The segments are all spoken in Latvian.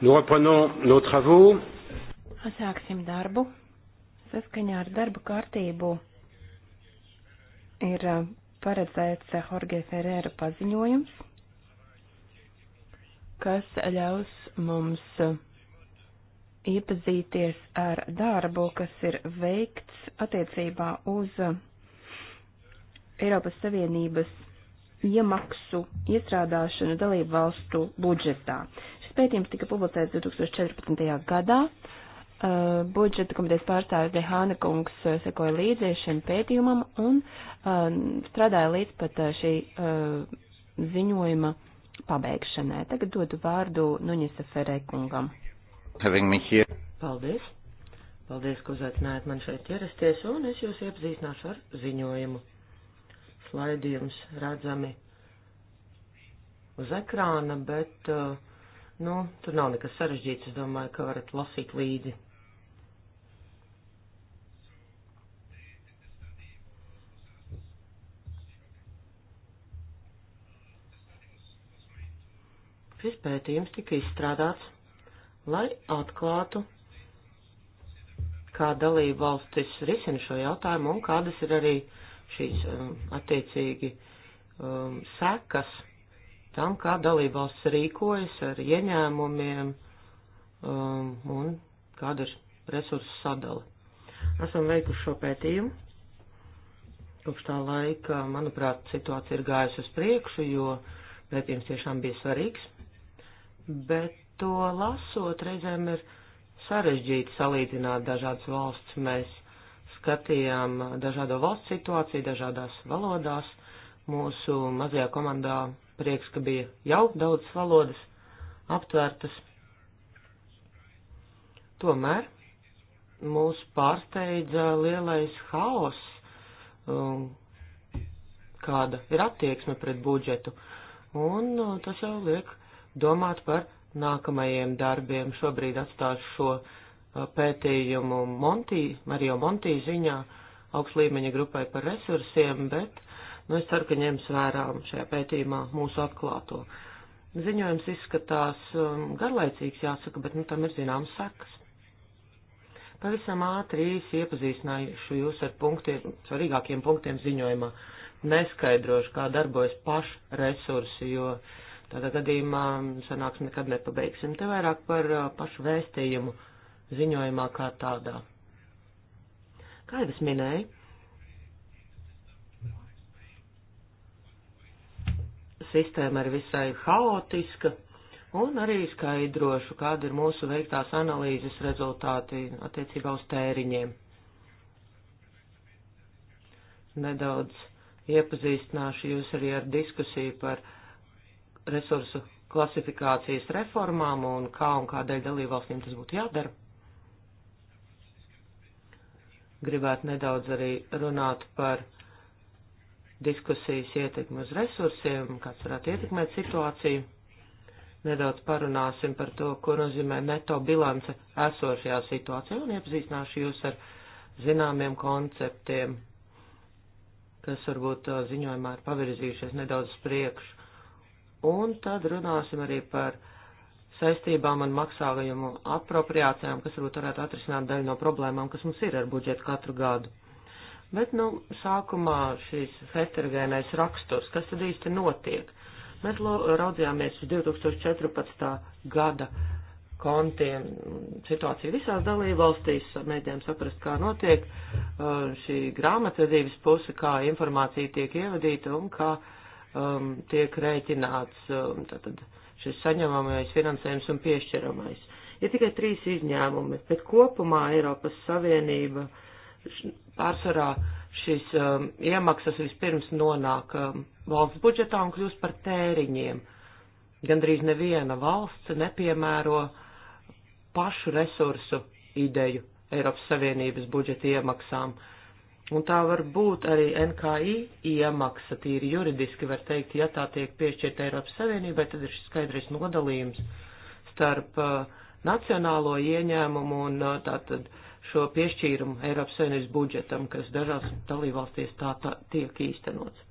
Nous reprenons nos travaux. Sāksim darbu. Saskaņā ar darbu kārtību ir uh, paredzēts uh, Jorge Ferēra paziņojums, kas ļaus mums uh, iepazīties ar darbu, kas ir veikts attiecībā uz Eiropas Savienības iemaksu iestrādāšanu dalību valstu budžetā pētījums tika publicēts 2014. gadā. Uh, budžeta komitejas pārstāvis Dehāna kungs uh, sekoja līdzi šim pētījumam un uh, strādāja līdz pat uh, šī uh, ziņojuma pabeigšanai. Tagad dodu vārdu Nuņisa Ferē kungam. Paldies! Paldies, ka uzaicinājāt man šeit ierasties, un es jūs iepazīstināšu ar ziņojumu. Slaidījums redzami uz ekrāna, bet uh, Nu, tur nav nekas sarežģīts, es domāju, ka varat lasīt līdzi. Šis pētījums tika izstrādāts, lai atklātu, kā dalība valstis risina šo jautājumu un kādas ir arī šīs um, attiecīgi um, sekas tam, kā dalībvalsts rīkojas ar ieņēmumiem um, un kāda ir resursu sadala. Esam veikuši šo pētījumu. Kopš tā laika, manuprāt, situācija ir gājusi uz priekšu, jo pētījums tiešām bija svarīgs. Bet to lasot, reizēm ir sarežģīti salīdzināt dažādas valsts. Mēs skatījām dažādo valstu situāciju, dažādās valodās. Mūsu mazajā komandā Prieks, ka bija jau daudzas valodas aptvērtas. Tomēr mūs pārsteidza lielais haoss, um, kāda ir attieksme pret budžetu, un um, tas jau liek domāt par nākamajiem darbiem. Šobrīd atstāšu šo uh, pētījumu Monti, Mario Monti ziņā augst līmeņa grupai par resursiem, bet Nu, es ceru, ka ņems vērā šajā pētījumā mūsu atklāto. Ziņojums izskatās um, garlaicīgs, jāsaka, bet nu, tam ir zināmas sekas. Pavisam ātri īsi iepazīstināšu jūs ar punktiem, svarīgākiem punktiem ziņojumā. Neskaidrošu, kā darbojas paši resursi, jo tādā gadījumā um, sanāks nekad nepabeigsim. Te vairāk par uh, pašu vēstījumu ziņojumā kā tādā. Kā jau es minēju, sistēma ir visai haotiska, un arī skaidrošu, kāda ir mūsu veiktās analīzes rezultāti attiecībā uz tēriņiem. Nedaudz iepazīstināšu jūs arī ar diskusiju par resursu klasifikācijas reformām un kā un kādēļ dalībvalstīm tas būtu jādara. Gribētu nedaudz arī runāt par diskusijas ietekmi uz resursiem, kāds varētu ietekmēt situāciju. Nedaudz parunāsim par to, ko nozīmē neto bilance esošajā situācijā un iepazīstināšu jūs ar zināmiem konceptiem, kas varbūt ziņojumā ir pavirzījušies nedaudz priekš. Un tad runāsim arī par saistībām un maksājumu apropriācijām, kas varbūt varētu atrisināt daļu no problēmām, kas mums ir ar budžetu katru gadu. Bet, nu, sākumā šīs heterogēnais raksturs, kas tad īsti notiek? Mēs raudzījāmies uz 2014. gada kontiem situāciju visās dalībvalstīs, mēģinām saprast, kā notiek uh, šī grāmatvedības puse, kā informācija tiek ievadīta un kā um, tiek rēķināts um, tātad, šis saņemamais finansējums un piešķiramais. Ir tikai trīs izņēmumi, bet kopumā Eiropas Savienība pārsvarā šīs um, iemaksas vispirms nonāk um, valsts budžetā un kļūst par tēriņiem. Gandrīz neviena valsts nepiemēro pašu resursu ideju Eiropas Savienības budžeta iemaksām. Un tā var būt arī NKI iemaksa, tīri juridiski var teikt, ja tā tiek piešķirta Eiropas Savienībai, tad ir šis skaidrs nodalījums starp uh, nacionālo ieņēmumu un uh, tātad uh, šo piešķīrumu Eiropas Savienības budžetam, kas dažās dalībvalstīs tā, tā tiek īstenots.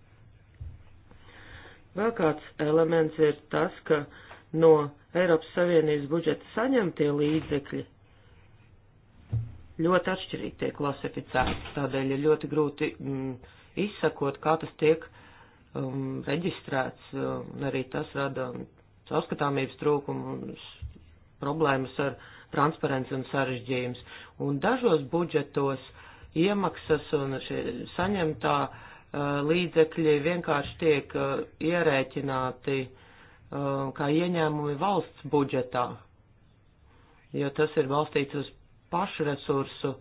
Vēl kāds elements ir tas, ka no Eiropas Savienības budžeta saņemtie līdzekļi ļoti atšķirīgi tiek klasificēti, tādēļ ir ļoti grūti mm, izsakot, kā tas tiek um, reģistrēts, un um, arī tas rada caurskatāmības trūkumu un problēmas ar uh, transparents un sarežģījums. Un dažos budžetos iemaksas un saņemtā uh, līdzekļi vienkārši tiek uh, ierēķināti uh, kā ieņēmumi valsts budžetā, jo tas ir balstīts uz pašresursu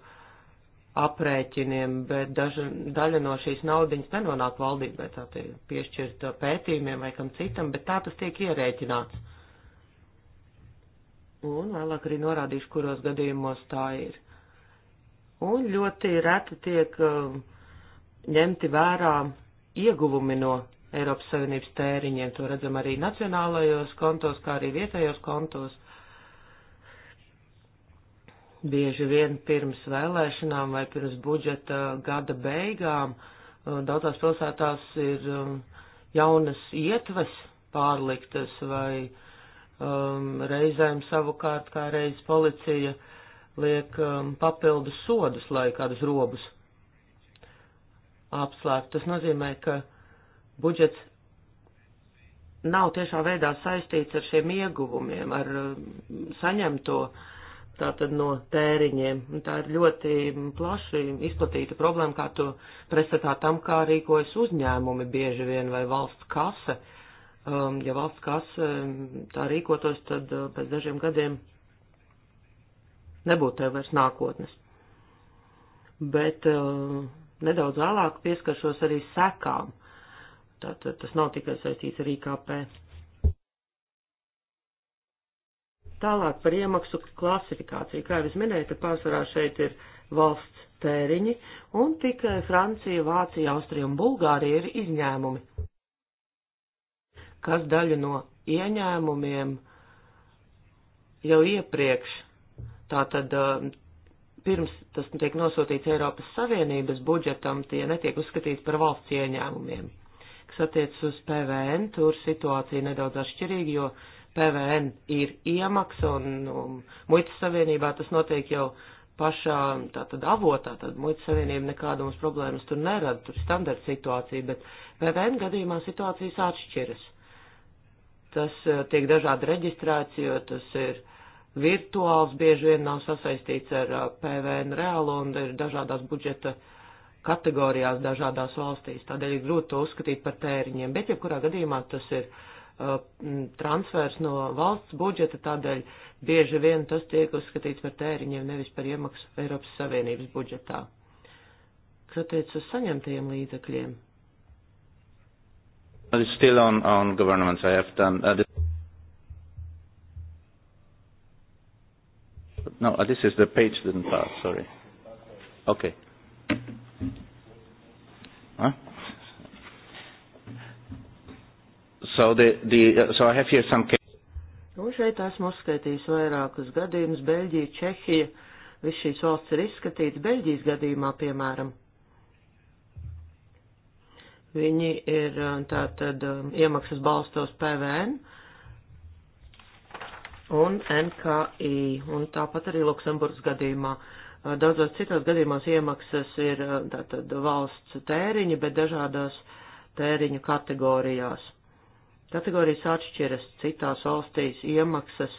aprēķiniem, bet daža, daļa no šīs naudiņas nenonāk valdībai, tā tiek piešķirta pētījumiem vai kam citam, bet tā tas tiek ierēķināts un vēlāk arī norādīšu, kuros gadījumos tā ir. Un ļoti reti tiek uh, ņemti vērā ieguvumi no Eiropas Savienības tēriņiem. To redzam arī nacionālajos kontos, kā arī vietējos kontos. Bieži vien pirms vēlēšanām vai pirms budžeta gada beigām uh, daudzās pilsētās ir um, jaunas ietves pārliktas vai uh, um, reizēm savukārt kā reiz policija liek um, papildus sodus, lai kādus robus apslēptu. Tas nozīmē, ka budžets nav tiešā veidā saistīts ar šiem ieguvumiem, ar um, saņemto tātad no tēriņiem. Un tā ir ļoti plaši izplatīta problēma, kā to pretstatā tam, kā rīkojas uzņēmumi bieži vien vai valsts kase. Uh, um, ja valsts kas um, tā rīkotos, tad uh, pēc dažiem gadiem nebūtu tev vairs nākotnes. Bet uh, nedaudz vēlāk pieskaršos arī sekām. Tātad tas nav tikai saistīts ar IKP. Tālāk par iemaksu klasifikāciju. Kā jau es minēju, tad pārsvarā šeit ir valsts tēriņi, un tikai Francija, Vācija, Austrija un Bulgārija ir izņēmumi kas daļu no ieņēmumiem jau iepriekš, tātad eh, pirms tas tiek nosūtīts Eiropas Savienības budžetam, tie netiek uzskatīti par valsts ieņēmumiem. Kas attiecas uz PVN, tur situācija nedaudz atšķirīga, jo PVN ir iemaksa un um, muitas savienībā tas notiek jau pašā tātad avotā, tad muitas savienība nekāda mums problēmas tur nerada, tur standarta situācija, bet PVN gadījumā situācijas atšķiras tas eh, tiek dažādi reģistrēts, jo tas ir virtuāls, bieži vien nav sasaistīts ar eh, PVN reālo un ir dažādās budžeta kategorijās dažādās valstīs. Tādēļ ir grūti to uzskatīt par tēriņiem, bet jebkurā gadījumā tas ir uh, transfers no valsts budžeta, tādēļ bieži vien tas tiek uzskatīts par tēriņiem, nevis par iemaksu Eiropas Savienības budžetā. Kas attiec uz saņemtajiem līdzekļiem? It's still on, on governments. I have done. Um, uh, this no, uh, this is the page didn't pass. Sorry. Okay. Huh? So the, the uh, so I have here some. Nu, šeit esmu uzskaitījis vairākus gadījumus. Beļģija, Čehija, viss šīs valsts ir izskatīts. Beļģijas gadījumā, piemēram, Viņi ir um, tātad um, iemaksas balstos PVN un NKI, un tāpat arī Luksemburgas gadījumā. Uh, daudzos citos gadījumos iemaksas ir uh, tātad valsts tēriņi, bet dažādās tēriņu kategorijās. Kategorijas atšķiras citās valstīs iemaksas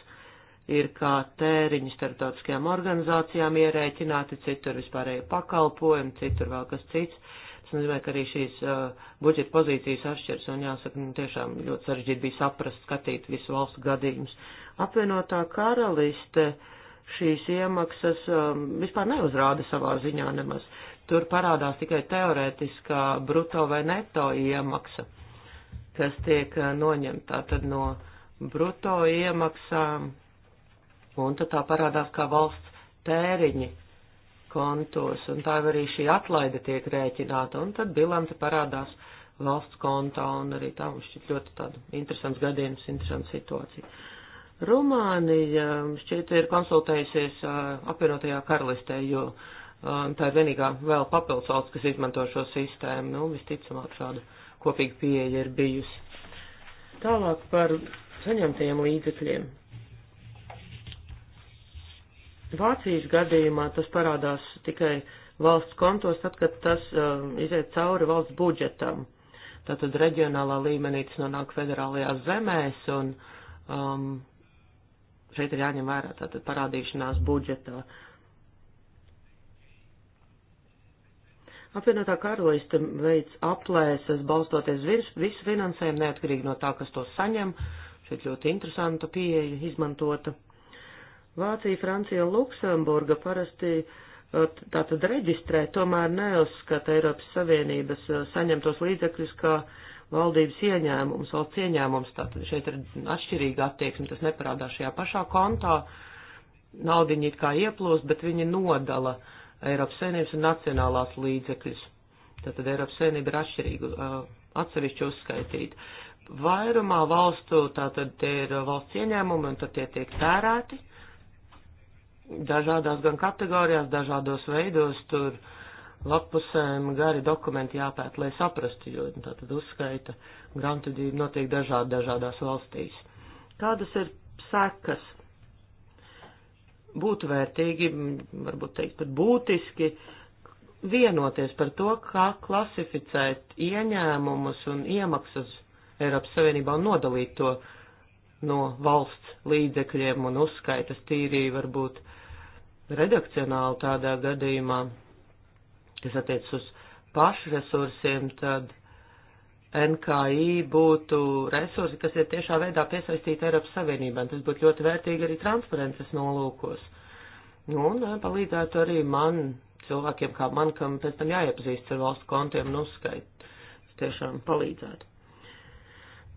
ir kā tēriņi starptautiskajām organizācijām ierēķināti, citur vispārēji pakalpojumi, citur vēl kas cits. Es nezinu, ka arī šīs uh, budžeta pozīcijas atšķiras, un jāsaka, nu, tiešām ļoti sarežģīti bija saprast, skatīt visu valstu gadījumus. Apvienotā karaliste šīs iemaksas um, vispār neuzrāda savā ziņā nemaz. Tur parādās tikai teorētiskā bruto vai neto iemaksa, kas tiek uh, noņemta tad no bruto iemaksām, un tad tā parādās kā valsts tēriņi kontos, un tā arī šī atlaide tiek rēķināta, un tad bilance parādās valsts kontā, un arī tā mums šķiet ļoti tāda interesants gadījums, interesanta situācija. Rumānija um, šķiet ir konsultējusies uh, apvienotajā karalistē, jo um, tā ir vienīgā vēl papildus valsts, kas izmanto šo sistēmu, nu, visticamāk šāda kopīga pieeja ir bijusi. Tālāk par saņemtajiem līdzekļiem. Vācijas gadījumā tas parādās tikai valsts kontos, tad, kad tas um, iziet cauri valsts budžetam. Tātad reģionālā līmenī tas nonāk federālajās zemēs, un um, šeit ir jāņem vērā tātad parādīšanās budžetā. Apvienotā karaliste veids aplēses, balstoties virs, visu finansējumu, neatkarīgi no tā, kas to saņem. Šeit ļoti interesanta pieeja izmantota. Vācija, Francija, Luksemburga parasti uh, tātad reģistrē, tomēr neuzskata Eiropas Savienības uh, saņemtos līdzekļus kā valdības ieņēmums, valsts ieņēmums, tātad šeit ir atšķirīga attieksme, tas neparādās šajā pašā kontā, naudiņi it kā ieplūst, bet viņi nodala Eiropas Savienības un nacionālās līdzekļus. Tātad Eiropas Savienība ir atšķirīga, uh, atsevišķi uzskaitīta. Vairumā valstu tātad tie ir valsts ieņēmumi un tad tie tiek tērēti dažādās gan kategorijās, dažādos veidos, tur lapusēm gari dokumenti jāpēt, lai saprastu, jo nu, tātad uzskaita grāmatvedība notiek dažādi dažādās valstīs. Kādas ir sekas? Būtu vērtīgi, varbūt teikt pat būtiski, vienoties par to, kā klasificēt ieņēmumus un iemaksas Eiropas Savienībā un nodalīt to no valsts līdzekļiem un uzskaitas tīrī varbūt uh, redakcionāli tādā gadījumā, kas attiec uz pašresursiem, tad NKI būtu resursi, kas ir tiešā veidā piesaistīti Eiropas Savienībā. Tas būtu ļoti vērtīgi arī transparences nolūkos. Nu, un eh, palīdzētu arī man, cilvēkiem kā man, kam pēc tam jāiepazīst ar valstu kontiem un uzskaitu. Tas tiešām palīdzētu.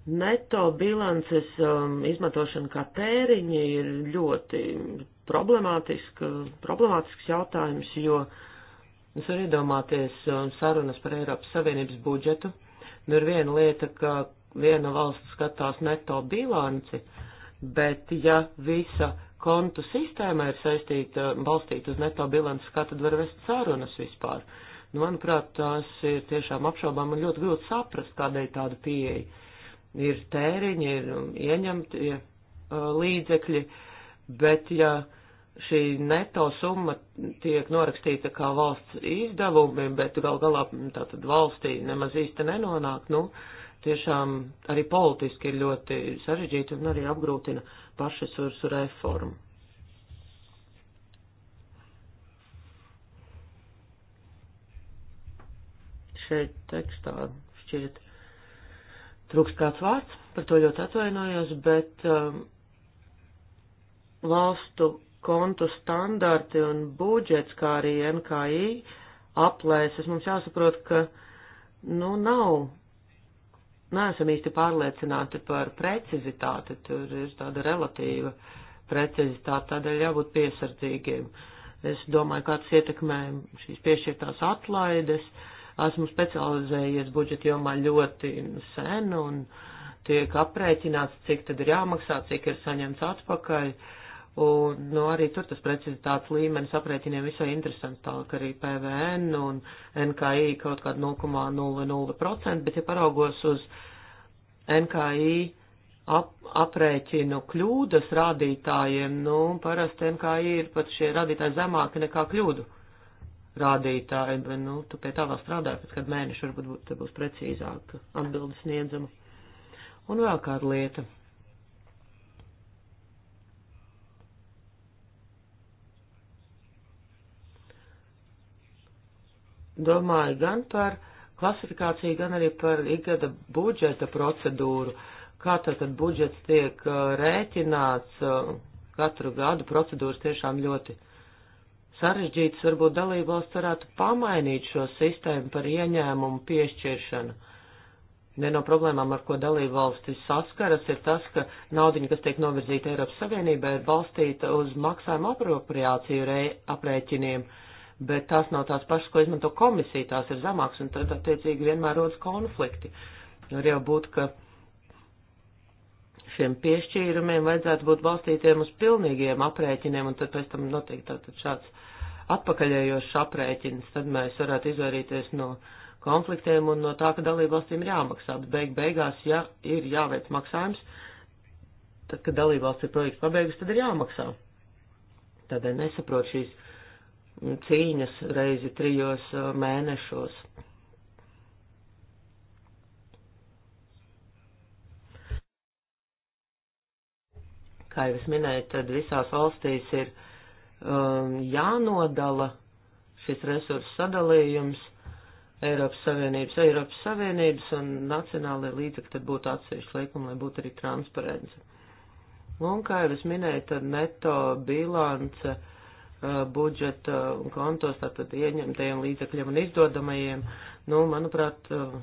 Neto bilances um, izmantošana kā tēriņa ir ļoti problemātiska, problemātisks jautājums, jo es varu iedomāties um, sarunas par Eiropas Savienības budžetu. Nu ir viena lieta, ka viena valsts skatās neto bilanci, bet ja visa kontu sistēma ir saistīta, balstīta uz neto bilanci skatu, tad var vest sarunas vispār. Nu, manuprāt, tās ir tiešām apšaubām un ļoti grūti saprast, kādēļ tāda pieeja ir tēriņi, ir ieņemtie uh, līdzekļi, bet ja šī neto summa tiek norakstīta kā valsts izdevumi, bet gal galā mm, tātad valstī nemaz īsti nenonāk, nu, tiešām arī politiski ir ļoti sarežģīti un arī apgrūtina pašresursu reformu. Šeit tekstā šķiet trūks kāds vārds, par to ļoti atvainojos, bet um, valstu kontu standarti un budžets, kā arī NKI aplēses, mums jāsaprot, ka, nu, nav, neesam īsti pārliecināti par precizitāti, tur ir tāda relatīva precizitāte, tādēļ jābūt piesardzīgiem. Es domāju, kā tas ietekmē šīs piešķirtās atlaides. Uh, Esmu specializējies budžeta jomā ļoti sen un tiek aprēķināts, cik tad ir jāmaksā, cik ir saņemts atpakaļ. Un, nu, arī tur tas precizitātes līmenis aprēķiniem visai interesants, tālāk arī PVN un NKI kaut kāda 0,00%, bet ja paraugos uz NKI ap, aprēķinu kļūdas rādītājiem, nu, parasti NKI ir pat šie rādītāji zemāki nekā kļūdu rādītāji, bet, nu, tu pie tā vēl strādā, pēc kad mēneši varbūt būt, būs precīzāk atbildes sniedzama. Un vēl kāda lieta. Domāju gan par klasifikāciju, gan arī par ikgada budžeta procedūru, kā tātad budžets tiek uh, rēķināts uh, katru gadu, procedūras tiešām ļoti sarežģītas, varbūt dalībvalsts varētu pamainīt šo sistēmu par ieņēmumu piešķiršanu. Viena no problēmām, ar ko dalībvalstis saskaras, ir tas, ka naudiņa, kas tiek novirzīta Eiropas Savienībā, ir balstīta uz maksājumu apropriāciju rei, aprēķiniem, bet tās nav tās pašas, ko izmanto komisija, tās ir zemāks, un tad attiecīgi vienmēr rodas konflikti. Var jau būt, ka šiem piešķīrumiem vajadzētu būt balstītiem uz pilnīgiem aprēķiniem, un tad pēc tam notiek tātad šāds atpakaļējošs aprēķins, tad mēs varētu izvairīties no konfliktiem un no tā, ka dalībvalstīm ir jāmaksā. Bet beig beigās, ja ir jāveic maksājums, tad, kad dalībvalsts ir projekts pabeigusi, tad ir jāmaksā. Tādēļ nesaprot šīs cīņas reizi trijos uh, mēnešos. Kā jau es minēju, tad visās valstīs ir um, jānodala šis resursu sadalījums Eiropas Savienības, Eiropas Savienības un nacionālajie līdzekļi, tad būtu atsevišķi likumi, lai būtu arī transparence. Un, kā jau es minēju, tad neto bilance uh, budžeta un kontos, tātad ieņemtajiem līdzekļiem un izdodamajiem, nu, manuprāt, uh,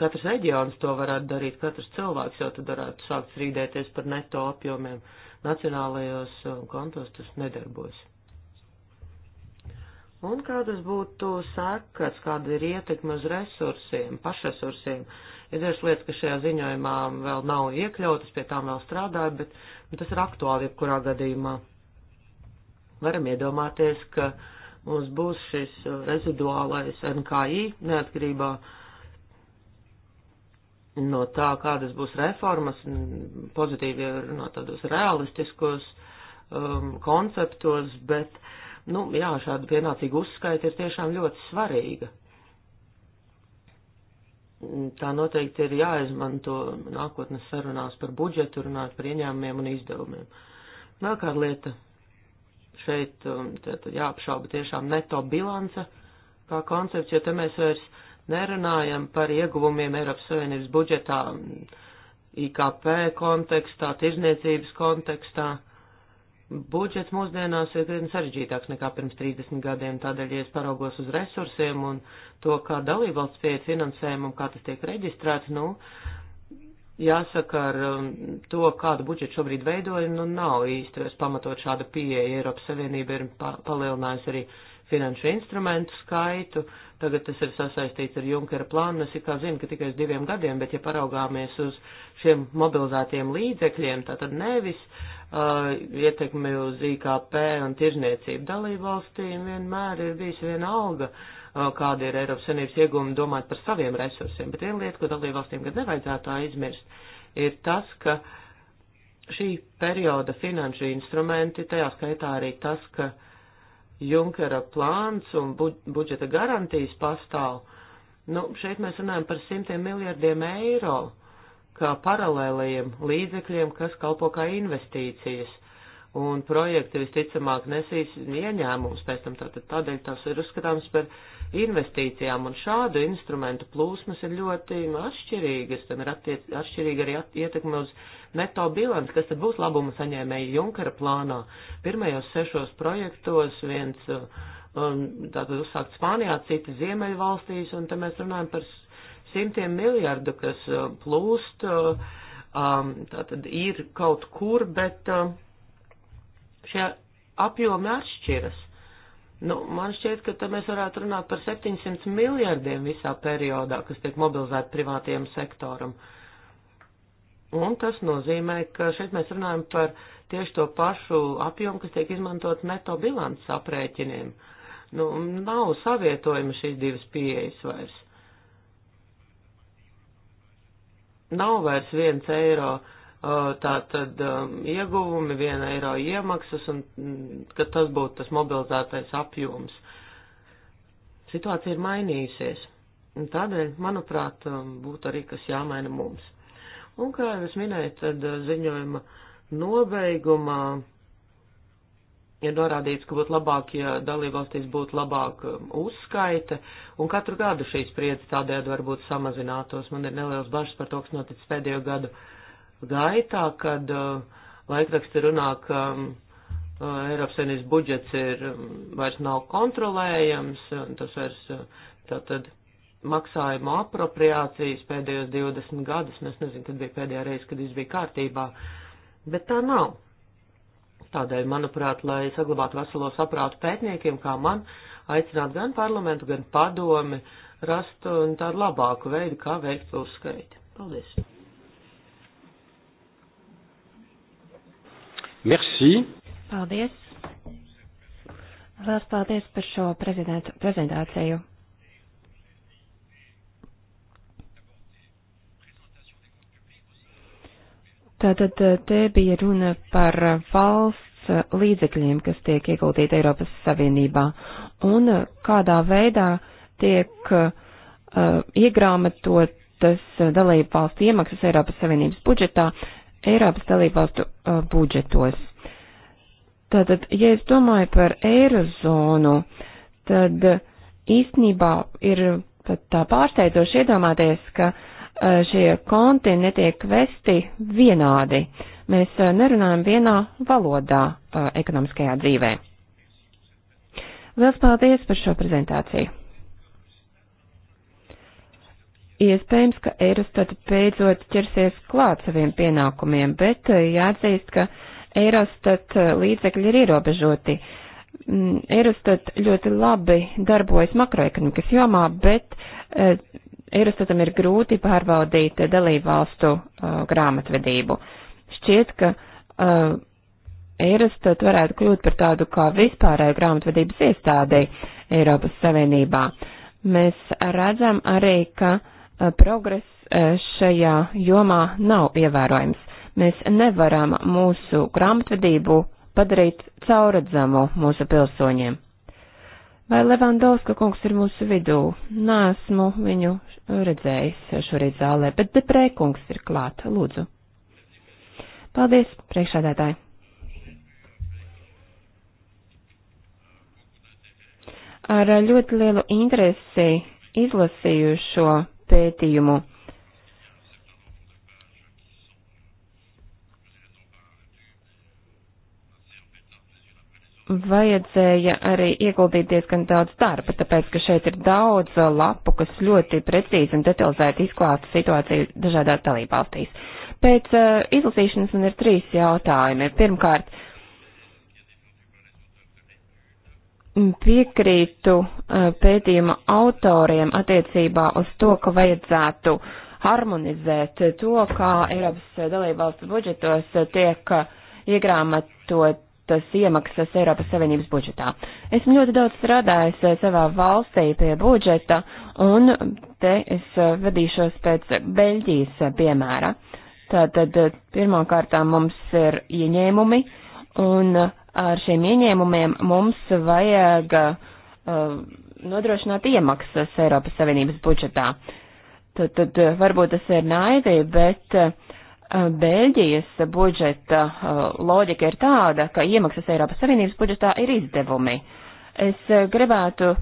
katrs reģions to varētu darīt, katrs cilvēks jau tad varētu sākt strīdēties par neto apjomiem. Uh, nacionālajos um, kontos tas nedarbojas. Un kādas būtu sekas, kāda ir ietekme uz resursiem, pašresursiem? Ir dažas lietas, kas šajā ziņojumā vēl nav iekļautas, pie tām vēl strādāju, bet nu, tas ir aktuāli jebkurā gadījumā. Varam iedomāties, ka mums būs šis reziduālais NKI neatkarībā no no tā, kādas būs reformas, pozitīvi no tādos realistiskos um, konceptos, bet, nu, jā, šāda pienācīga uzskaita ir tiešām ļoti svarīga. Tā noteikti ir jāizmanto nākotnes sarunās par budžetu, runāt par ieņēmumiem un izdevumiem. Vēl kāda lieta šeit, um, tad jāapšauba tiešām neto bilance kā koncepts, jo te mēs vairs nerunājam par ieguvumiem Eiropas Savienības budžetā, IKP kontekstā, tirzniecības kontekstā. Budžets mūsdienās ir krietni sarežģītāks nekā pirms 30 gadiem, tādēļ, ja es paraugos uz resursiem un to, kā dalībvalsts pieeja finansējumu un kā tas tiek reģistrēts, nu, jāsaka ar um, to, kādu budžetu šobrīd veidojam, nu, nav īsti vairs pamatot šāda pieeja. Eiropas Savienība ir pa palielinājusi arī finanšu instrumentu skaitu, uh, Tagad tas ir sasaistīts ar Junkera plānu. Es kā zinu, ka tikai uz diviem gadiem, bet ja paraugāmies uz šiem mobilizētiem līdzekļiem, tātad nevis uh, ietekmi uz IKP un tirzniecību dalību valstīm vienmēr ir bijis viena alga, uh, kāda ir Eiropas Savienības iegūma domāt par saviem resursiem. Bet viena lieta, ko dalību valstīm gan nevajadzētu tā aizmirst, ir tas, ka šī perioda finanšu instrumenti, tajā skaitā arī tas, ka uh, Junkera plāns un budžeta garantijas pastāv, nu, šeit mēs runājam par simtiem miljardiem eiro, kā paralēlējiem līdzekļiem, kas kalpo kā investīcijas, un projekti visticamāk nesīs ieņēmumus pēc tam, tātad tādēļ tās ir uzskatāms par investīcijām, un šādu instrumentu plūsmas ir ļoti atšķirīgas, tam ir attiec, atšķirīga arī at, ietekme uz neto bilanci, kas tad būs labuma saņēmēji Junkara plānā. Pirmajos sešos projektos viens uh, um, tātad uzsākt Spānijā, citi Ziemeļvalstīs, un te mēs runājam par simtiem miljardu, kas uh, plūst, uh, um, tātad ir kaut kur, bet šie apjomi atšķiras. Nu, man šķiet, ka mēs varētu runāt par 700 miljardiem visā periodā, kas tiek mobilizēti privātajam sektoram. Uh, Un tas nozīmē, ka šeit mēs runājam par tieši to pašu apjomu, kas tiek izmantot neto bilants aprēķiniem. Nu, nav savietojama šīs divas pieejas vairs. Nav vairs viens eiro uh, tātad um, ieguvumi, viena eiro iemaksas, un mm, ka tas būtu tas mobilizētais apjoms. Situācija ir mainījusies. Un tādēļ, manuprāt, um, būtu arī kas jāmaina mums. Un, kā jau es minēju, tad uh, ziņojuma nobeigumā ir norādīts, ka būtu labāk, ja dalībvalstīs būtu labāka um, uzskaita, un katru gadu šīs spriedzi tādējādi varbūt samazinātos. Man ir neliels bažas par to, kas noticis pēdējo gadu gaitā, kad uh, laikraksti runā, ka um, uh, Eiropas Savienības budžets ir um, vairs nav kontrolējams, un tas vairs uh, tātad maksājumu apropriācijas pēdējos 20 gadus. Nu, es nezinu, kad bija pēdējā reize, kad viss bija kārtībā, bet tā nav. Tādēļ, manuprāt, lai saglabātu veselo saprātu pētniekiem, kā man, aicināt gan parlamentu, gan padomi rast uh, tādu labāku veidu, kā veikt uzskaiti. Paldies! Merci! Paldies! Lielas paldies par šo prezentāciju. Tātad eh, te bija runa par eh, valsts eh, līdzekļiem, kas tiek ieguldīti Eiropas Savienībā, un kādā veidā tiek uh, iegrāmatotas dalību valstu iemaksas Eiropas Savienības budžetā, Eiropas dalību valstu uh, budžetos. Tātad, ja es domāju par eirozonu, tad īstenībā ir pat tā pārsteidzoši iedomāties, ka uh, Eh, šie konti netiek vesti vienādi. Mēs eh, nerunājam vienā valodā eh, ekonomiskajā dzīvē. Liels paldies par šo prezentāciju. Iespējams, ka Eirostat beidzot ķersies klāt saviem pienākumiem, bet jāatzīst, ka Eirostat līdzekļi ir ierobežoti. Mm, Eirostat ļoti labi darbojas makroekonomikas jomā, bet Eurostatam ir grūti pārbaudīt dalību valstu uh, grāmatvedību. Šķiet, ka uh, Eurostat varētu kļūt par tādu kā vispārēju grāmatvedības iestādei Eiropas Savienībā. Mēs redzam arī, ka uh, progress uh, šajā jomā nav ievērojams. Mēs nevaram mūsu grāmatvedību padarīt cauradzamu mūsu pilsoņiem. Vai Levandovska kungs ir mūsu vidū? Nāsmu viņu redzējis šorīt zālē, bet deprē kungs ir klāt, lūdzu. Paldies, priekšādētāji. Ar ļoti lielu interesi izlasīju šo pētījumu vajadzēja arī ieguldīt diezgan daudz darba, tāpēc, ka šeit ir daudz uh, lapu, kas ļoti precīzi un detalizēti izklāsta situāciju dažādās dalībvalstīs. Pēc uh, izlasīšanas man ir trīs jautājumi. Pirmkārt, piekrītu uh, pētījuma autoriem attiecībā uz to, ka vajadzētu harmonizēt to, kā Eiropas dalībvalstu budžetos uh, tiek uh, iegrāmatot augstas iemaksas Eiropas Savienības budžetā. Esmu ļoti daudz strādājis eh, savā valstī pie budžeta, un te es eh, vadīšos pēc Beļģijas eh, piemēra. Tātad pirmkārtām mums ir ieņēmumi, un ar šiem ieņēmumiem mums vajag uh, nodrošināt iemaksas Eiropas Savienības budžetā. Tad, tad varbūt tas ir naivi, bet uh, Eh, Bēļģijas budžeta eh, loģika ir tāda, ka iemaksas Eiropas Savienības budžetā ir izdevumi. Es eh, gribētu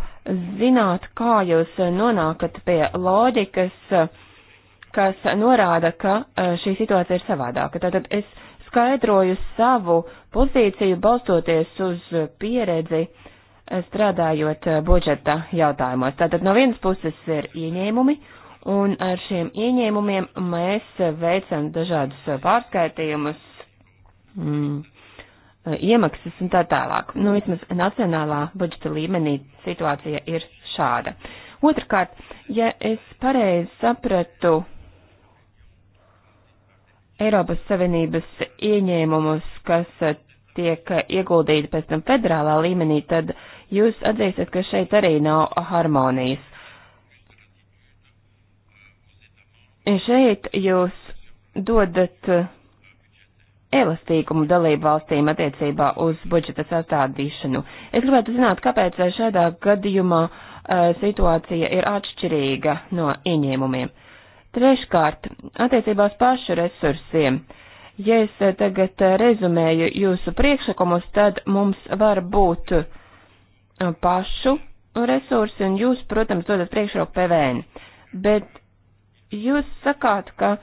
zināt, kā jūs nonākat pie loģikas, kas norāda, ka šī situācija ir savādāka. Tātad es skaidroju savu pozīciju balstoties uz pieredzi strādājot budžeta jautājumos. Tātad no vienas puses ir ieņēmumi, uh, Un ar šiem ieņēmumiem mēs veicam dažādus pārskaitījumus, mm, iemaksas un tā tālāk. Nu, vismaz nacionālā budžeta līmenī situācija ir šāda. Otrakārt, ja es pareizi sapratu Eiropas Savienības ieņēmumus, kas tiek ieguldīti pēc tam federālā līmenī, tad jūs atzīsiet, ka šeit arī nav harmonijas. Šeit jūs dodat uh, elastīgumu dalību valstīm attiecībā uz budžeta sastādīšanu. Es gribētu zināt, kāpēc uh, šādā gadījumā uh, situācija ir atšķirīga no ieņēmumiem. Treškārt, attiecībā uz pašu resursiem. Ja es uh, tagad rezumēju jūsu priekšlikumus, tad mums var būt pašu resursi, un jūs, protams, dodat priekšroku PVN. Bet Jūs sakāt, ka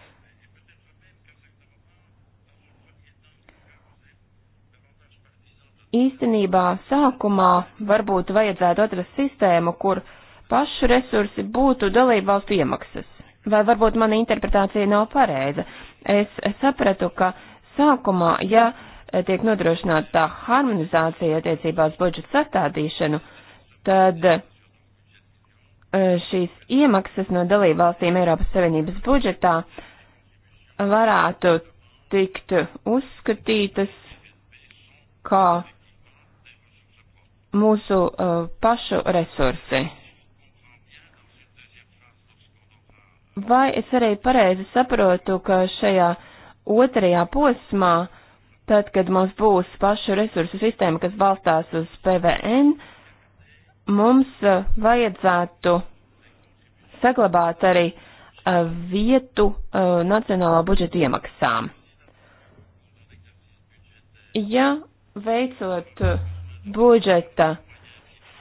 īstenībā sākumā varbūt vajadzētu atrast sistēmu, kur pašu resursi būtu dalību valstu iemaksas. Vai varbūt mana interpretācija nav pareiza? Es sapratu, ka sākumā, ja tiek nodrošināta tā harmonizācija attiecībās budžeta sastādīšanu, tad E, šīs iemaksas no dalībvalstīm Eiropas Savienības budžetā varētu tikt uzskatītas kā mūsu uh, pašu resursi. Vai es arī pareizi saprotu, ka šajā otrajā posmā, tad, kad mums būs pašu resursu sistēma, kas balstās uz PVN, uh, mums eh, vajadzētu saglabāt arī eh, vietu eh, nacionālā budžeta iemaksām. Ja veicot budžeta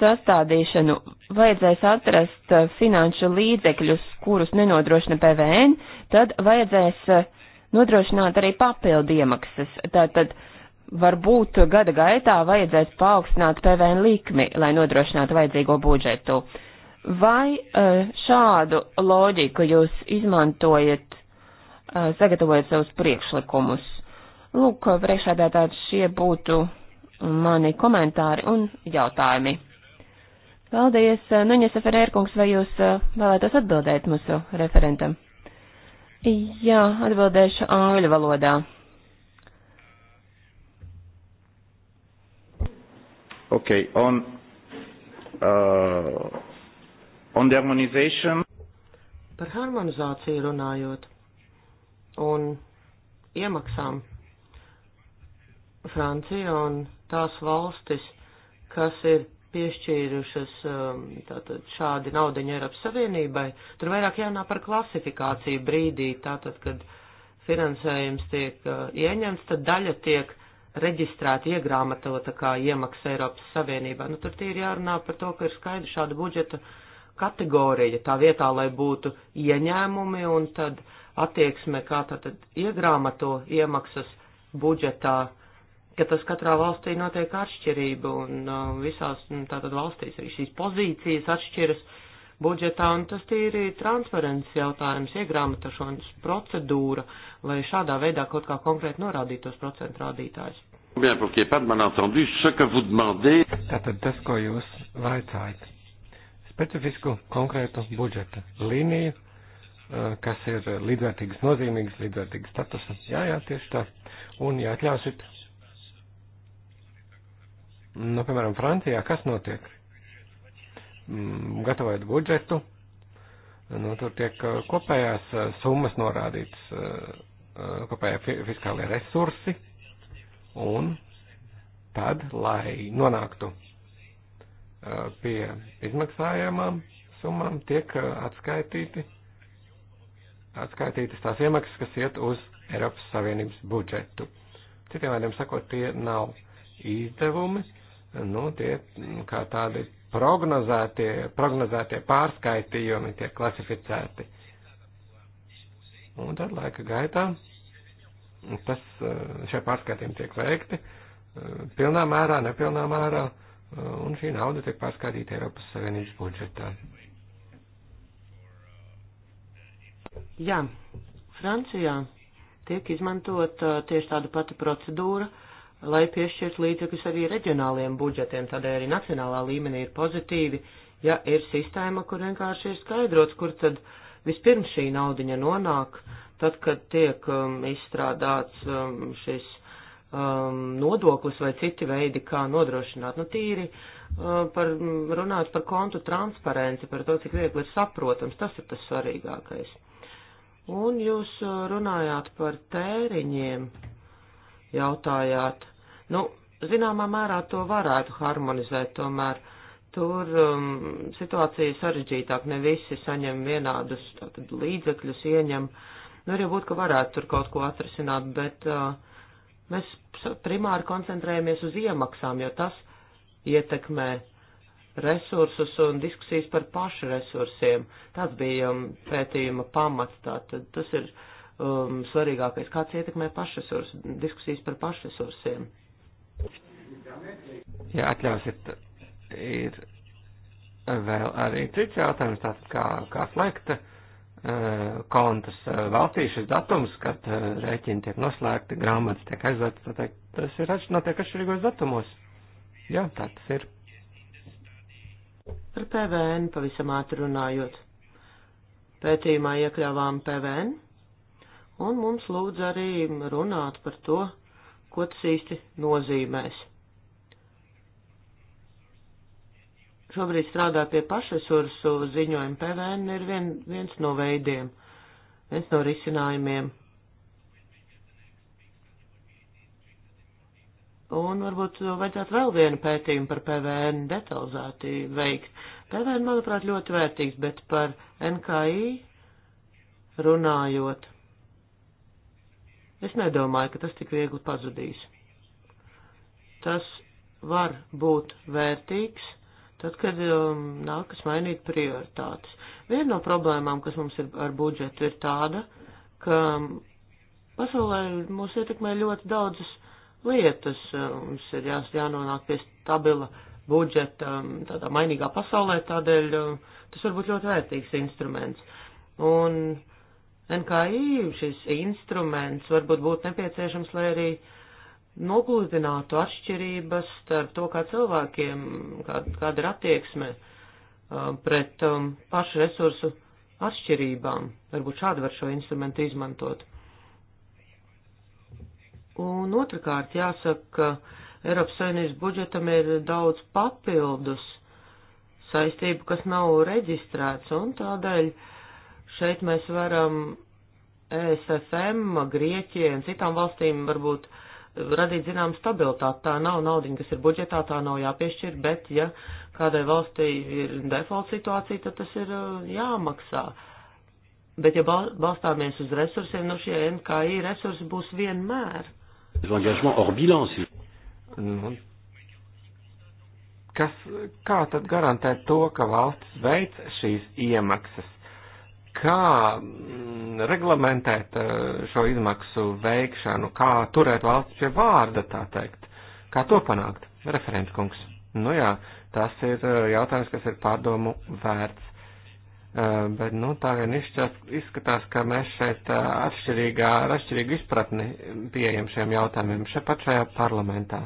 sastādīšanu vajadzēs atrast finanšu līdzekļus, kurus nenodrošina PVN, tad vajadzēs nodrošināt arī papildu iemaksas. Tātad, uh, varbūt gada gaitā vajadzēs paaugstināt PVN likmi, lai nodrošinātu vajadzīgo budžetu. Vai eh, šādu loģiku jūs izmantojat, eh, sagatavojat savus priekšlikumus? Lūk, priekšādētāji, šie būtu mani komentāri un jautājumi. Paldies, eh, Nuņas Ferērkungs, vai jūs vēlētos atbildēt mūsu referentam? Jā, atbildēšu angļu valodā. Okay, on, uh, on the harmonization. Par harmonizāciju runājot un iemaksām Francija un tās valstis, kas ir piešķīrušas um, tātad, šādi naudiņu Eiropas Savienībai, tur vairāk jārunā par klasifikāciju brīdī, tātad, kad finansējums tiek uh, ieņemts, tad daļa tiek reģistrēta, iegrāmatota kā iemaksa Eiropas Savienībā. Nu, tur tie ir jārunā par to, ka ir skaidra šāda budžeta kategorija, tā vietā, lai būtu ieņēmumi un tad attieksme, kā tātad iegrāmato iemaksas budžetā, ka tas katrā valstī notiek atšķirība un uh, visās nu, tātad valstīs arī šīs pozīcijas atšķiras. Uh, budžetā, un tas tīri ir transparents jautājums, iegrāmatošanas procedūra, lai šādā veidā kaut kā konkrēti norādītos procentu rādītājus. Tātad tas, ko jūs vaicājat, specifisku konkrētu budžeta līniju, eh, kas ir līdzvērtīgas nozīmīgas, līdzvērtīgas statusa. Jā, jā, tieši tā. Un, ja atļausit, nu, piemēram, Francijā, kas notiek? Mm, gatavojot budžetu, nu, tur tiek uh, kopējās uh, summas norādītas, uh, kopējā fiskālie resursi, un tad, lai nonāktu pie izmaksājumām summām, tiek atskaitīti, atskaitītas tās iemaksas, kas iet uz Eiropas Savienības budžetu. Citiem vārdiem sakot, tie nav izdevumi, nu, tie kā tādi prognozētie, prognozētie pārskaitījumi tiek klasificēti. Un tad laika gaitā tas, eh, šie pārskaitījumi tiek veikti eh, pilnā mērā, nepilnā mērā, eh, un šī nauda tiek pārskaitīta Eiropas Savienības budžetā. Jā, Francijā tiek izmantot tieši tāda pati procedūra, uh, lai piešķirt līdzekļus arī reģionāliem budžetiem, tādēļ arī nacionālā līmenī ir pozitīvi, ja ir sistēma, kur vienkārši ir skaidrots, kur tad vispirms šī naudiņa nonāk, tad, kad tiek um, izstrādāts um, šis um, nodoklis vai citi veidi, kā nodrošināt. Nu, tīri um, par, runāt par kontu transparenci, par to, cik viegli ir saprotams, tas ir tas svarīgākais. Un jūs uh, runājāt par tēriņiem, jautājāt, Nu, zināmā mērā to varētu harmonizēt, tomēr tur um, situācija sarežģītāk, ne visi saņem vienādus tātad, līdzekļus, ieņem. Nu, arī būtu, ka varētu tur kaut ko atrasināt, bet uh, mēs primāri koncentrējamies uz iemaksām, jo tas ietekmē resursus un diskusijas par pašu resursiem. Tāds bija um, pētījuma pamats, tātad tas ir um, svarīgākais, kāds ietekmē pašresursus, diskusijas par pašresursiem. resursiem. Ja atļausiet, ir vēl arī cits jautājums, tātad kā, kā slēgta eh, kontas eh, valstī šis datums, kad eh, rēķini tiek noslēgti, grāmatas tiek aizvērtas, tātad tas ir notiek atšķirīgos datumos. Jā, tā tas ir. Par PVN pavisam ātri runājot. Pētījumā iekļāvām PVN, un mums lūdz arī runāt par to, ko tas īsti nozīmēs šobrīd strādā pie pašresursu ziņojuma. PVN ir vien, viens no veidiem, viens no risinājumiem. Un varbūt vajadzētu vēl vienu pētījumu par PVN detalizēti veikt. PVN, manuprāt, ļoti vērtīgs, bet par NKI runājot, es nedomāju, ka tas tik viegli pazudīs. Tas var būt vērtīgs tad, kad um, nākas mainīt prioritātes. Viena no problēmām, kas mums ir ar budžetu, ir tāda, ka um, pasaulē mūs ietekmē ļoti daudzas lietas. Uh, mums ir jā, jānonāk pie stabila budžeta um, tādā mainīgā pasaulē, tādēļ um, tas var būt ļoti vērtīgs instruments. Un NKI šis instruments varbūt būtu nepieciešams, lai arī uh, nogludinātu atšķirības starp to, kā cilvēkiem, kā, kāda ir attieksme um, pret um, pašu resursu atšķirībām. Varbūt šādi var šo instrumentu izmantot. Un otrkārt jāsaka, ka Eiropas Savienības budžetam ir daudz papildus saistību, kas nav reģistrēts, un tādēļ šeit mēs varam ESFM, Grieķijai un citām valstīm varbūt uh, radīt zinām stabilitāti. Tā nav naudiņa, kas ir budžetā, tā nav jāpiešķir, bet ja kādai valstī ir default situācija, tad tas ir uh, jāmaksā. Bet ja balstāmies uz resursiem, nu šie NKI resursi būs vienmēr. Nu, kas, kā tad garantēt to, ka valsts veic šīs iemaksas? kā mm, reglamentēt eh, šo izmaksu veikšanu, kā turēt valsts pie vārda, tā teikt. Kā to panākt? Referents kungs. Nu jā, tas ir eh, jautājums, kas ir pārdomu vērts. Eh, bet, nu, tā gan izskatās, ka mēs šeit atšķirīgā, ar atšķirīgu izpratni pieejam šiem jautājumiem, šeit pat šajā parlamentā,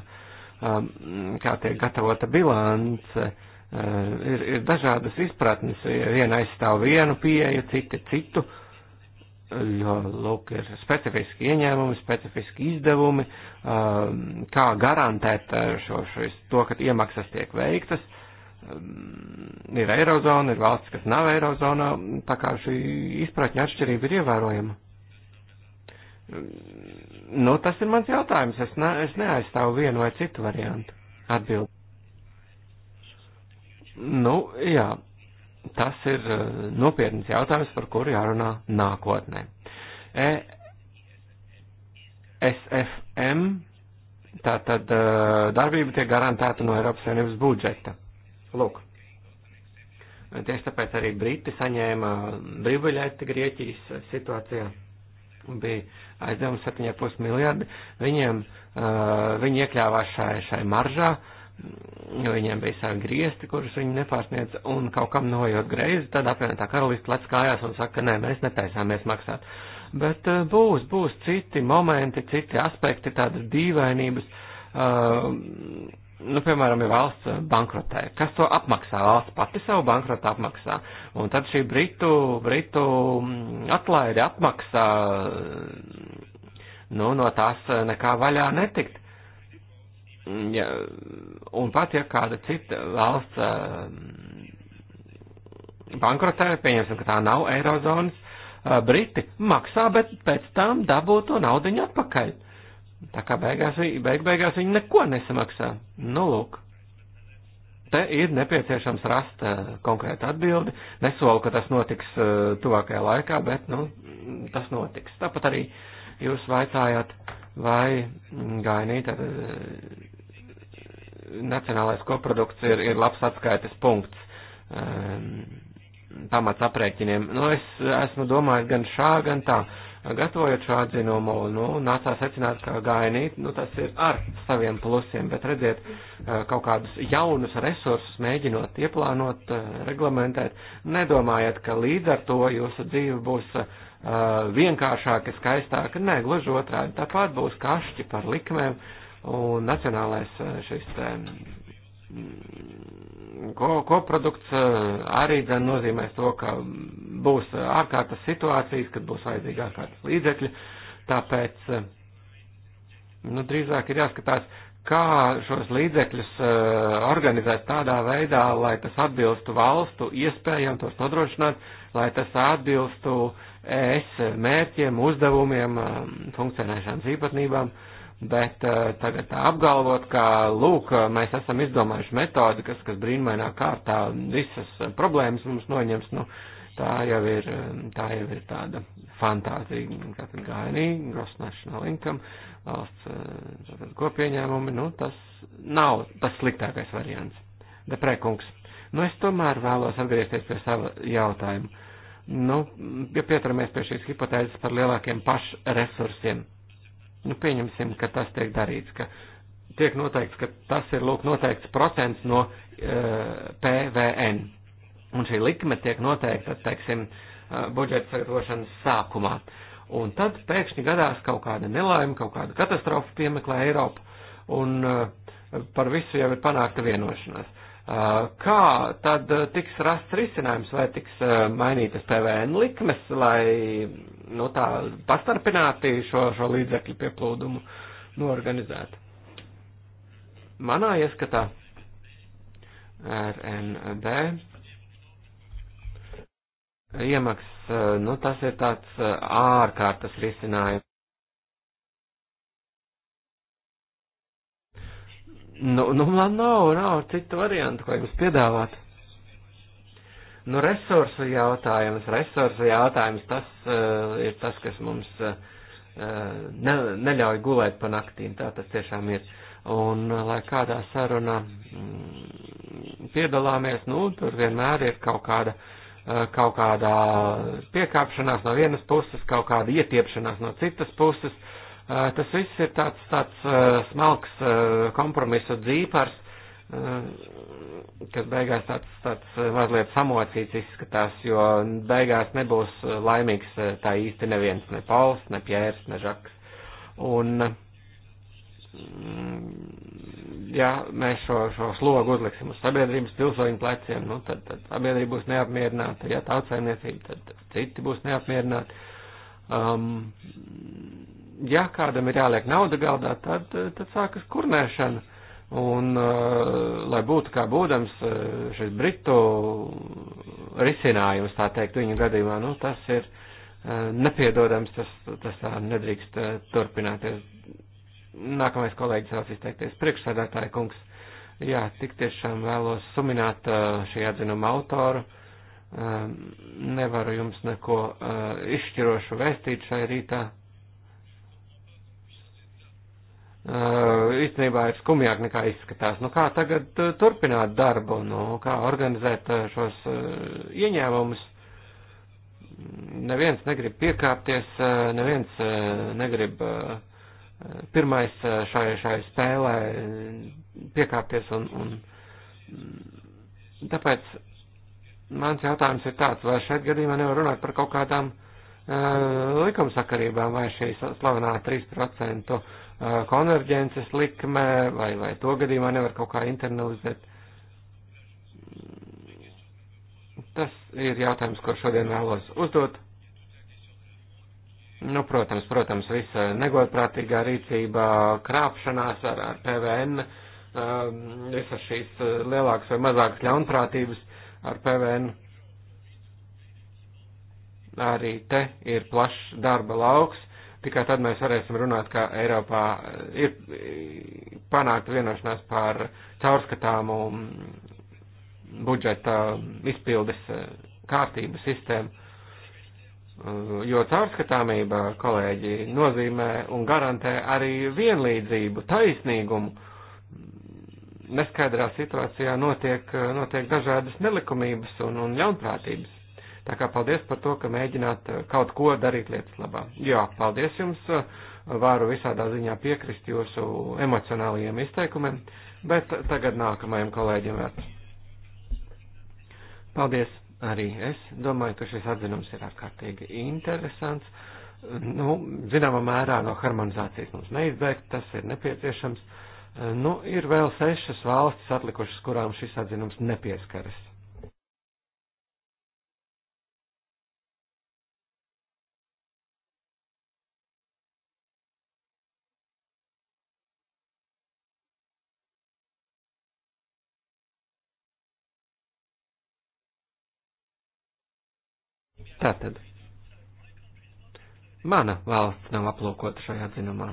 kā tiek gatavota bilance Eh, ir, ir dažādas izpratnes. Viena aizstāv vienu pieeju, cita citu, jo, lūk, ir specifiski ieņēmumi, specifiski izdevumi, eh, kā garantēt eh, šo, šo, to, ka iemaksas tiek veiktas. Ir eirozona, ir valsts, kas nav eirozonā, tā kā šī izpratņa atšķirība ir ievērojama. Nu, tas ir mans jautājums. Es, ne, es neaizstāvu vienu vai citu variantu. Atbildi. Nu, jā, tas ir eh, nopietns jautājums, par kuru jārunā nākotnē. E SFM, tātad eh, darbība tiek garantēta no Eiropas Savienības budžeta. Lūk. Tieši tāpēc arī Briti saņēma brīvbaļēti Grieķijas situācijā. Bija aizdevums 7,5 miljardi. Viņiem, eh, viņi iekļāvās šai, šai maržā. Uh, Viņiem bija savi griesti, kurus viņi nepārsniedz, un kaut kam nojot greizi, tad apvienotā karalista lec kājās un saka, nē, mēs netaisāmies maksāt. Bet eh, būs, būs citi momenti, citi aspekti, tādas dīvainības. Uh, nu, piemēram, ja valsts eh, bankrotē, kas to apmaksā? Valsts pati savu bankrotu apmaksā. Un tad šī Britu, Britu mm, atlaide apmaksā, nu, no tās nekā vaļā netikt. Mm, ja, un pat ja kāda cita valsts uh, bankrotē, pieņemsim, ka tā nav eirozonas, uh, Briti maksā, bet pēc tam dabū to naudiņu atpakaļ. Tā kā beigās, beig, beigās viņi neko nesamaksā. Nu, lūk. Te ir nepieciešams rast uh, eh, konkrētu atbildi. Nesolu, ka tas notiks uh, tuvākajā laikā, bet, nu, tas notiks. Tāpat arī jūs vaicājāt, vai gainīt ar uh, nacionālais koprodukts ir, ir labs atskaites punkts ehm, pamats aprēķiniem. Nu, es esmu domājis gan šā, gan tā. Gatavojot šo atzinumu, nu, nācā secināt, ka gainīt, nu, tas ir ar saviem plusiem, bet redziet, eh, kaut kādus jaunus resursus mēģinot ieplānot, eh, reglamentēt, nedomājiet, ka līdz ar to jūsu dzīve būs uh, vienkāršāka, skaistāka, nē, gluži otrādi, tāpat būs kašķi par likmēm, uh, un nacionālais eh, šis te eh, mm, ko, koprodukts eh, arī gan nozīmēs to, ka būs ārkārtas situācijas, kad būs vajadzīgi ārkārtas līdzekļi, tāpēc, nu, drīzāk ir jāskatās, kā šos līdzekļus organizēt tādā veidā, lai tas atbilstu valstu iespējām tos nodrošināt, lai tas atbilstu ES mērķiem, uzdevumiem, funkcionēšanas īpatnībām. Uh, bet eh, tagad apgalvot, ka, lūk, mēs esam izdomājuši metodi, kas, kas brīnumainā kārtā visas problēmas mums noņems, nu, tā jau ir, tā jau ir tāda fantāzija, tātad gainī, gross national income, valsts eh, tātad kopieņēmumi, nu, tas nav tas sliktākais variants. Deprēkungs. Nu, es tomēr vēlos atgriezties pie sava jautājuma. Nu, ja pieturamies pie šīs hipotēzes par lielākiem pašresursiem. Nu, pieņemsim, ka tas tiek darīts, ka tiek noteikts, ka tas ir lūk noteikts procents no uh, e, PVN. Un šī likme tiek noteikta, teiksim, uh, budžeta sagatavošanas sākumā. Un tad pēkšņi gadās kaut kāda nelaime, kaut kāda katastrofa piemeklē Eiropu, un uh, par visu jau ir panākta vienošanās. Kā tad tiks rasts risinājums, vai tiks mainītas PVN likmes, lai nu, tā pastarpināti šo, šo līdzekļu pieplūdumu norganizēt. Manā ieskatā RNB iemaks, nu, tas ir tāds uh, ārkārtas risinājums. Nu, nu, man nav, nav citu variantu, ko jums piedāvāt. Nu, resursu jautājums, resursu jautājums, tas uh, ir tas, kas mums uh, ne, neļauj gulēt pa naktīm, tā tas tiešām ir. Un, lai kādā sarunā mm, piedalāmies, nu, tur vienmēr ir kaut kāda, uh, kaut kādā piekāpšanās no vienas puses, kaut kāda ietiepšanās no citas puses. Uh, tas viss ir tāds, tāds uh, smalks uh, kompromisu dzīpars. Uh, ka beigās tāds, tāds eh, mazliet samocīts izskatās, jo beigās nebūs eh, laimīgs eh, tā īsti neviens, ne Pauls, ne Pjērs, ne Žaks. Un, mm, ja mēs šo, šo slogu uzliksim uz sabiedrības pilsoņu pleciem, nu, tad, tad sabiedrība būs neapmierināta, ja tautsēmniecība, tad citi būs neapmierināti. Um, ja kādam ir jāliek nauda galdā, tad, tad sākas kurnēšana. Un, eh, lai būtu kā būdams eh, šis britu risinājums, tā teikt, viņu gadījumā, nu, tas ir eh, nepiedodams, tas, tas tā nedrīkst turpināties. Nākamais kolēģis vēlas izteikties priekšsēdētāja kungs. Jā, tik tiešām vēlos sumināt šī atzinuma autoru. Nevaru jums neko izšķirošu vēstīt šai rītā Eh, īstenībā ir skumjāk nekā izskatās. Nu, kā tagad eh, turpināt darbu, nu, kā organizēt eh, šos ieņēmumus? Neviens negrib piekāpties, neviens negrib pirmais šai, šai spēlē piekāpties un, un mm, tāpēc mans jautājums ir tāds, vai šeit gadījumā nevar runāt par kaut kādām likumsakarībām vai šī slavenā 3% konverģences likmē, vai, vai to gadījumā nevar kaut kā internalizēt. Tas ir jautājums, ko šodien vēlos uzdot. Nu, protams, protams, visa negodprātīgā rīcība, krāpšanās ar, ar PVN, visas šīs lielākas vai mazākas ļaunprātības ar PVN. Arī te ir plašs darba lauks, Tikai tad mēs varēsim runāt, ka Eiropā eh, ir eh, panākt vienošanās par caurskatāmu mm, budžeta mm, izpildes eh, kārtību sistēmu. Jo caurskatāmība, kolēģi, nozīmē un garantē arī vienlīdzību, taisnīgumu. Neskaidrā situācijā notiek, notiek dažādas nelikumības un, un ļaunprātības Tā kā paldies par to, ka mēģināt eh, kaut ko darīt lietas labā. Jā, paldies jums, varu visādā ziņā piekrist jūsu emocionālajiem izteikumiem, bet tagad nākamajam kolēģim vērts. Paldies arī es. Domāju, ka šis atzinums ir ārkārtīgi interesants. Nu, zināmā mērā no harmonizācijas mums neizbēgt, tas ir nepieciešams. Nu, ir vēl sešas valstis atlikušas, kurām šis atzinums nepieskaras. Tātad. Mana valsts nav aplūkota šajā atzinumā.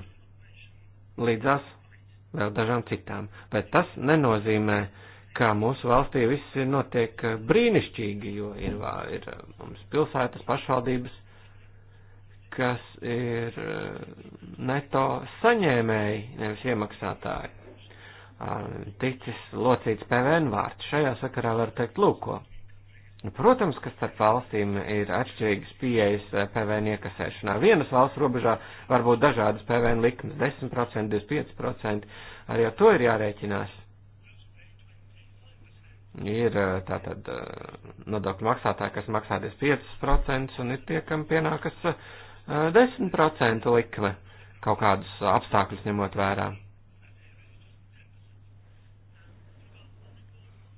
Līdzās vēl dažām citām, bet tas nenozīmē, ka mūsu valstī viss notiek eh, brīnišķīgi, jo ir, ir eh, mums pilsētas pašvaldības, kas ir eh, neto saņēmēji, nevis iemaksātāji. Ticis locīts PVN vārds. Šajā sakarā var teikt lūko. Protams, ka starp valstīm ir atšķirīgas pieejas eh, PVN iekasēšanā. Vienas valsts robežā var būt dažādas PVN likmes - 10%, 25%, arī ar to ir jārēķinās. Ir eh, tātad eh, nodokļu maksātāji, kas maksā 5% un ir tie, kam pienākas 10% likme kaut kādus apstākļus ņemot vērā.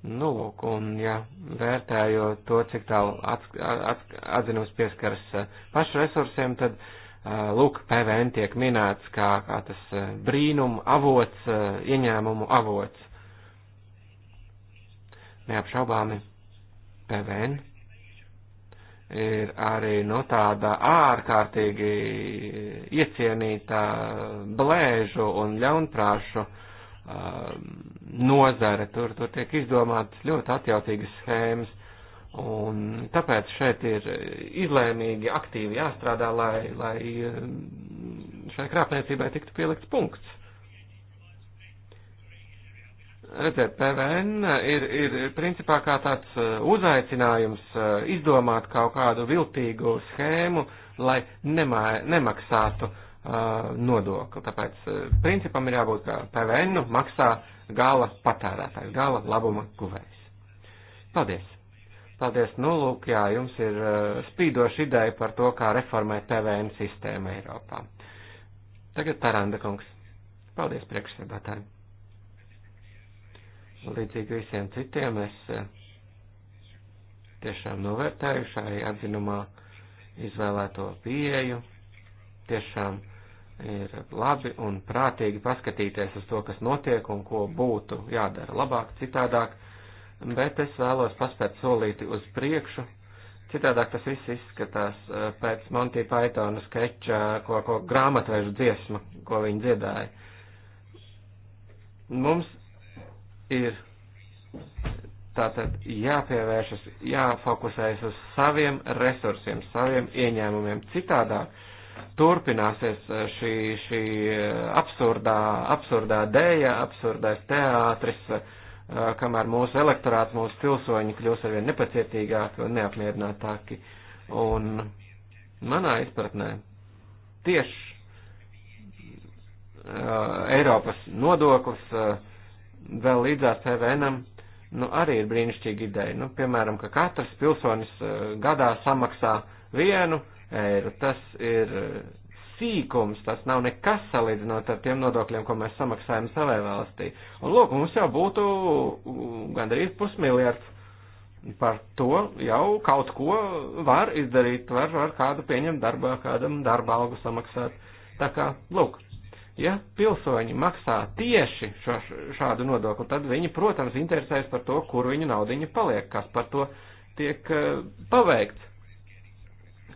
Nu, lūk, un, ja vērtējot to, cik tālu at, at, atzinums pieskaras eh, pašu resursiem, tad, eh, lūk, PVN tiek minēts kā, kā tas eh, brīnuma avots, ieņēmumu avots. Neapšaubāmi, PVN ir arī no nu, tāda ārkārtīgi iecienīta blēžu un ļaunprāšu uh, Um, nozare, tur, tur tiek izdomātas ļoti atjautīgas schēmas, un tāpēc šeit ir izlēmīgi, aktīvi jāstrādā, lai, lai um, šai krāpniecībai tiktu pielikts punkts. Redziet, PVN ir, ir principā kā tāds uh, uzaicinājums uh, izdomāt kaut kādu viltīgu schēmu, lai nemā, nemaksātu uh, nodokli. Tāpēc principam ir jābūt, ka PVN nu, maksā gala patērētājs, gala labuma guvējs. Paldies! Paldies! Nu, lūk, jā, jums ir spīdoša ideja par to, kā reformēt PVN sistēmu Eiropā. Tagad Taranda kungs. Paldies priekšsēdētājiem! Līdzīgi visiem citiem es tiešām novērtēju šai atzinumā izvēlēto pieeju tiešām ir labi un prātīgi paskatīties uz to, kas notiek un ko būtu jādara labāk, citādāk, bet es vēlos paspēt solīti uz priekšu. Citādāk tas viss izskatās eh, pēc Monty Pythona skeča, ko, ko grāmatvežu dziesma, ko viņi dziedāja. Mums ir tātad jāpievēršas, jāfokusējas uz saviem resursiem, saviem ieņēmumiem. Citādāk turpināsies eh, šī, šī eh, absurdā, absurdā dēja, absurdais teātris, eh, kamēr mūsu elektorāts, mūsu pilsoņi kļūs arvien nepacietīgāki un neapmierinātāki. Un manā izpratnē tieši Eiropas nodoklis vēl līdzās CVNam nu, arī ir brīnišķīga ideja. Nu, piemēram, ka katrs pilsonis gadā samaksā vienu uh, eiro. Tas ir eh, sīkums, tas nav nekas salīdzinot ar tiem nodokļiem, ko mēs samaksājam savai valstī. Un lūk, mums jau būtu mm, gandrīz pusmiljards par to jau kaut ko var izdarīt, var, var kādu pieņemt darbā, kādam darba algu samaksāt. Tā kā, lūk, ja pilsoņi maksā tieši šo, šādu nodokli, tad viņi, protams, interesēs par to, kur viņu naudiņa paliek, kas par to tiek eh, paveikts.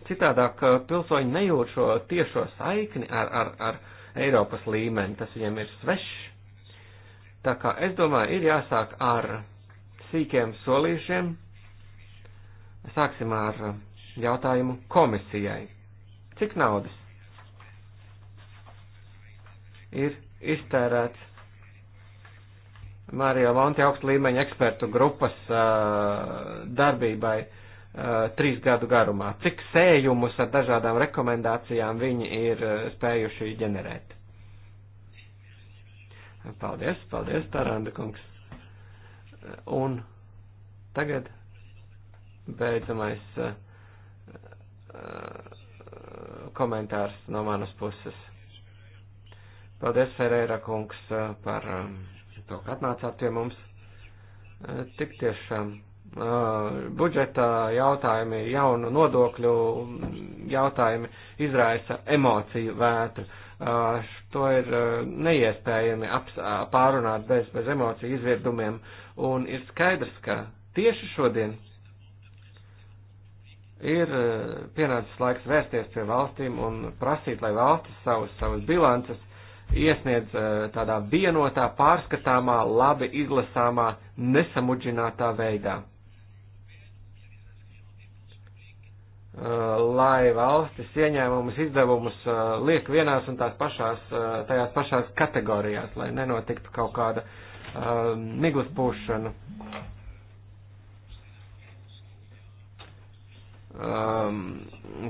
Citādāk pilsoņi nejūt šo tiešo saikni ar, ar, ar Eiropas līmeni, tas viņiem ir svešs. Tā kā es domāju, ir jāsāk ar sīkiem solīšiem. Sāksim ar jautājumu komisijai. Cik naudas ir iztērēts Mario Monti augstu līmeņa ekspertu grupas uh, darbībai Eh, trīs gadu garumā, cik sējumus ar dažādām rekomendācijām viņi ir eh, spējuši ģenerēt. Paldies, paldies, Taranda kungs. Eh, un tagad beidzamais komentārs no manas puses. Paldies, Ferēra kungs, par to, ka atnācāt pie mums. Tik tiešām budžeta jautājumi, jaunu nodokļu jautājumi izraisa emociju vētru. To ir neiespējami pārunāt bez, bez emociju izvirdumiem, un ir skaidrs, ka tieši šodien ir pienācis laiks vērsties pie valstīm un prasīt, lai valstis savus, savus bilances iesniedz tādā vienotā, pārskatāmā, labi izlasāmā, nesamudžinātā veidā Uh, lai valstis ieņēmumus, izdevumus uh, liek vienās un tās pašās, uh, tajās pašās kategorijās, lai nenotiktu kaut kāda miglas būšana. um,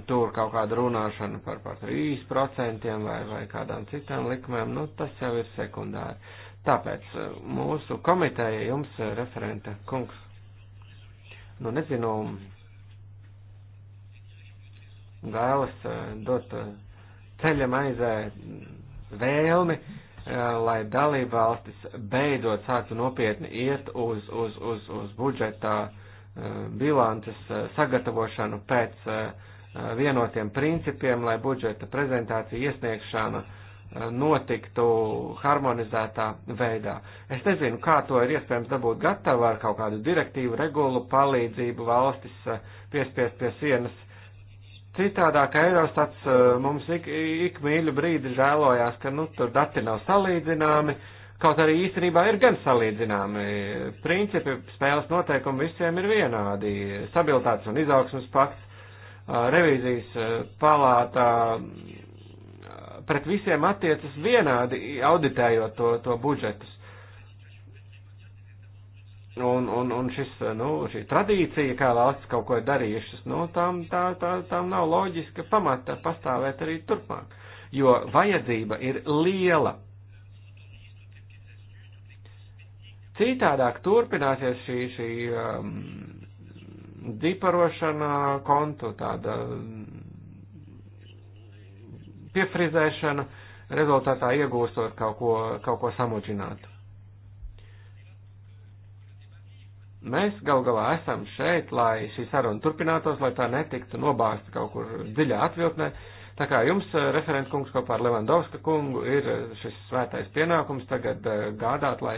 tur kaut kāda runāšana par, par 3% vai, vai kādām citām likmēm, nu tas jau ir sekundāri. Tāpēc mūsu komiteja jums referenta kungs, nu nezinu, vēlas eh, dot eh, ceļam aizē eh, vēlmi, lai dalībvalstis beidzot sāktu nopietni iet uz, uz, uz, uz budžetā bilances sagatavošanu pēc vienotiem principiem, lai budžeta prezentācija iesniegšana notiktu harmonizētā veidā. Es nezinu, kā to ir iespējams dabūt gatavu ar kaut kādu direktīvu, regulu, palīdzību valstis piespiest pie sienas Citādāk Eirostats eh, mums ik, ik mīļu brīdi žēlojās, ka nu, tur dati nav salīdzināmi, kaut arī īstenībā ir gan salīdzināmi. Principi spēles noteikumi visiem ir vienādi. Stabilitātes un izaugsmas pakts, eh, revīzijas eh, palātā pret visiem attiecas vienādi auditējot to, to budžetus. Un, un, un šis, nu, šī tradīcija, kā valsts kaut ko ir darījušas, nu, tām, tā, tā, tām nav loģiska pamata pastāvēt arī turpmāk, jo vajadzība ir liela. Citādāk turpināsies šī, šī um, diparošana kontu, tāda um, piefrizēšana, rezultātā iegūstot kaut ko, kaut ko samuģinātu. Mēs gal galā esam šeit, lai šī saruna turpinātos, lai tā netiktu nobāzta kaut kur dziļā atviltnē. Tā kā jums, eh, referent kungs, kopā ar Levandovska kungu ir eh, šis svētais pienākums tagad eh, gādāt, lai,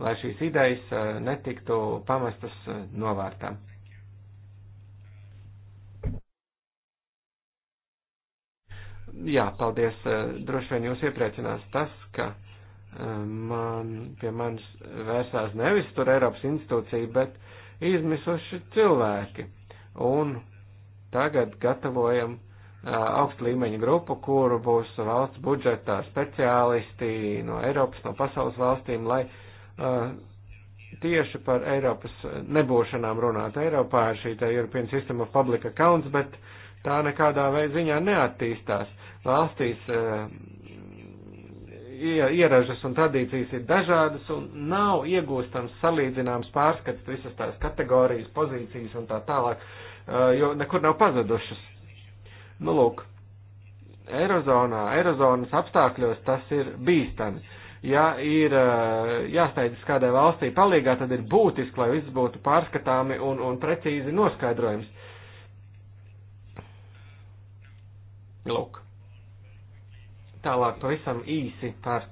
lai šīs idejas netiktu pamestas novārtā. Jā, paldies. Droši vien jūs iepriecinās tas, ka man, pie manis vērsās nevis tur Eiropas institūcija, bet izmisuši cilvēki. Un tagad gatavojam augstu līmeņu grupu, kuru būs valsts budžetā speciālisti no Eiropas, no pasaules valstīm, lai uh, tieši par Eiropas nebūšanām runātu. Eiropā ir šī te European System of Public Accounts, bet tā nekādā veidā neattīstās. Valstīs uh, ieražas un tradīcijas ir dažādas un nav iegūstams salīdzināms pārskats visas tās kategorijas, pozīcijas un tā tālāk, jo nekur nav pazudušas. Nu, lūk, Eirozonā, Eirozonas apstākļos tas ir bīstami. Ja ir jāsteidzas kādai valstī palīgā, tad ir būtiski, lai viss būtu pārskatāmi un, un precīzi noskaidrojums. Lūk. Tālāk pavisam īsi par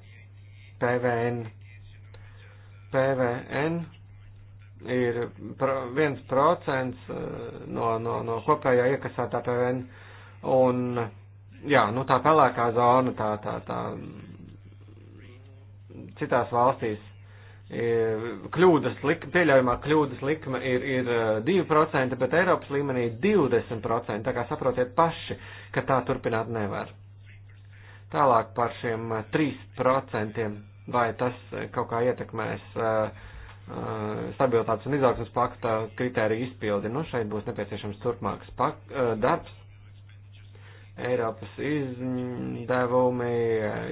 PVN. PVN ir viens procents eh, no, no, no kopējā iekasētā PVN. Un, jā, nu tā pelēkā zona, tā, tā, tā citās valstīs e, kļūdas likme, pieļaujamā kļūdas likme ir, ir 2%, e, bet Eiropas līmenī 20%, tā kā saprotiet paši, ka tā turpināt nevar. Tālāk par šiem 3%, eh, vai tas eh, kaut kā ietekmēs eh, stabilitātes un izaugsmas pakta kritēriju izpildi. Nu, šeit būs nepieciešams turpmāks pak, darbs. Eiropas izdevumi,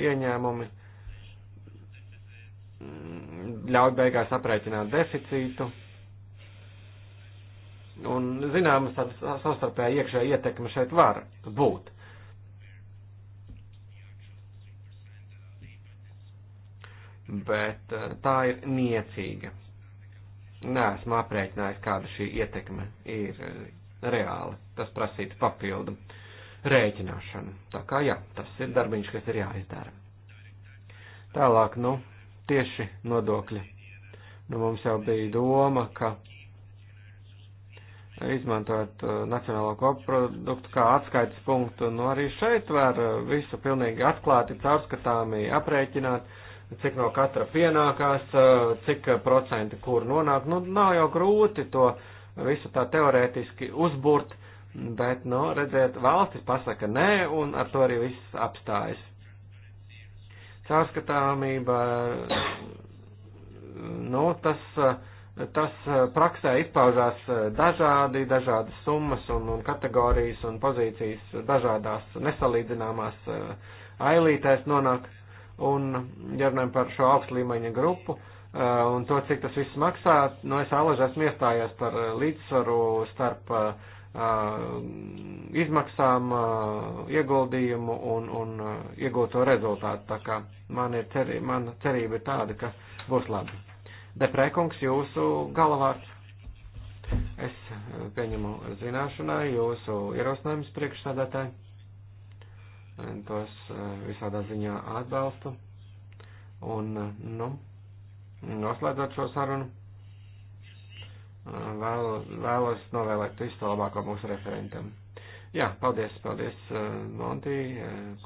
ieņēmumi mm, ļauj beigās aprēķināt deficītu. Un zināmas savstarpēja iekšējā ietekme šeit var būt. bet eh, tā ir niecīga. Nē, esmu aprēķinājis, kāda šī ietekme ir eh, reāli. Tas prasītu papildu rēķināšanu. Tā kā jā, tas ir darbiņš, kas ir jāizdara. Tālāk, nu, tieši nodokļi. Nu, mums jau bija doma, ka izmantot eh, nacionālo koproduktu kā atskaites punktu, nu, arī šeit var visu pilnīgi atklāti, caurskatāmi aprēķināt cik no katra pienākās, cik procenti kur nonāk. Nu, nav jau grūti to visu tā teorētiski uzburt, bet, nu, redziet, valstis pasaka nē, un ar to arī viss apstājas. Cārskatāmība, nu, tas, tas praksē izpaužās dažādi, dažādas summas un, un kategorijas un pozīcijas dažādās nesalīdzināmās ailītēs nonāk Un, ja runājam par šo augstu līmeņa grupu eh, un to, cik tas viss maksā, no nu, es alaži esmu iestājies par eh, līdzsvaru starp eh, izmaksām, ieguldījumu un, un iegūto rezultātu. Tā kā man ir ceri, mana cerība ir tāda, ka būs labi. Deprēkungs, jūsu galvārds. Es pieņemu zināšanai jūsu ierosinājums priekšsādātāji tos eh, visādā ziņā atbalstu. Un, eh, nu, noslēdzot šo sarunu, eh, vēl, vēlos novēlēt visu to labāko mūsu referentam. Jā, paldies, paldies Monti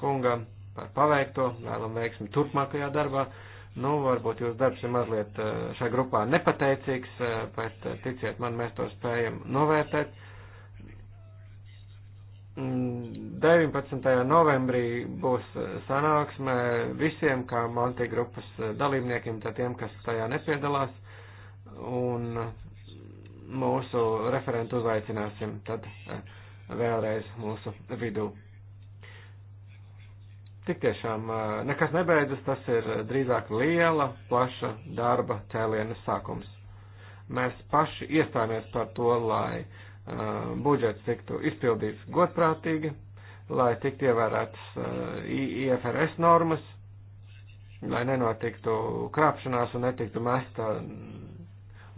kungam par paveikto, vēlam veiksmi turpmākajā darbā. Nu, varbūt jūs darbs ir mazliet šai grupā nepateicīgs, bet ticiet man, mēs to spējam novērtēt 19. novembrī būs eh, sanāksme visiem, kā Monti grupas eh, dalībniekiem, tā tiem, kas tajā nepiedalās, un eh, mūsu referentu uzaicināsim tad vēlreiz mūsu vidū. Tik tiešām nekas nebeidzas, tas ir drīzāk liela, plaša darba cēlienas sākums. Mēs paši iestājāmies par to, lai uh, Uh, budžets tiktu izpildīts godprātīgi, lai tiktu ievērētas uh, IFRS normas, lai nenotiktu krāpšanās un netiktu mesta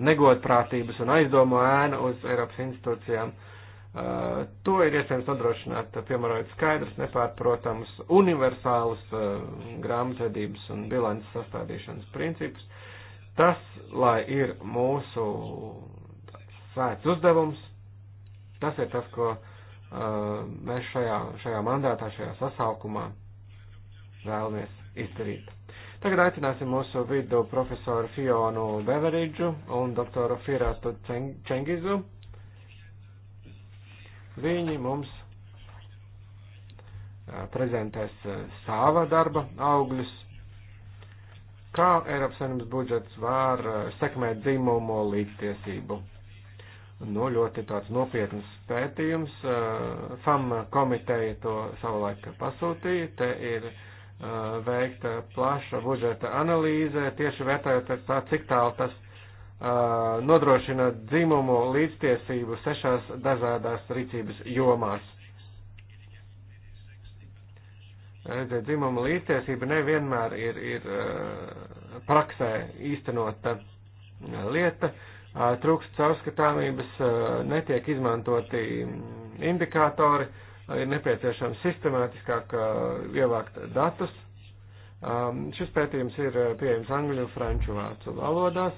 negodprātības un aizdomu ēna uz Eiropas institūcijām. Uh, to ir iespējams nodrošināt, piemērojot skaidrs, nepārprotams, universālus uh, grāmatvedības un bilances sastādīšanas principus. Tas, lai ir mūsu svēts uzdevums, Tas ir tas, ko eh, mēs šajā, šajā mandātā, šajā sasaukumā vēlamies izdarīt. Tagad aicināsim mūsu vidu profesoru Fionu Beveridžu un doktoru Firātu Čengizu. Viņi mums eh, prezentēs eh, sava darba augļus, kā Eiropas Savienības budžets var sekmēt dzimumu līdztiesību nu, ļoti tāds nopietns pētījums. Eh, FAM komiteja to savulaik pasūtīja. Te ir eh, veikta plaša budžeta analīze, tieši vērtējot pēc eh, tā, cik tālu tas nodrošina dzimumu līdztiesību sešās dažādās rīcības jomās. Redziet, dzimuma līdztiesība nevienmēr ir, ir praksē īstenota lieta. Uh, trūkst caurskatāmības, netiek izmantoti indikātori, ir nepieciešams sistemātiskāk ievākt datus. Šis pētījums ir pieejams angļu, franču, vācu valodās.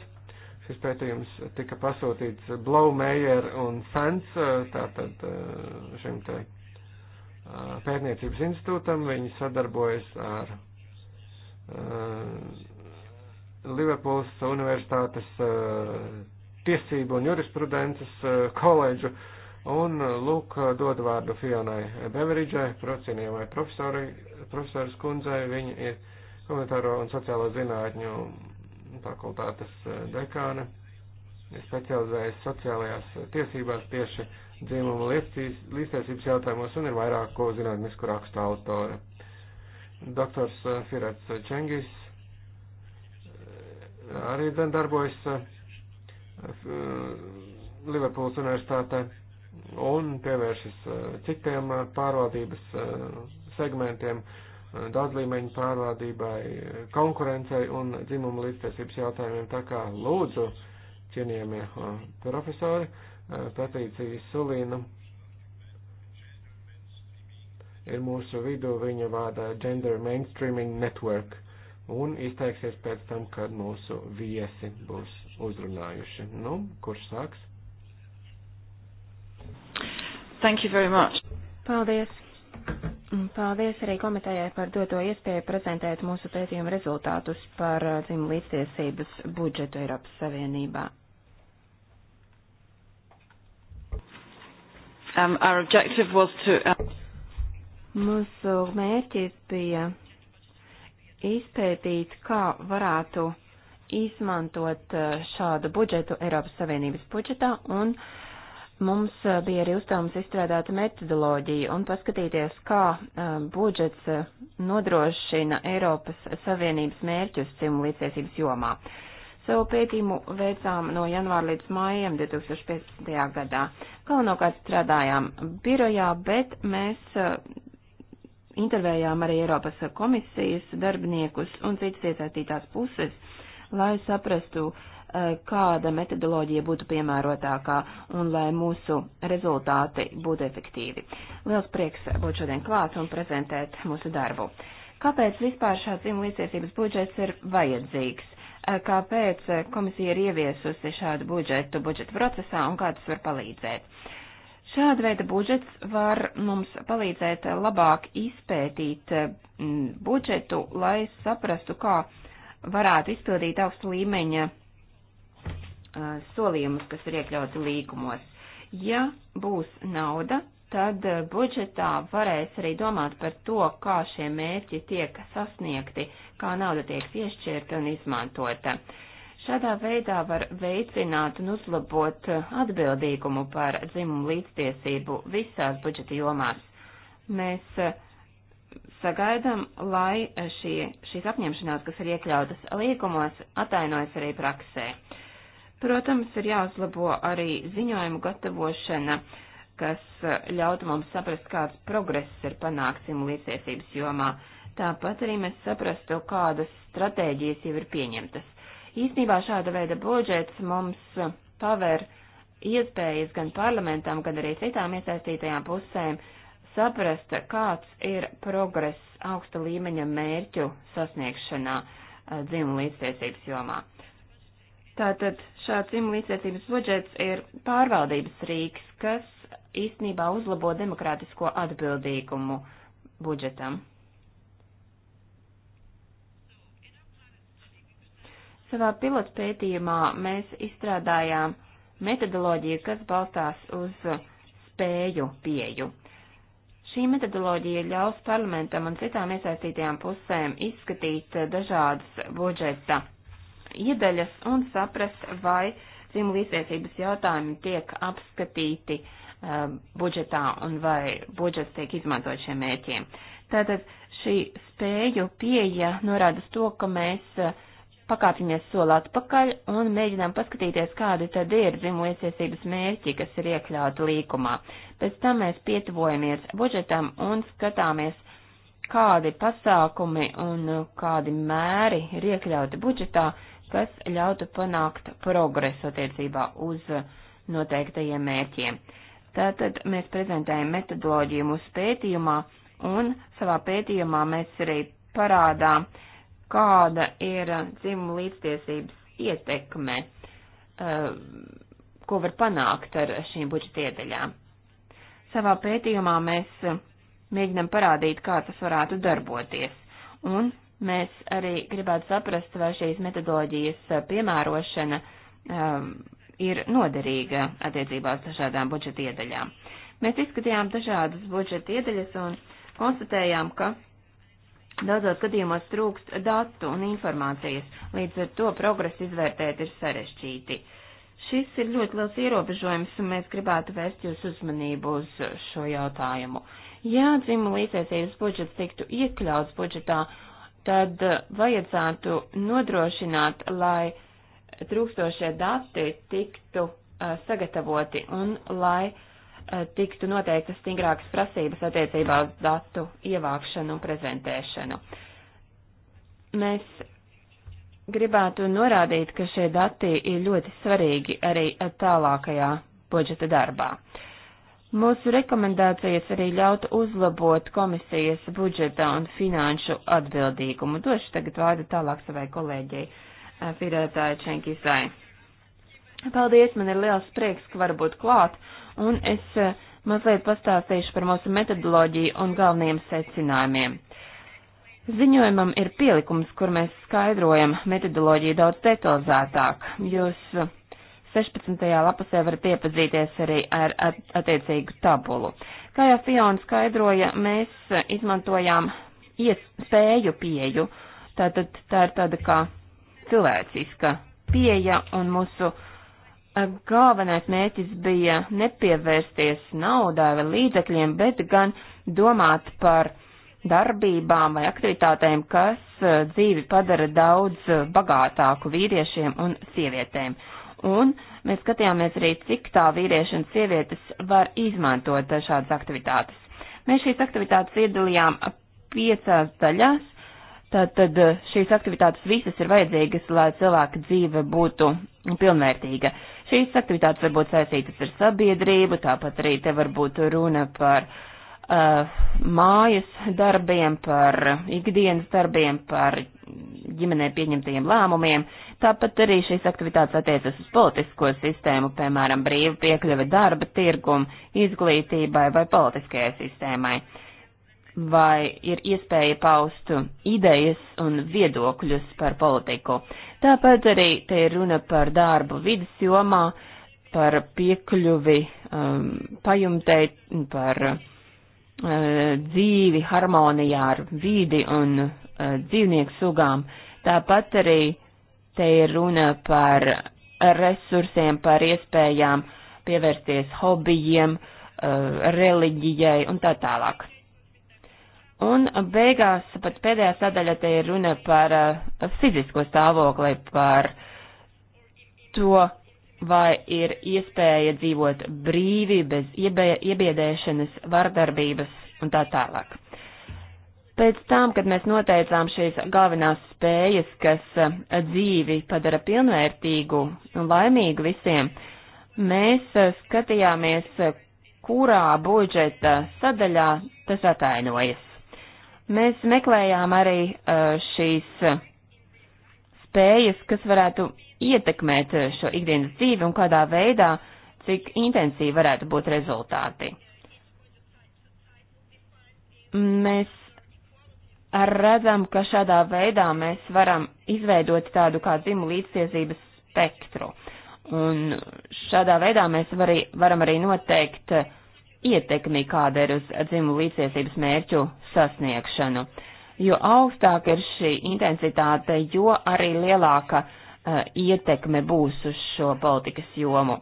Šis pētījums tika pasūtīts Blaumeyer un Fans, tātad šim te pētniecības institūtam. Viņi sadarbojas ar Liverpools Universitātes tiesību un jurisprudences eh, koledžu. Un, eh, lūk, dod vārdu Fionai Beveridžai, procienījumai profesoras kundzei. Viņa ir komentāro un sociālo zinātņu fakultātes eh, dekāne, specializējas sociālajās tiesībās tieši dzimuma līdztiesības jautājumos un ir vairāko zinātnisku rakstu autore. Doktors Firats Čengis arī darbojas Uh, Liverpūles universitātē un pievēršas uh, citiem uh, pārvaldības segmentiem, daudzlīmeņu pārvaldībai, konkurencei un dzimumu līdztiesības jautājumiem. Tā kā lūdzu, cienījamie profesori, Patricija Sulīna ir mūsu vidū, viņa vada Gender Mainstreaming Network un izteiksies pēc tam, kad mūsu viesi būs uzrunājuši. Nu, kurš sāks? Thank you very much. Paldies. Paldies arī komitējai par doto iespēju prezentēt mūsu pētījumu rezultātus par uh, dzimumu līdztiesības budžetu Eiropas Savienībā. Um, our objective was to, um... Mūsu mērķis bija izpētīt, kā varētu izmantot uh, šādu budžetu Eiropas Savienības budžetā, un mums uh, bija arī uzdevums izstrādāt metodoloģiju un paskatīties, kā uh, budžets nodrošina Eiropas Savienības mērķus cimu līdztiesības jomā. Savu pētījumu veicām no janvāra līdz mājiem 2015. gadā. Galvenokārt strādājām birojā, bet mēs intervējām arī Eiropas komisijas darbiniekus un citas iesaistītās puses lai saprastu, e, kāda metodoloģija būtu piemērotākā un lai mūsu rezultāti būtu efektīvi. Liels prieks būt šodien klāt un prezentēt mūsu darbu. Kāpēc vispār šāds dzimumlīdzniecības budžets ir vajadzīgs? E, kāpēc komisija ir ieviesusi šādu budžetu budžeta procesā un kā tas var palīdzēt? Šāda veida budžets var mums palīdzēt labāk izpētīt budžetu, lai saprastu, kā varētu izpildīt augsta līmeņa solījumus, kas ir iekļauti līgumos. Ja būs nauda, tad budžetā varēs arī domāt par to, kā šie mērķi tiek sasniegti, kā nauda tiek piešķirta un izmantota. Šādā veidā var veicināt un uzlabot atbildīgumu par dzimumu līdztiesību visās budžeta jomās. Mēs uh, sagaidam, lai šie, šīs apņemšanās, kas ir iekļautas līgumos, atainojas arī praksē. Protams, ir jāuzlabo arī ziņojumu gatavošana, kas ļautu mums saprast, kāds progress ir panākts simulīdzniecības jomā. Tāpat arī mēs saprastu, kādas stratēģijas jau ir pieņemtas. Īsnībā šāda veida budžets mums paver iespējas gan parlamentam, gan arī citām iesaistītajām pusēm saprast, kāds ir progress augsta līmeņa mērķu sasniegšanā eh, dzimumu līdztiesības jomā. Tātad šāds dzimumu līdztiesības budžets ir pārvaldības rīks, kas īstenībā uzlabo demokrātisko atbildīgumu budžetam. Savā pilotpētījumā mēs izstrādājām metodoloģiju, kas balstās uz spēju pieju. Šī metodoloģija ļaus parlamentam un citām iesaistītajām pusēm izskatīt eh, dažādas budžeta iedaļas un saprast, vai dzimumlīdzniecības jautājumi tiek apskatīti uh, budžetā un vai budžets tiek izmantot šiem mērķiem. Tātad šī spēju pieeja norāda uz to, ka mēs uh, pakāpjamies soli atpakaļ un mēģinām paskatīties, kādi tad ir dzimumu iesiesības mērķi, kas ir iekļauti līkumā. Pēc tam mēs pietuvojamies budžetam un skatāmies, kādi pasākumi un uh, kādi mēri ir iekļauti budžetā, kas ļautu panākt progresu attiecībā uz uh, noteiktajiem mērķiem. Tātad mēs prezentējam metodoloģiju mūsu pētījumā, un savā pētījumā mēs arī parādām, uh, kāda ir dzimuma līdztiesības ietekme, eh, ko var panākt ar šīm budžeta iedaļām. Savā pētījumā mēs mēģinam parādīt, kā tas varētu darboties, un mēs arī gribētu saprast, vai šīs metodoloģijas piemērošana um, ir noderīga attiecībā uz dažādām budžeta iedaļām. Mēs izskatījām dažādas budžeta iedaļas un konstatējām, ka Daudzos gadījumos trūkst datu un informācijas, līdz ar to progresu izvērtēt ir sarežģīti. Šis ir ļoti liels ierobežojums, un mēs gribētu vērst jūs uzmanību uz šo jautājumu. Ja dzimuma līdzēsības budžets tiktu iekļauts budžetā, tad vajadzētu nodrošināt, lai trūkstošie dati tiktu uh, sagatavoti un lai uh, Eh, tiktu noteiktas stingrākas prasības attiecībā uz datu ievākšanu un prezentēšanu. Mēs gribētu norādīt, ka šie dati ir ļoti svarīgi arī eh, tālākajā budžeta darbā. Mūsu rekomendācijas arī ļautu uzlabot komisijas budžeta un finanšu atbildīgumu. Došu tagad vārdu tālāk savai kolēģei, eh, Firētāja Čenkisai. Paldies, man ir liels prieks, ka varu būt klāt un es eh, mazliet pastāstīšu par mūsu metodoloģiju un galvenajiem secinājumiem. Ziņojumam ir pielikums, kur mēs skaidrojam metodoloģiju daudz detalizētāk. Jūs 16. Eh, lapasē varat iepazīties arī ar attiecīgu tabulu. Kā jau Fiona skaidroja, mēs eh, izmantojām iespēju pieju, tātad tā ir tāda kā cilvēciska pieeja un mūsu uh, galvenais mērķis bija nepievērsties naudai vai līdzekļiem, bet gan domāt par darbībām vai aktivitātēm, kas dzīvi padara daudz bagātāku vīriešiem un sievietēm. Un mēs skatījāmies arī, cik tā vīrieši un sievietes var izmantot šādas aktivitātes. Mēs šīs aktivitātes iedalījām piecās daļās. Tātad šīs aktivitātes visas ir vajadzīgas, lai cilvēka dzīve būtu pilnvērtīga. Uh, Šīs aktivitātes var būt saistītas ar sabiedrību, tāpat arī te var būt runa par uh, mājas darbiem, par ikdienas darbiem, par ģimenē pieņemtajiem lēmumiem. Tāpat arī šīs aktivitātes attiecas uz politisko sistēmu, piemēram, brīva piekļuve darba tirgumu, izglītībai vai politiskajai sistēmai. Vai ir iespēja paust idejas un viedokļus par politiku? Tāpat arī te ir runa par darbu vidas jomā, par piekļuvi um, pajumtei, par uh, dzīvi harmonijā ar vīdi un uh, dzīvnieku sugām. Tāpat arī te ir runa par resursiem, par iespējām pievērsties hobijiem, uh, reliģijai un tā tālāk. Un beigās, pēc pēdējā sadaļa, te ir runa par uh, fizisko stāvokli, par to, vai ir iespēja dzīvot brīvi, bez iebiedēšanas, vardarbības un tā tālāk. Pēc tam, kad mēs noteicām šīs galvenās spējas, kas eh, dzīvi padara pilnvērtīgu un laimīgu visiem, mēs eh, skatījāmies, kurā budžeta sadaļā tas atainojas. Mēs meklējām arī uh, šīs uh, spējas, kas varētu ietekmēt uh, šo ikdienas dzīvi un kādā veidā, cik intensīvi varētu būt rezultāti. Mēs redzam, ka šādā veidā mēs varam izveidot tādu kā dzimu līdztiesības spektru. Un šādā veidā mēs var, varam arī noteikt uh, ietekmi, kāda ir uz dzimumu līdztiesības mērķu sasniegšanu. Jo augstāk ir šī intensitāte, jo arī lielāka uh, ietekme būs uz šo politikas jomu.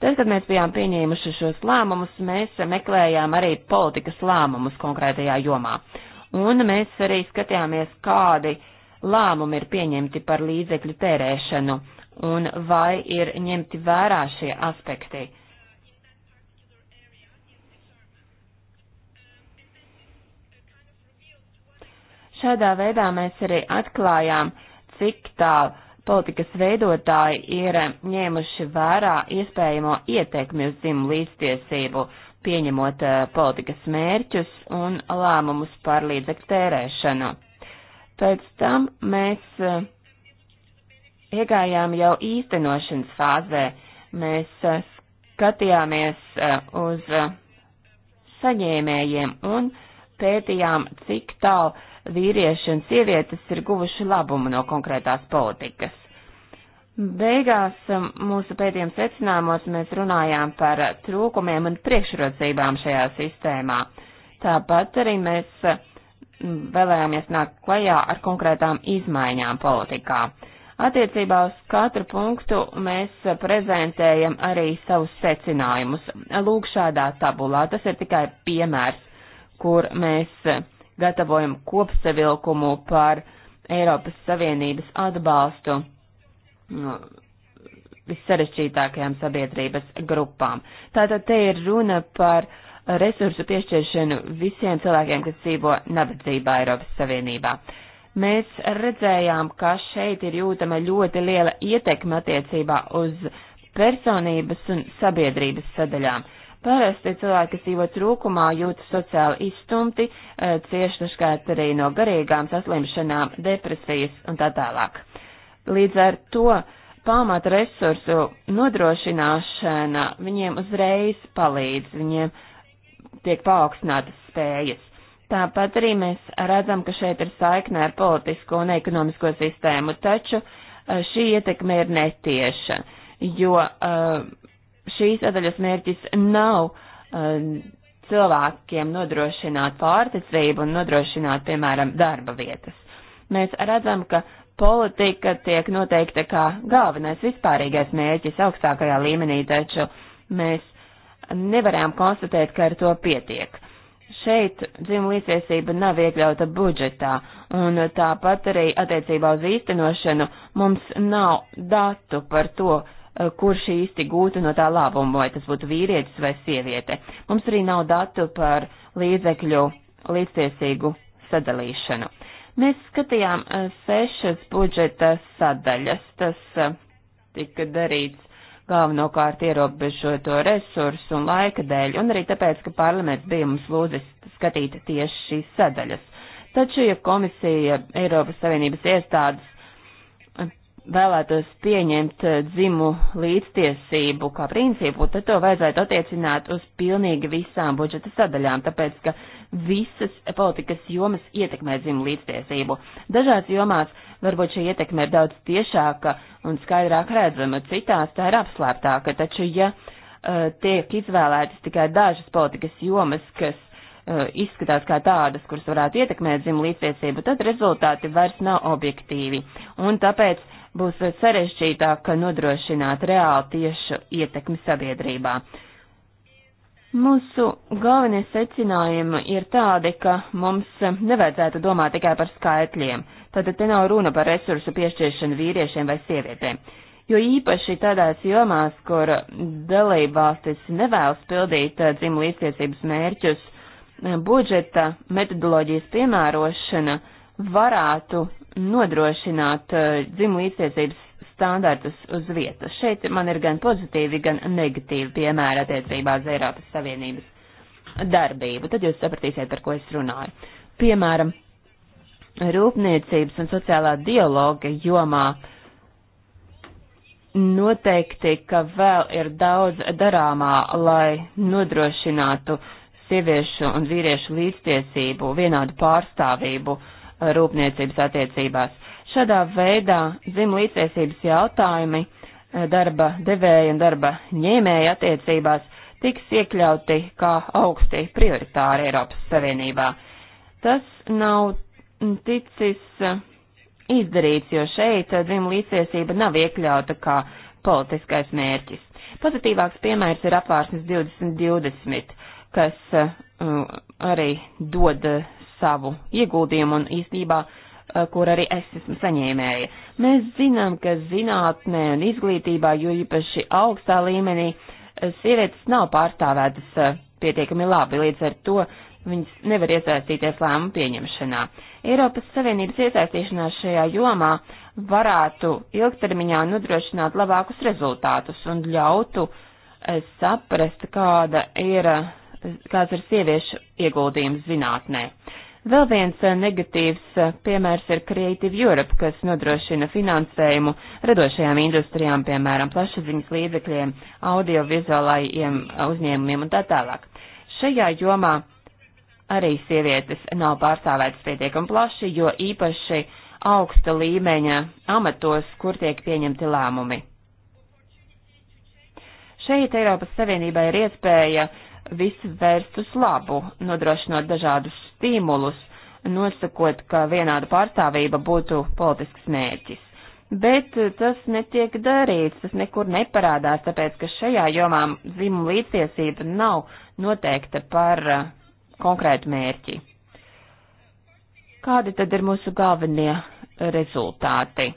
Tad, kad mēs bijām pieņēmuši šos lēmumus, mēs meklējām arī politikas lēmumus konkrētajā jomā. Un mēs arī skatījāmies, kādi lēmumi ir pieņemti par līdzekļu tērēšanu un vai ir ņemti vērā šie aspekti Šādā veidā mēs arī atklājām, cik tālu politikas veidotāji ir ņēmuši vērā iespējamo ietekmi uz dzimumu līdztiesību, pieņemot uh, politikas mērķus un lēmumus par līdzekļu tērēšanu. Pēc tam mēs uh, iegājām jau īstenošanas fāzē. Mēs uh, skatījāmies uz saņēmējiem un pētījām, cik tālu vīrieši un sievietes ir guvuši labumu no konkrētās politikas. Beigās um, mūsu pēdējiem secinājumos mēs runājām par trūkumiem un priekšrocībām šajā sistēmā. Tāpat arī mēs um, vēlējāmies nākt klajā ar konkrētām izmaiņām politikā. Attiecībā uz katru punktu mēs prezentējam arī savus secinājumus. Lūk, šādā tabulā tas ir tikai piemērs, kur mēs gatavojam kopsavilkumu par Eiropas Savienības atbalstu nu, vissarežģītākajām sabiedrības grupām. Tātad te ir runa par resursu piešķiršanu visiem cilvēkiem, kas dzīvo nabadzībā Eiropas Savienībā. Mēs redzējām, ka šeit ir jūtama ļoti liela ietekme attiecībā uz personības un sabiedrības sadaļām. Uh, Parasti cilvēki, kas dzīvo trūkumā, jūtas sociāli izstumti, e, cieši dažkārt arī no garīgām saslimšanām, depresijas un tā tālāk. Līdz ar to pamata resursu nodrošināšana viņiem uzreiz palīdz, viņiem tiek paaugstinātas spējas. Tāpat arī mēs redzam, ka šeit ir saikne ar politisko un ekonomisko sistēmu, taču e, šī ietekme ir netieša, jo uh, šīs sadaļas mērķis nav uh, cilvēkiem nodrošināt pārticību un nodrošināt, piemēram, darba vietas. Mēs redzam, ka politika tiek noteikta kā galvenais vispārīgais mērķis augstākajā līmenī, taču mēs nevarējām konstatēt, ka ar to pietiek. Šeit dzimuma līdztiesība nav iekļauta budžetā, un tāpat arī attiecībā uz īstenošanu mums nav datu par to, Eh, kurš īsti gūtu no tā labumu, vai tas būtu vīrietis vai sieviete. Mums arī nav datu par līdzekļu līdztiesīgu sadalīšanu. Mēs skatījām eh, sešas budžeta sadaļas. Tas eh, tika darīts galvenokārt ierobežoto resursu un laika dēļ, un arī tāpēc, ka parlaments bija mums lūdzis skatīt tieši šīs sadaļas. Taču, ja komisija Eiropas Savienības iestādes vēlētos pieņemt eh, dzimu līdztiesību kā principu, tad to vajadzētu attiecināt uz pilnīgi visām budžeta sadaļām, tāpēc, ka visas politikas jomas ietekmē dzimu līdztiesību. Dažās jomās varbūt šī ietekme ir daudz tiešāka un skaidrāk redzama, citās tā ir apslēptāka, taču ja uh, tiek izvēlētas tikai dažas politikas jomas, kas uh, izskatās kā tādas, kuras varētu ietekmēt dzimu līdztiesību, tad rezultāti vairs nav objektīvi. Un tāpēc būs sarežģītāk nodrošināt reāli tiešu ietekmi sabiedrībā. Mūsu galvenie secinājumi ir tādi, ka mums nevajadzētu domāt tikai par skaitļiem, tad te nav runa par resursu piešķiršanu vīriešiem vai sievietēm. Jo īpaši tādās jomās, kur dalībvalstis nevēlas pildīt eh, dzimu līdztiesības mērķus, budžeta metodoloģijas piemērošana varētu nodrošināt eh, dzimu līdztiesības standartus uz vietas. Šeit man ir gan pozitīvi, gan negatīvi piemēri attiecībā uz Eiropas Savienības darbību. Tad jūs sapratīsiet, par ko es runāju. Piemēram, rūpniecības un sociālā dialoga jomā noteikti, ka vēl ir daudz darāmā, lai nodrošinātu sieviešu un vīriešu līdztiesību, vienādu pārstāvību uh, rūpniecības attiecībās. Šādā veidā dzimlīdztiesības jautājumi e, darba devēja un darba ņēmēja attiecībās tiks iekļauti kā augsti prioritāri Eiropas Savienībā. Tas nav ticis e, izdarīts, jo šeit e, dzimlīdztiesība nav iekļauta kā politiskais mērķis. Pozitīvāks piemērs ir apvārsnes 2020, kas uh, arī dod savu ieguldījumu un īstenībā, eh, kur arī es esmu saņēmēja. Mēs zinām, ka zinātnē un izglītībā, jo īpaši augstā līmenī, eh, sievietes nav pārstāvētas eh, pietiekami labi, līdz ar to viņas nevar iesaistīties lēmumu pieņemšanā. Eiropas Savienības iesaistīšanās šajā jomā varētu ilgtermiņā nodrošināt labākus rezultātus un ļautu saprast, kāda ir, kāds ir sieviešu ieguldījums zinātnē. Vēl viens eh, negatīvs eh, piemērs ir Creative Europe, kas nodrošina finansējumu radošajām industrijām, piemēram, plašsaziņas līdzekļiem, audiovizuālajiem eh, uzņēmumiem un tā tālāk. Šajā jomā arī sievietes nav pārstāvētas pietiekami plaši, jo īpaši augsta līmeņa amatos, kur tiek pieņemti lēmumi. Šeit Eiropas Savienībā ir iespēja visu vērst uz labu, nodrošinot dažādus stimulus, nosakot, ka vienāda pārstāvība būtu politisks mērķis. Bet eh, tas netiek darīts, tas nekur neparādās, tāpēc, ka šajā jomā dzimuma līdztiesība nav noteikta par uh, konkrētu mērķi. Kādi tad ir mūsu galvenie rezultāti?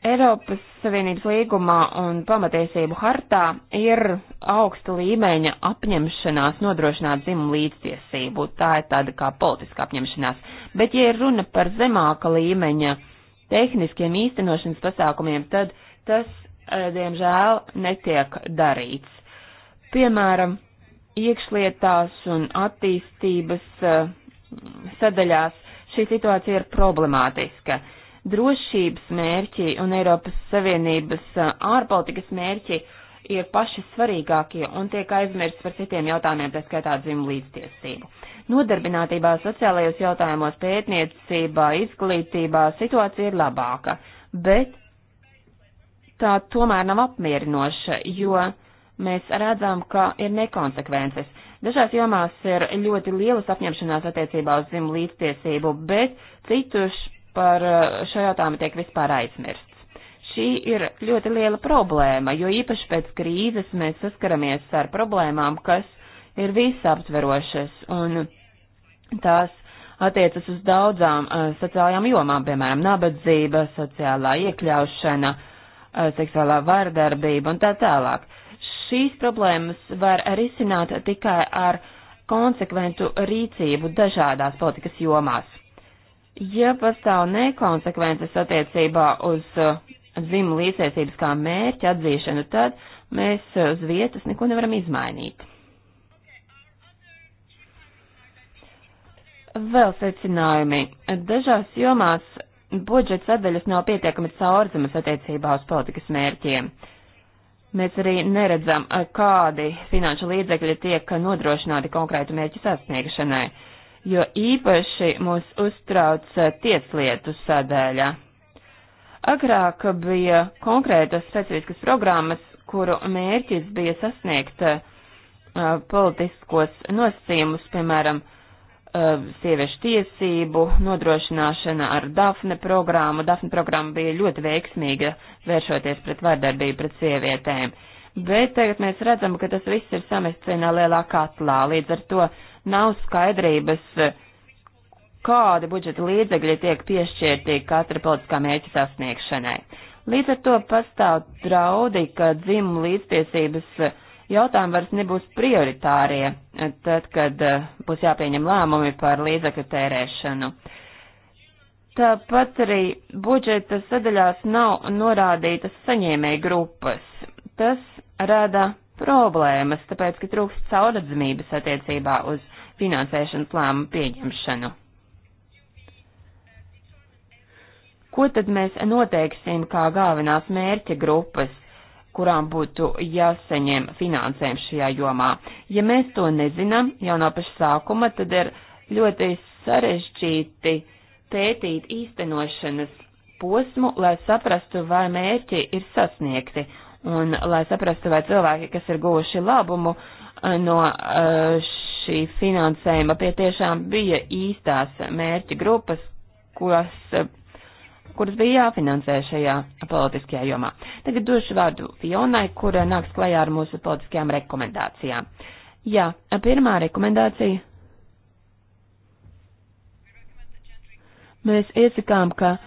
Eiropas Savienības līgumā un pamatiesību hartā ir augsta līmeņa apņemšanās nodrošināt dzimumu līdztiesību. Tā ir tāda kā politiska apņemšanās. Bet, ja ir runa par zemāka līmeņa tehniskiem īstenošanas pasākumiem, tad tas, eh, diemžēl, netiek darīts. Piemēram, iekšlietās un attīstības eh, sadaļās šī situācija ir problemātiska drošības mērķi un Eiropas Savienības ārpolitikas mērķi ir paši svarīgākie un tiek aizmirsts par citiem jautājumiem, tā skaitā dzimu līdztiesību. Nodarbinātībā, sociālajos jautājumos, pētniecībā, izglītībā situācija ir labāka, bet tā tomēr nav apmierinoša, jo mēs redzam, ka ir nekonsekvences. Dažās jomās ir ļoti lielas apņemšanās attiecībā uz dzimu līdztiesību, bet citur par eh, šo jautājumu tiek vispār aizmirsts. Šī ir ļoti liela problēma, jo īpaši pēc krīzes mēs saskaramies ar problēmām, kas ir visaptverošas un tās attiecas uz daudzām uh, sociālajām jomām, piemēram, nabadzība, sociālā iekļaušana, uh, seksuālā vardarbība un tā tālāk. Šīs problēmas var risināt tikai ar konsekventu rīcību dažādās politikas jomās. Ja pastāv nekonsekvences attiecībā uz uh, dzimu līdzēcības kā mērķa atzīšanu, tad mēs uh, uz vietas neko nevaram izmainīt. Vēl secinājumi. Dažās jomās budžets sadaļas nav pietiekami caurzemas attiecībā uz politikas mērķiem. Mēs arī neredzam, uh, kādi finanšu līdzekļi tiek nodrošināti konkrētu mērķu sasniegšanai jo īpaši mūs uztrauc eh, tieslietu sadaļa. Agrāk bija konkrētas specifiskas programmas, kuru mērķis bija sasniegt uh, politiskos nosacījumus, piemēram, uh, sieviešu tiesību nodrošināšana ar Dafne programmu. Dafne programma bija ļoti veiksmīga vēršoties pret vardarbību pret sievietēm. Bet tagad mēs redzam, ka tas viss ir samests vienā lielā katlā, līdz ar to uh, nav skaidrības, kādi budžeta līdzekļi tiek piešķirti katra politiskā mērķa sasniegšanai. Līdz ar to pastāv draudi, ka dzimumu līdztiesības jautājumi vairs nebūs prioritārie, tad, kad eh, būs jāpieņem lēmumi par līdzekļu tērēšanu. Tāpat arī budžeta sadaļās nav norādītas saņēmēja grupas. Tas rada problēmas, tāpēc, ka trūkst cauradzamības attiecībā uz finansēšanas lēmumu pieņemšanu. Ko tad mēs noteiksim kā galvenās mērķa grupas, kurām būtu jāsaņem finansējums šajā jomā? Ja mēs to nezinām jau no paša sākuma, tad ir ļoti sarežģīti pētīt īstenošanas posmu, lai saprastu, vai mērķi ir sasniegti Un, lai saprastu, vai cilvēki, kas ir guvuši labumu eh, no eh, šī finansējuma, pie tiešām bija īstās mērķa grupas, kuras, eh, kuras bija jāfinansē šajā politiskajā jomā. Tagad došu vārdu Fionai, kura nāks klajā ar mūsu politiskajām rekomendācijām. Jā, pirmā rekomendācija. Mēs iesakām, ka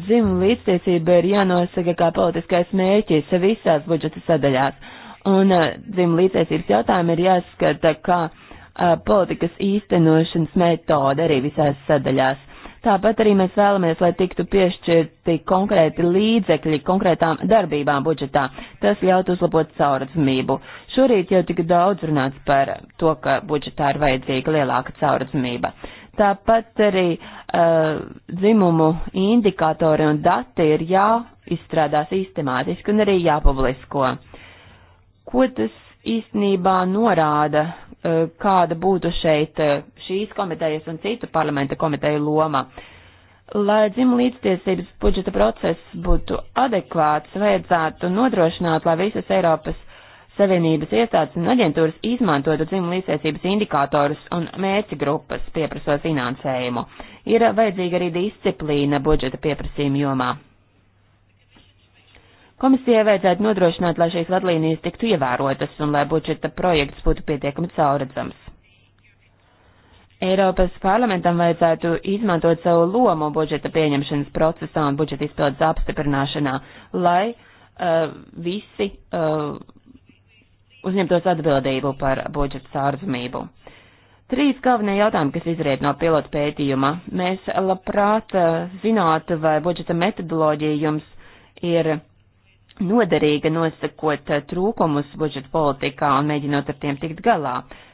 dzimumu līdztiesība ir jānosaka kā politiskais mērķis visās budžeta sadaļās. Un dzimumu līdztiesības jautājumi ir jāskata kā politikas īstenošanas metode arī visās sadaļās. Tāpat arī mēs vēlamies, lai tiktu piešķirti konkrēti līdzekļi konkrētām darbībām budžetā. Tas ļaut uzlabot caurredzamību. Šorīt jau tik daudz runāts par to, ka budžetā ir vajadzīga lielāka caurredzamība. Tāpat arī uh, dzimumu indikatori un dati ir jāizstrādā sistemātiski un arī jāpublisko. Ko tas īstenībā norāda, uh, kāda būtu šeit uh, šīs komitejas un citu parlamenta komiteju loma? Uh, Lai dzimuma līdztiesības budžeta process būtu adekvāts, vajadzētu nodrošināt, lai visas Eiropas Savienības iestādes un aģentūras izmantotu dzimumu līdztiesības indikātorus un mērķa grupas pieprasot finansējumu. Ir vajadzīga arī disciplīna budžeta pieprasījuma jomā. Komisijai vajadzētu nodrošināt, lai šīs vadlīnijas tiktu ievērotas un lai budžeta projekts būtu pietiekami cauredzams. Eiropas parlamentam vajadzētu izmantot savu lomu budžeta pieņemšanas procesā un budžeta izpildes apstiprināšanā, lai uh, visi uh, uzņemtos atbildību par budžeta sārdzamību. Trīs galvenie jautājumi, kas izriet no pilotu pētījuma. Mēs labprāt eh, zinātu, vai budžeta metodoloģija jums ir noderīga nosakot eh, trūkumus budžeta politikā un mēģinot ar tiem tikt galā. Uh,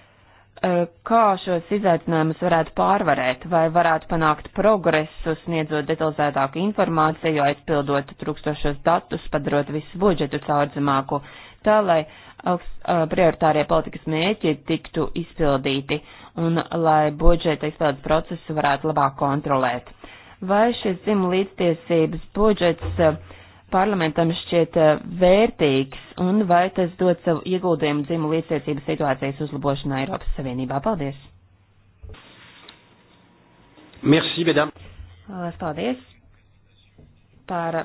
Eh, kā šos izaicinājumus varētu pārvarēt, vai varētu panākt progresu, sniedzot detalizētāku informāciju, aizpildot trūkstošos datus, padarot visu budžetu caurdzamāku, tā lai augst, eh, prioritārie politikas mērķi tiktu izpildīti un lai budžeta izpildes procesu varētu labāk kontrolēt. Vai šis dzimuma līdztiesības budžets uh, parlamentam šķiet eh, vērtīgs un vai tas dod savu ieguldījumu dzimu līdztiesības situācijas uzlabošanā Eiropas Savienībā? Paldies! Merci, madame! Lielas paldies par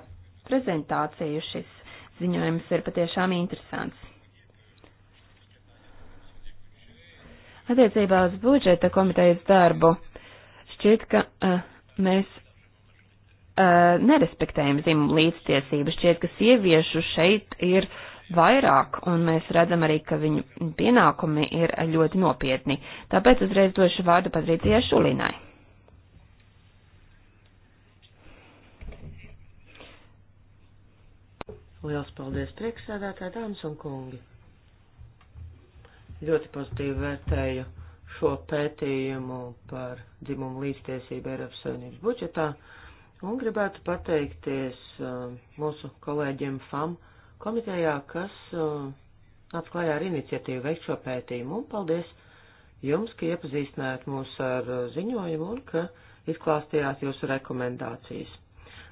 prezentāciju. Šis ziņojums ir patiešām interesants. Attiecībā uz budžeta komitejas darbu šķiet, ka uh, mēs uh, nerespektējam dzimumu līdztiesību. Šķiet, ka sieviešu šeit ir vairāk, un mēs redzam arī, ka viņu pienākumi ir ļoti nopietni. Tāpēc uzreiz došu vārdu Patricijai Šulinai. Liels paldies priekšsēdētāji, dāmas un kungi! Ļoti pozitīvi vērtēju šo pētījumu par dzimumu līdztiesību Eiropas Savienības budžetā. Uh, Un gribētu pateikties uh, mūsu kolēģiem FAM komitejā, kas uh, atklāja ar iniciatīvu veikt šo pētījumu. Un paldies jums, ka iepazīstinājāt mūs ar uh, ziņojumu un ka izklāstījāt jūsu rekomendācijas.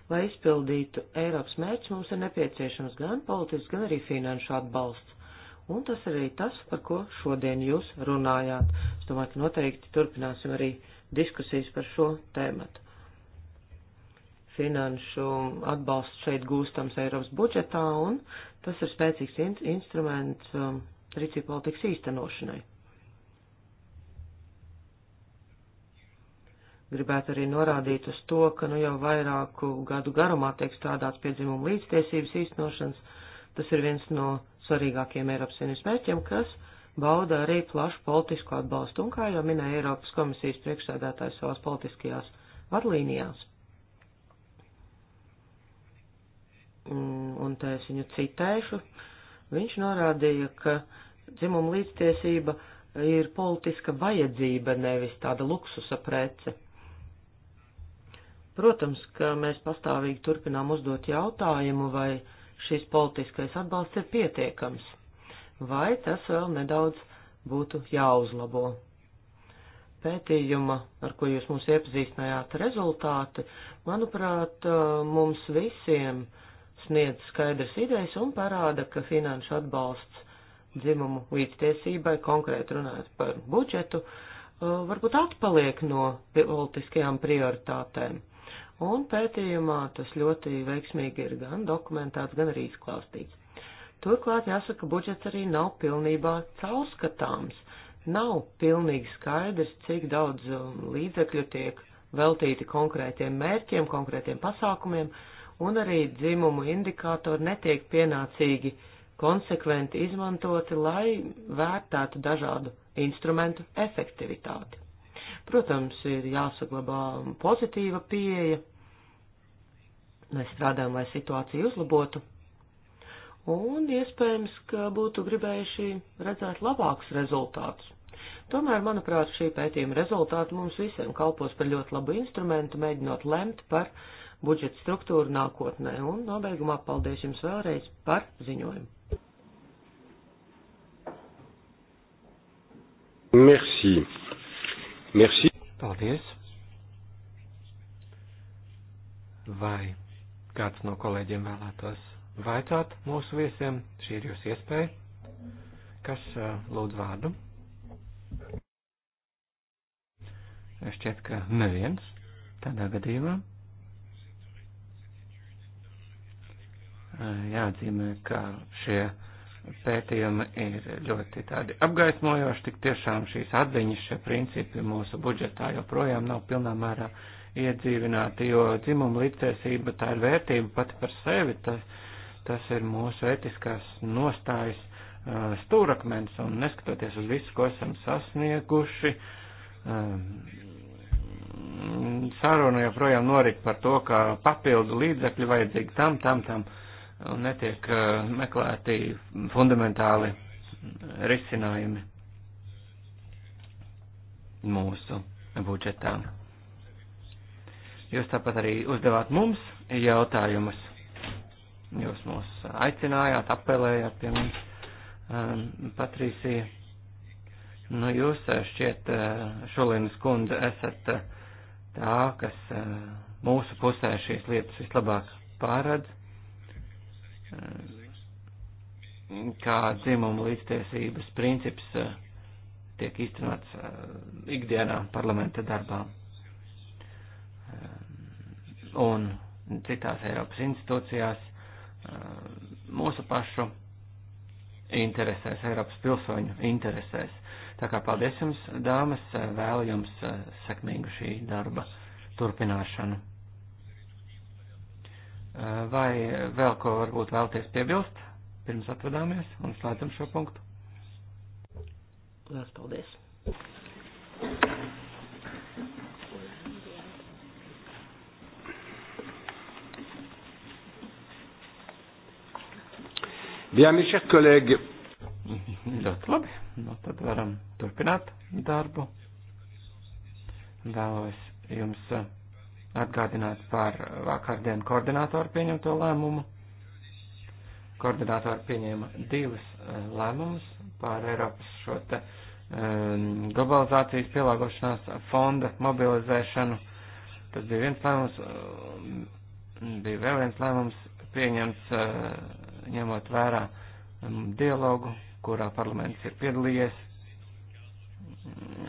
Lai izpildītu Eiropas mērķus, mums ir nepieciešams gan politisks, gan arī finanšu atbalsts. Un tas arī tas, par ko šodien jūs runājāt. Es domāju, ka noteikti turpināsim arī diskusijas par šo tēmatu finanšu atbalsts šeit gūstams Eiropas budžetā, un tas ir spēcīgs in instruments um, rīcību politikas īstenošanai. Gribētu arī norādīt uz to, ka nu jau vairāku gadu garumā tiek strādāts pie dzimumu līdztiesības īstenošanas. Tas ir viens no svarīgākiem Eiropas Savienības mērķiem, kas bauda arī plašu politisku atbalstu un, kā jau minēja Eiropas komisijas priekšsēdētājs savās politiskajās vadlīnijās. Mm, un tā es viņu citēšu, viņš norādīja, ka dzimuma līdztiesība ir politiska vajadzība, nevis tāda luksusa prece. Protams, ka mēs pastāvīgi turpinām uzdot jautājumu, vai šis politiskais atbalsts ir pietiekams, vai tas vēl nedaudz būtu jāuzlabo. Pētījuma, ar ko jūs mūs iepazīstinājāt, rezultāti, manuprāt, mums visiem uh, sniedz skaidrs idejas un parāda, ka finanšu atbalsts dzimumu līdztiesībai, konkrēti runājot par budžetu, uh, varbūt atpaliek no politiskajām prioritātēm. Un pētījumā tas ļoti veiksmīgi ir gan dokumentēts, gan arī izklāstīts. Turklāt jāsaka, budžets arī nav pilnībā caurskatāms. Nav pilnīgi skaidrs, cik daudz um, līdzekļu tiek veltīti konkrētiem mērķiem, konkrētiem pasākumiem, uh, un arī dzimumu indikātori netiek pienācīgi konsekventi izmantoti, lai vērtētu dažādu instrumentu efektivitāti. Protams, ir jāsaglabā pozitīva pieeja, mēs strādājam, lai situāciju uzlabotu, un iespējams, ka būtu gribējuši redzēt labākus rezultātus. Tomēr, manuprāt, šī pētījuma rezultāti mums visiem kalpos par ļoti labu instrumentu, mēģinot lemt par uh, budžeta struktūru nākotnē. Un nobeigumā paldies jums vēlreiz par ziņojumu. Merci. Merci. Paldies. Vai kāds no kolēģiem vēlētos vaicāt mūsu viesiem? Šī ir jūsu iespēja. Kas uh, lūdz vārdu? Šķiet, ka neviens tādā gadījumā. jāatzīmē, ka šie pētījumi ir ļoti tādi apgaismojoši, tik tiešām šīs atziņas, šie principi mūsu budžetā joprojām nav pilnā mērā iedzīvināti, jo dzimuma līdztiesība tā ir vērtība pati par sevi, tas, tas ir mūsu etiskās nostājas stūrakmens un neskatoties uz visu, ko esam sasnieguši, saruna joprojām norit par to, ka papildu līdzekļu vajadzīgi tam, tam, tam. tam un netiek eh, meklēti fundamentāli risinājumi mūsu budžetā. Jūs tāpat arī uzdevāt mums jautājumus. Jūs mūs aicinājāt, apelējāt pie mums, um, ehm, Patrīsija. Nu, jūs eh, šķiet, eh, Šulīnas kundze, esat tā, kas mūsu pusē šīs lietas vislabāk pārādz kā dzimumu līdztiesības princips tiek īstenots ikdienā parlamenta darbā un citās Eiropas institūcijās mūsu pašu interesēs, Eiropas pilsoņu interesēs. Tā kā paldies jums, dāmas, vēlu jums sekmīgu šī darba turpināšanu. Eh, vai vēl ko varbūt vēlties piebilst, pirms atvadāmies un slēdzam šo punktu? Lielas paldies! Bien, mes chers collègues. Ļoti labi. Nu, no tad varam turpināt darbu. Vēlos jums. Uh, atgādināt par vakardien koordinātoru pieņemto lēmumu. Koordinātori pieņēma divas eh, lēmumus par Eiropas šo te um, globalizācijas pielāgošanās fonda mobilizēšanu. Tas bija viens lēmums, ehm, bija vēl viens lēmums pieņemts uh, ņemot vērā um, dialogu, kurā parlaments ir piedalījies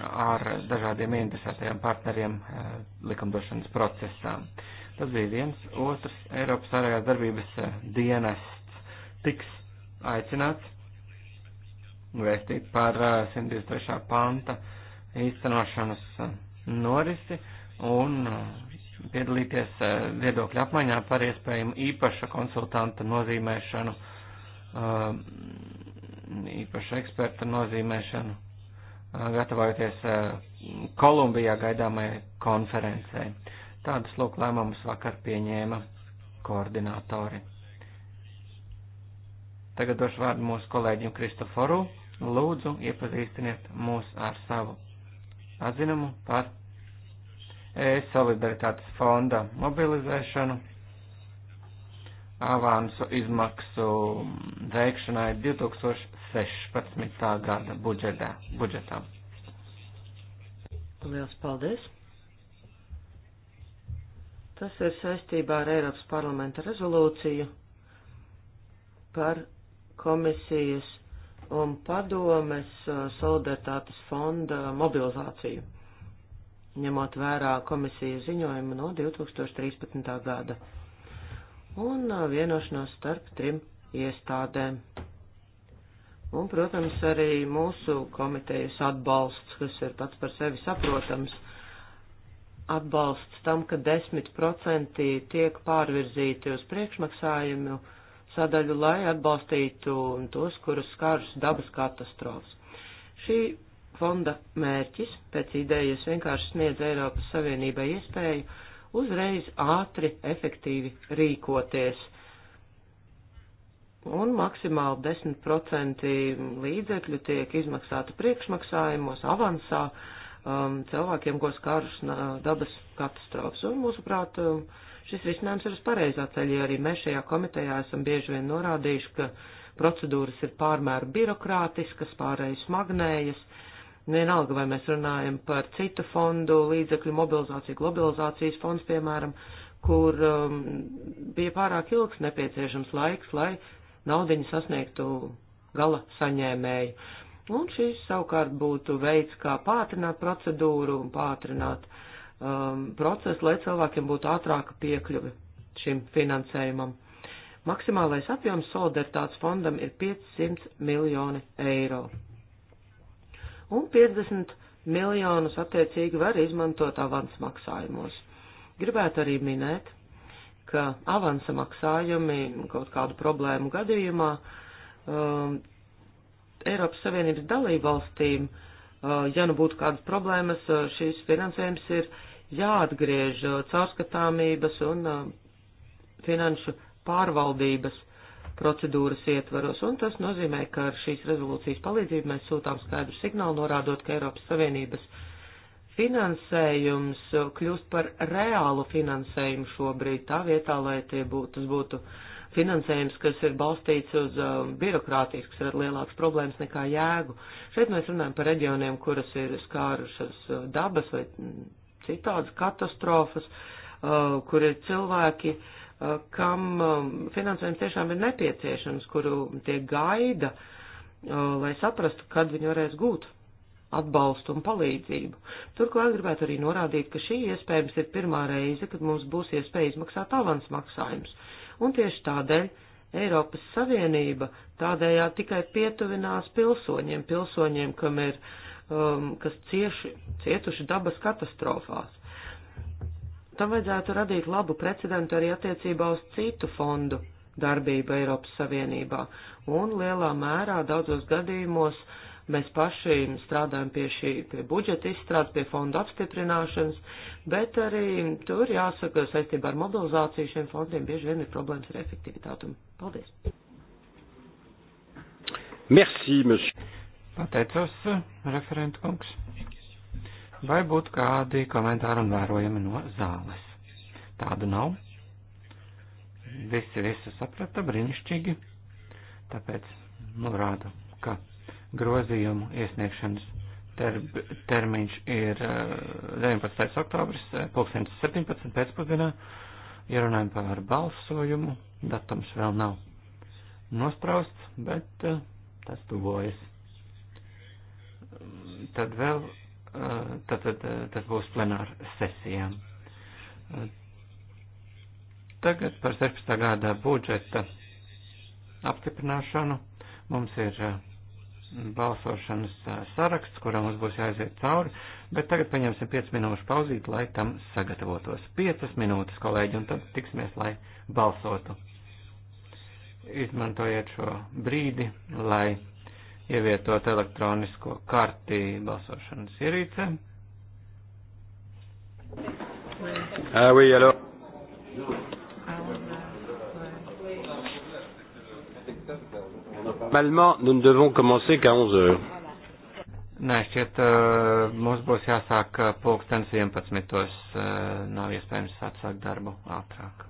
ar dažādiem interesētajiem partneriem eh, likumdošanas procesā. Tas bija viens. Otrs Eiropas ārējās darbības eh, dienests tiks aicināts vēstīt par 123. Eh, panta īstenošanas norisi un piedalīties viedokļu apmaiņā par iespējumu īpaša konsultanta nozīmēšanu, īpaša eksperta nozīmēšanu gatavojoties Kolumbijā gaidāmajai konferencei. Tādus lūk lēmumus vakar pieņēma koordinātori. Tagad došu vārdu mūsu kolēģim Kristoforu. Lūdzu, iepazīstiniet mūs ar savu atzinumu par e solidaritātes fonda mobilizēšanu avansu izmaksu veikšanai 2016. gada budžetā. budžetā. Liels paldies! Tas ir saistībā ar Eiropas parlamenta rezolūciju par komisijas un padomes uh, solidaritātes fonda mobilizāciju, ņemot vērā komisijas ziņojumu no 2013. gada un uh, vienošanos starp trim iestādēm. Un, protams, arī mūsu komitejas atbalsts, kas ir pats par sevi saprotams, atbalsts tam, ka 10% tiek pārvirzīti uz priekšmaksājumu sadaļu, lai atbalstītu tos, kurus skārs dabas katastrofas. Šī fonda mērķis pēc idejas vienkārši sniedz Eiropas Savienībai iespēju uzreiz ātri, efektīvi rīkoties. Un maksimāli 10% līdzekļu tiek izmaksāta priekšmaksājumos, avansā um, cilvēkiem, ko skārus dabas katastrofas. Un, mūsuprāt, um, šis risinājums ir uz pareizā ceļa, arī mēs šajā komitejā esam bieži vien norādījuši, ka procedūras ir pārmēr birokrātiskas, pārējas magnējas, uh, Vienalga, vai mēs runājam par citu fondu, līdzekļu mobilizāciju, globalizācijas fonds, piemēram, kur um, bija pārāk ilgs nepieciešams laiks, lai naudiņu sasniegtu gala saņēmēju. Un šis savukārt būtu veids, kā pātrināt procedūru un pātrināt um, procesu, lai cilvēkiem būtu ātrāka piekļuve šim finansējumam. Maksimālais apjoms solidaritātes fondam ir 500 miljoni eiro un 50 miljonus attiecīgi var izmantot avans maksājumos. Gribētu arī minēt, ka avansa maksājumi kaut kādu problēmu gadījumā um, Eiropas Savienības dalībvalstīm, uh, ja nu būtu kādas problēmas, uh, šīs finansējums ir jāatgriež uh, caurskatāmības un uh, finanšu pārvaldības uh, procedūras ietvaros, un tas nozīmē, ka ar šīs rezolūcijas palīdzību mēs sūtām skaidru signālu, norādot, ka Eiropas Savienības finansējums kļūst par reālu finansējumu šobrīd, tā vietā, lai tie būtu, tas būtu finansējums, kas ir balstīts uz um, birokrātijas, kas rada lielākas problēmas nekā jēgu. Šeit mēs runājam par reģioniem, kuras ir skārušas uh, dabas vai mm, citādas katastrofas, uh, kur ir cilvēki, uh, kam um, finansējums tiešām ir nepieciešams, kuru tie gaida, uh, lai saprastu, kad viņi varēs gūt atbalstu un palīdzību. Turklāt gribētu arī norādīt, ka šī iespējams ir pirmā reize, kad mums būs iespēja izmaksāt avans maksājums. Un tieši tādēļ Eiropas Savienība tādējā tikai pietuvinās pilsoņiem, pilsoņiem, kam ir, um, kas cieši, cietuši dabas katastrofās. Tam vajadzētu radīt labu precedentu arī attiecībā uz citu fondu darbību Eiropas Savienībā, un lielā mērā daudzos gadījumos mēs paši strādājam pie šī pie budžeta izstrādes, pie fonda apstiprināšanas, bet arī tur jāsaka, saistībā ar mobilizāciju šiem fondiem bieži vien ir problēmas ar efektivitātu. Paldies! Merci, monsieur. Pateicos, referentu kungs. Vai būtu kādi komentāri un vērojumi no zāles? Tādu nav. Visi visu saprata brīnišķīgi, tāpēc norādu, ka grozījumu iesniegšanas ter termiņš ir 19. Eh, oktobris, 2017. Eh, pēcpusdienā. Ja runājam par balsojumu, datums vēl nav nosprausts, bet eh, tas tuvojas. Tad vēl tad, tad tas būs plenāra sesijā. Tagad par 16. gada budžeta apstiprināšanu. Mums ir uh, balsošanas uh, saraksts, kuram mums būs jāiziet cauri, bet tagad paņemsim 5 minūšu pauzīt, lai tam sagatavotos. 5 minūtes, kolēģi, un tad tiksimies, lai balsotu. Izmantojiet šo brīdi, lai ievietot elektronisko karti balsošanas ierīcē. Ah oui, alors. Normalement, nous ne devons commencer qu'à 11 heures. Nē, šķiet, eh, mums būs jāsāk eh, pulkstens 11. Eh, nav iespējams atsākt darbu ātrāk.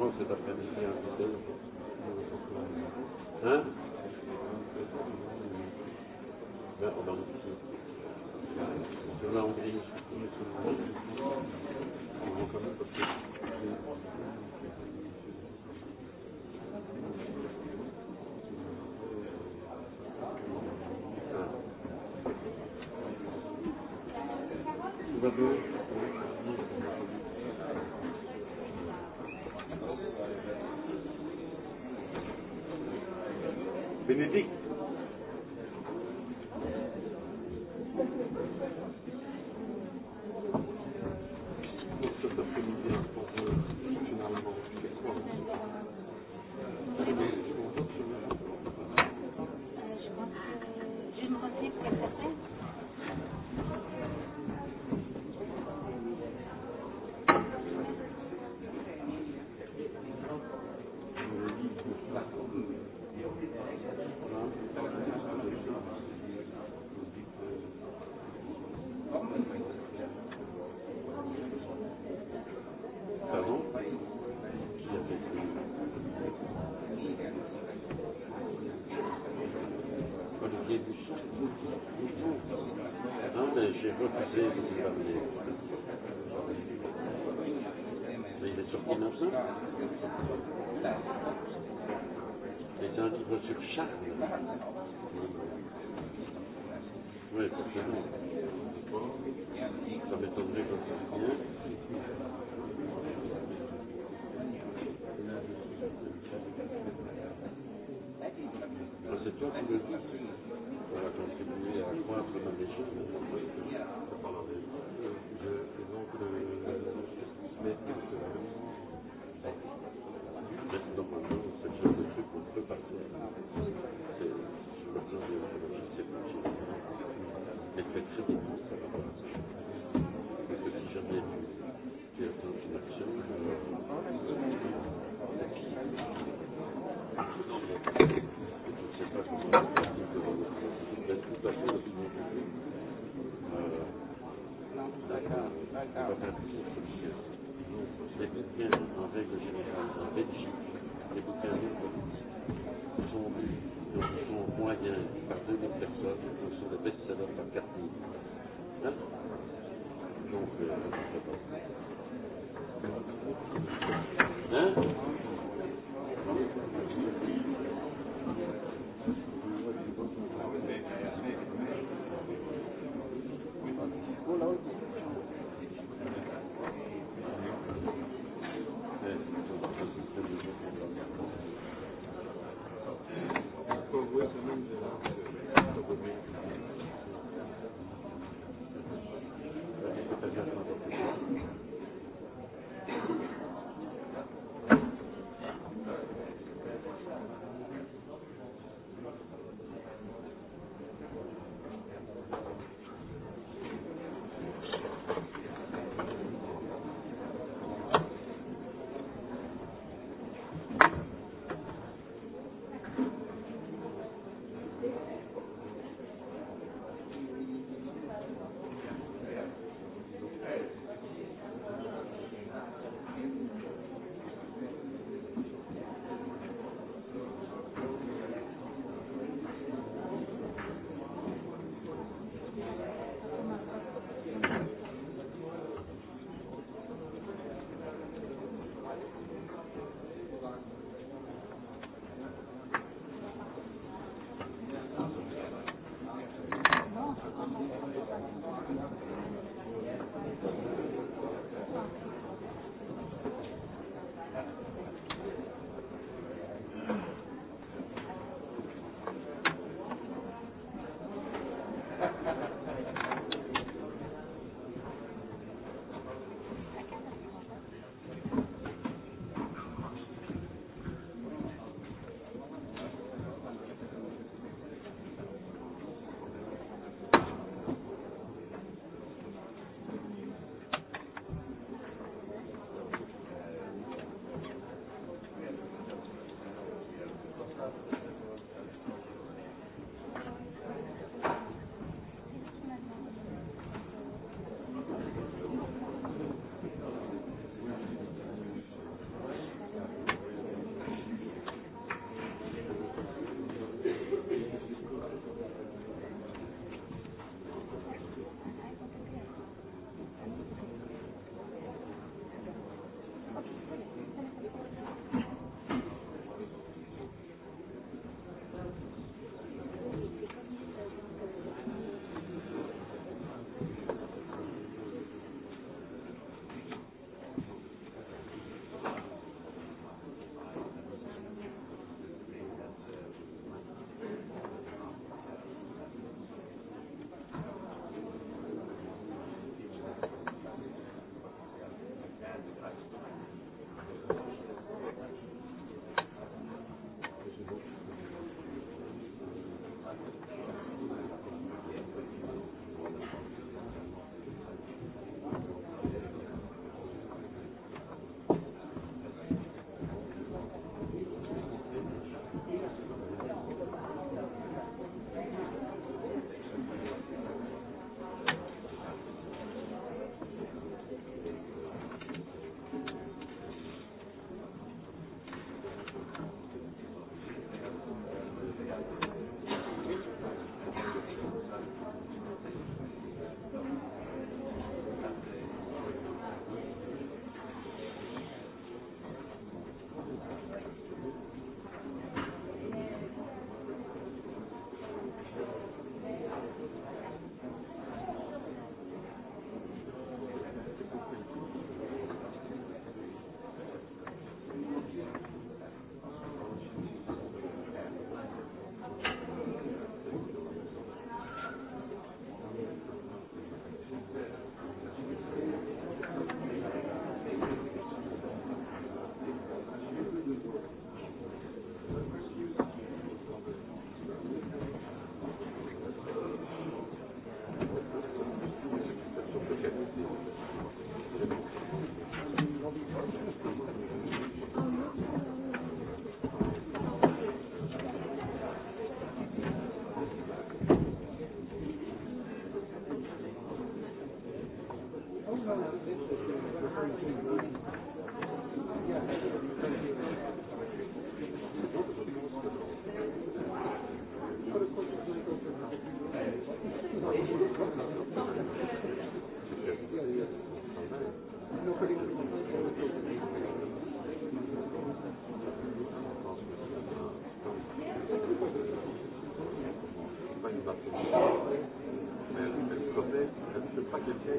Roosevelt Carpini. Hein Donc, euh, hein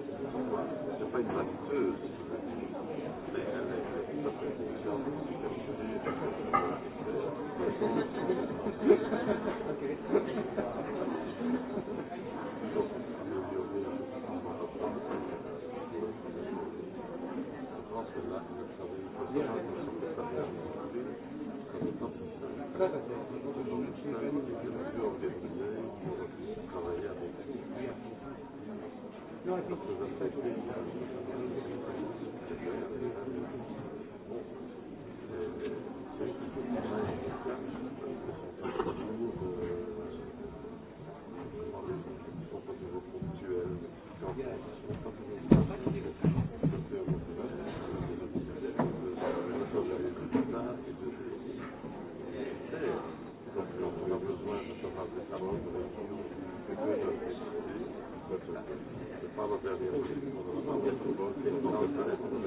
C'est pas une batteuse. Mais elle est ça fait des gens qui Je pense que là, nous sommes No, I think Thank you. Vamos a ver. Vamos a ver.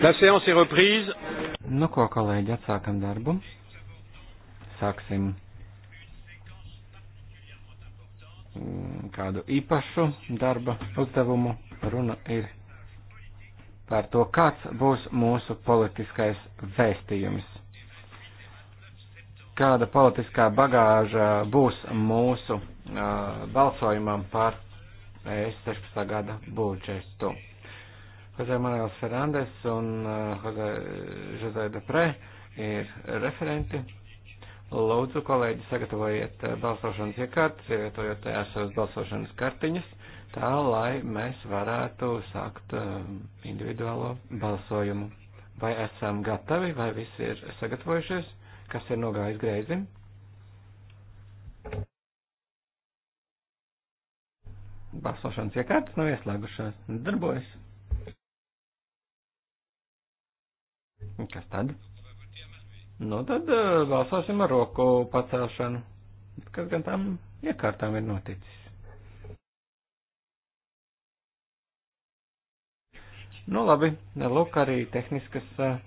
La séance est reprise. Nu ko, kolēģi, atsākam darbu. Sāksim kādu īpašu darba uzdevumu. Runa ir par to, kāds būs mūsu politiskais vēstījums. Kāda politiskā bagāža būs mūsu uh, balsojumam par ES 16. gada budžetu. Jose Manuels Fernandes un uh, Jose, Jose Depre ir referenti Lūdzu, kolēģi, sagatavojiet eh, balsošanas iekārtas, ievietojot tajā savas balsošanas kartiņas, tā lai mēs varētu sākt eh, individuālo balsojumu. Vai esam gatavi, vai visi ir sagatavojušies, kas ir nogājis greizi? Balsošanas iekārtas nav ieslēgušās, darbojas. Kas tad? Nu, tad eh, balsosim ar roku pacelšanu, kas gan tam iekārtām ir noticis. Nu, labi, lūk arī tehniskas eh,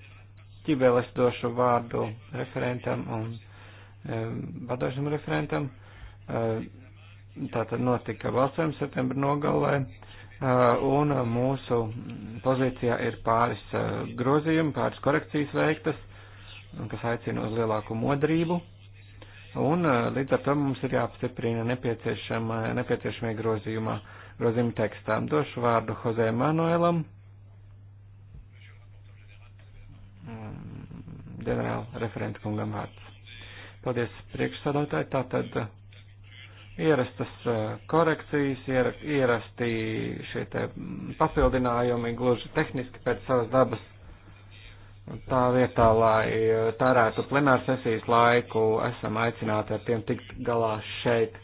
ķibeles došu vārdu referentam un eh, vadošam referentam. Tātad notika balsojums septembra nogalē, un mūsu pozīcijā ir pāris grozījumi, pāris korekcijas veiktas kas aicina uz lielāku modrību. Un eh, līdz ar to mums ir jāapstiprina nepieciešamie grozījumā, grozījuma tekstā. Došu vārdu Jose Manuelam, mm, ģenerāla referenta kungam vārds. Paldies priekšsādātāji, tātad eh, ierastas eh, korekcijas, ierasti šie te mm, papildinājumi, gluži tehniski pēc savas dabas Tā vietā, lai eh, tērētu plenāru sesijas laiku, esam aicināti ar tiem tikt galā šeit,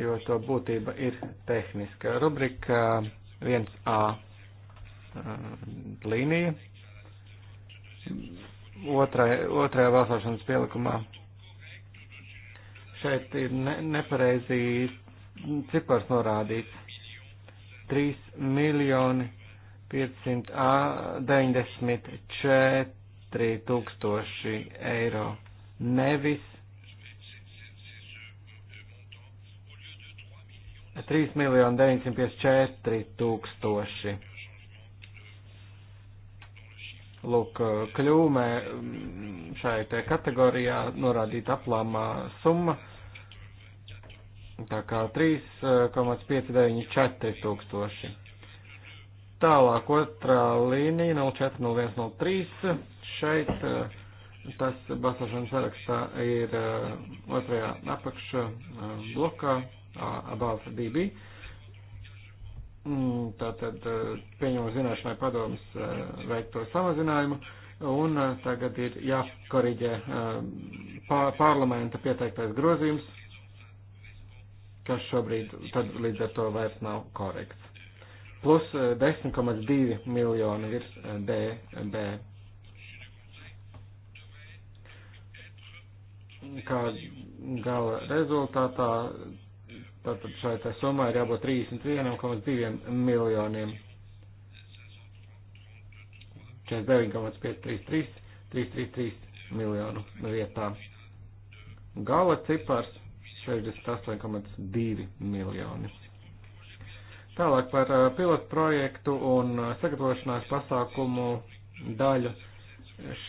jo to būtība ir tehniska. Rubrika 1A eh, eh, līnija. Otrai, otrajā balsošanas pielikumā šeit ir ne, nepareizi cipars norādīts. 3 miljoni 594 tūkstoši eiro. Nevis 3 miljoni 954 tūkstoši. Lūk, kļūmē mm, šai te kategorijā norādīta aplāmā summa. Tā kā 3,594 tūkstoši. Tālāk otrā līnija 040103. Šeit eh, tas balsošanas sarakstā ir eh, otrajā apakša eh, blokā above DB. Mm, tātad pieņemot zināšanai padomus veikto samazinājumu un tagad ir jākoriģē parlamenta pieteiktais grozījums, kas šobrīd tad līdz ar to vairs nav korekts plus 10,2 eh, miljoni virs eh, DB. Kā gala rezultātā tātad šai tā summai ir jābūt 31,2 miljoniem. 49,533 333 miljonu vietā. Gala cipars 68,2 miljoni. Tālāk par uh, pilotu projektu un uh, sagatavošanās pasākumu daļu.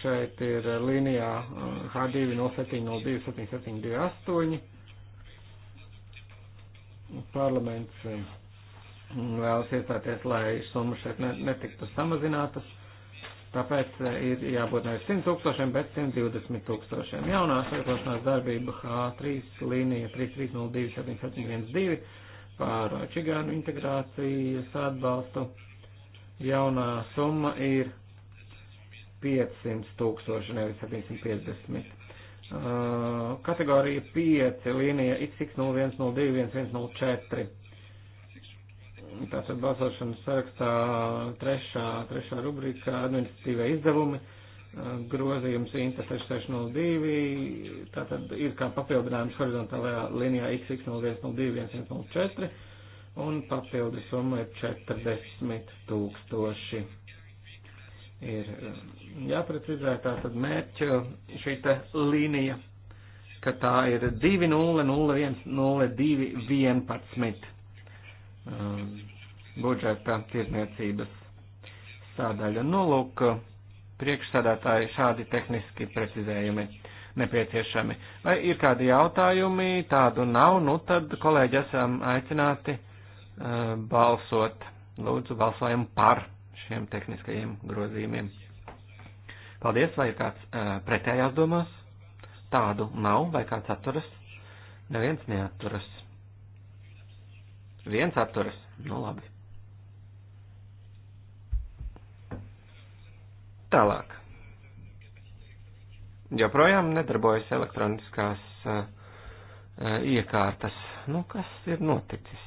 Šeit ir uh, līnijā H2 no 702 7728. Parlaments mm, vēlas iestāties, lai summa šeit netiktu samazinātas. Tāpēc ir jābūt nevis 100 tūkstošiem, bet 120 tūkstošiem. Jaunā sagatavošanās darbība H3 līnija 3302 7712 par čigānu integrācijas atbalstu. Jaunā summa ir 500 tūkstoši, nevis 750. Uh, kategorija 5, līnija X01021104. Tātad balsošanas sarakstā trešā, trešā rubrika administratīvie izdevumi. Uh, grozījums INTA 6602, tātad ir kā papildinājums horizontālajā līnijā XX01021104 un papildi summa ir 40 tūkstoši. Ir um, jāprecizē tātad mērķa uh, šī te līnija, ka tā ir 20010211 um, budžeta tirniecības sādaļa. Nu, lūk, priekšsādātāji šādi tehniski precizējumi nepieciešami. Vai ir kādi jautājumi, tādu nav, nu tad kolēģi esam aicināti uh, balsot. Lūdzu, balsojam par šiem tehniskajiem grozījumiem. Paldies, vai ir kāds uh, pretējās domās? Tādu nav, vai kāds atturas? Neviens neatturas. Viens atturas. Nu labi. Tālāk. Joprojām nedarbojas elektroniskās uh, iekārtas. Nu, kas ir noticis?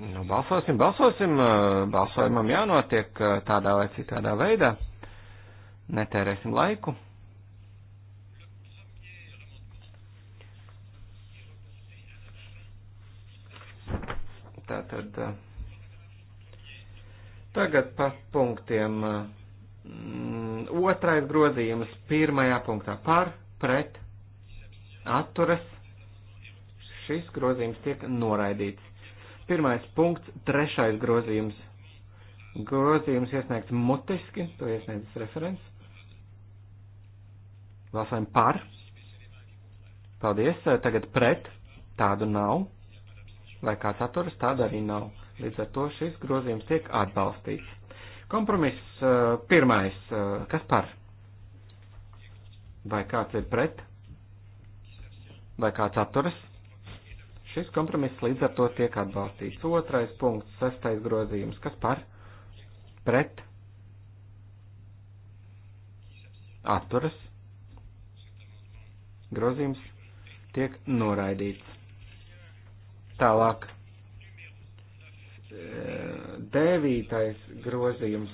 Nu, balsosim, balsosim, eh, balsojumam jānotiek tādā vai citādā veidā. Netērēsim laiku. Tātad. Uh, Tagad pa punktiem. Mm, otrais grozījums pirmajā punktā par, pret, atturas. Šis grozījums tiek noraidīts. Pirmais punkts, trešais grozījums. Grozījums iesniegts mutiski, to iesniedzis referents. Balsājam par. Paldies, tagad pret. Tādu nav. Vai kāds atturas, tāda arī nav. Līdz ar to šis grozījums tiek atbalstīts. Kompromiss uh, pirmais, uh, kas par? Vai kāds ir pret? Vai kāds atturas? Šis kompromiss līdz ar to tiek atbalstīts. Otrais punkts, sestais grozījums, kas par? Pret? Atturas? Grozījums tiek noraidīts. Tālāk devītais grozījums,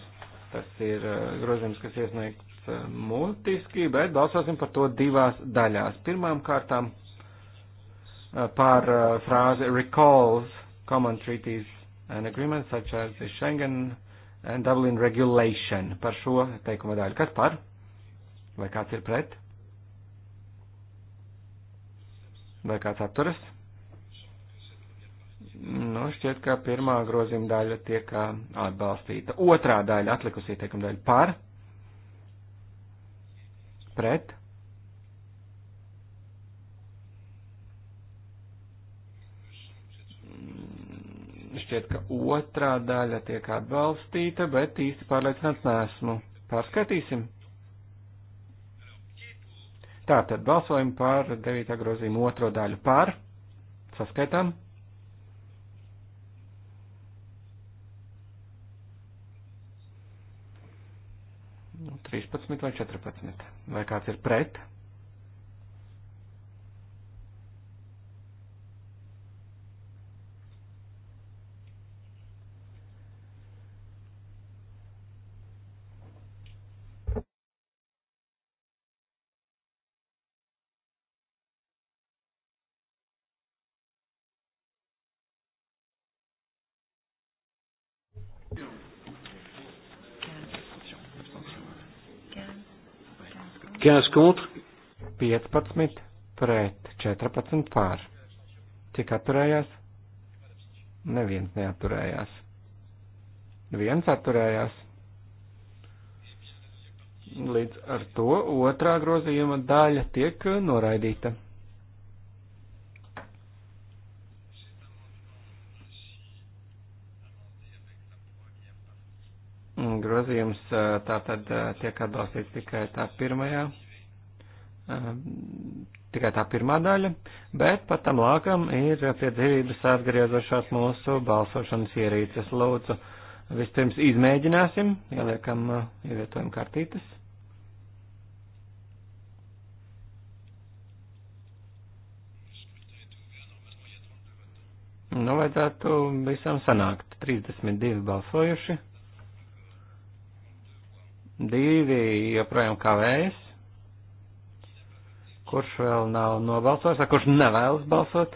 tas ir eh, grozījums, kas iesniegts eh, mutiski, bet balsosim par to divās daļās. Pirmām kārtām eh, par frāzi recalls common treaties and agreements such as the Schengen and Dublin regulation par šo teikuma daļu. Kas par? Vai kāds ir pret? Vai kāds atturas? Nu, šķiet, ka pirmā grozījuma daļa tiek atbalstīta. Otrā daļa, atlikusī teikuma daļa par, pret, šķiet, ka otrā daļa tiek atbalstīta, bet īsti pārliecināts neesmu. Pārskatīsim. Tātad balsojam par 9. grozījumu otro daļu par. Saskaitām. 13 vai 14? Vai kāds ir pret? 15 contre. 15 pret, 14 pār. Cik atturējās? Neviens neatturējās. Viens atturējās. Līdz ar to otrā grozījuma daļa tiek noraidīta. grozījums tātad tiek atbalstīts tikai tā pirmajā, tikai tā pirmā daļa, bet pat tam lākam ir pie dzīvības atgriezušās mūsu balsošanas ierīces. Lūdzu, vispirms izmēģināsim, ieliekam ievietojam kartītes. Nu, vajadzētu visam sanākt. 32 balsojuši. Divi joprojām kavējas. Kurš vēl nav nobalsojis, vai kurš nevēlas balsot?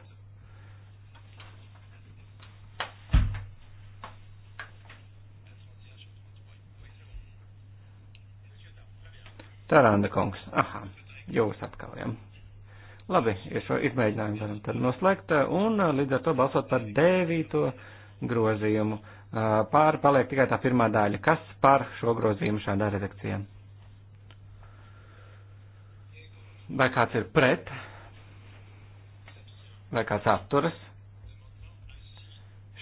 Taranda kungs. Aha, jūs atkal jau. Labi, ja šo izmēģinājumu varam tad noslēgt un uh, līdz ar to balsot par devīto grozījumu. Uh, pāri paliek tikai tā pirmā daļa. Kas par šo grozījumu šādā redakcijā? Vai kāds ir pret? Vai kāds atturas?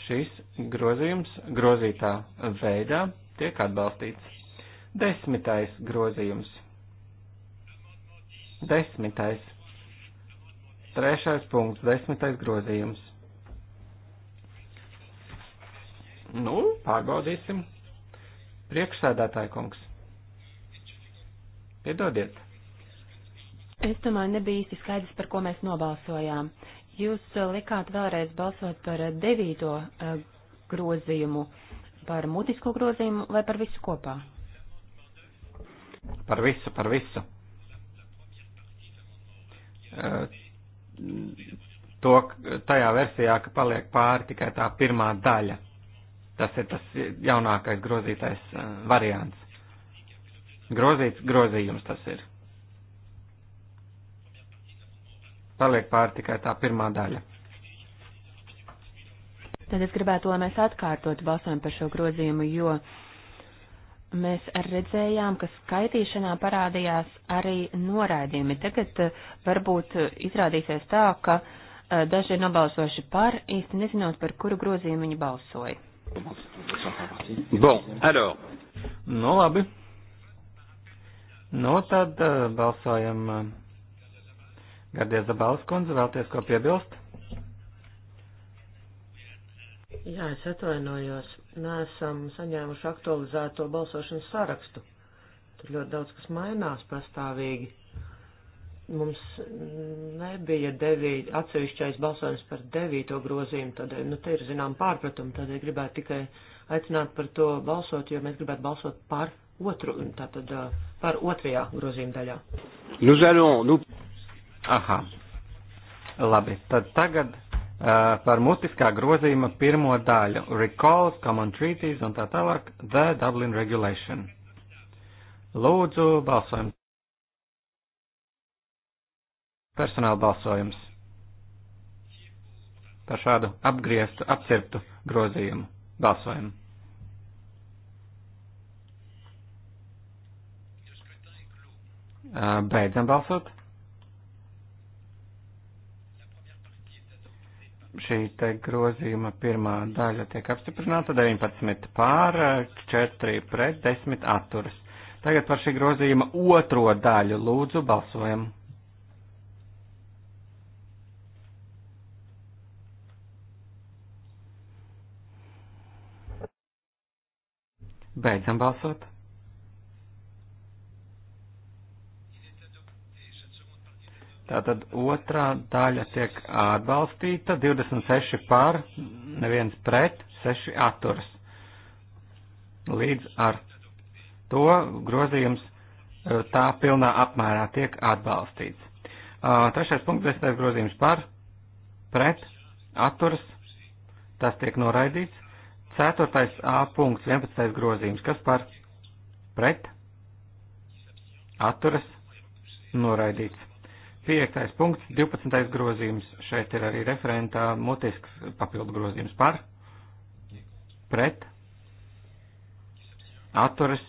Šis grozījums grozītā veidā tiek atbalstīts. Desmitais grozījums. Desmitais. Trešais punkts. Desmitais grozījums Nu, pārbaudīsim. Priekšsēdētāja kungs. Piedodiet. Es domāju, nebija īsti skaidrs, par ko mēs nobalsojām. Jūs eh, likāt vēlreiz balsot par eh, devīto eh, grozījumu, par mutisko grozījumu vai par visu kopā? Par visu, par visu. To tajā versijā, ka paliek pāri tikai tā pirmā daļa. Tas ir tas jaunākais grozītais eh, variants. Grozīts grozījums tas ir. Paliek pār tikai tā pirmā daļa. Tad es gribētu, lai mēs atkārtotu balsojumu par šo grozījumu, jo mēs redzējām, ka skaitīšanā parādījās arī noraidījumi. Tagad eh, varbūt izrādīsies tā, ka eh, daži ir nobalsojuši par, īsti nezinot, par kuru grozījumu viņi balsoja. Bon, alors. Nu, labi. Nu, tad uh, balsojam. Uh, Gardies Zabals kundze, vēlties ko piebilst? Jā, es atvainojos. Nesam saņēmuši aktualizēto balsošanas sarakstu. Tur ļoti daudz kas mainās pastāvīgi mums nebija devīt, atsevišķais balsojums par devīto grozījumu, tādēļ, nu, te ir zinām pārpratumi, tādēļ gribētu tikai aicināt par to balsot, jo mēs gribētu balsot par otru, tātad par otrajā grozījuma daļā. Nous allons, nous... Aha. Labi, tad tagad uh, par mutiskā grozījuma pirmo daļu. Recalls, common treaties un tā tālāk, the Dublin regulation. Lūdzu, balsojam. Personāla balsojums par šādu apgrieztu, apcirptu grozījumu balsojumu. Beidzam balsot. Šī te grozījuma pirmā daļa tiek apstiprināta 19 pār, 4 pret, 10 atturas. Tagad par šī grozījuma otro daļu lūdzu balsojumu. Beidzam balsot. Tātad otrā daļa tiek atbalstīta, 26 pār, neviens pret, 6 atturas. Līdz ar to grozījums e, tā pilnā apmērā tiek atbalstīts. E, trešais punkts, desmitais grozījums par, pret, atturas, tas tiek noraidīts. 4. A punkts, 11. grozījums, kas par pret, atturas, noraidīts. 5. punkts, 12. grozījums, šeit ir arī referentā mutisks papildu grozījums par pret, atturas,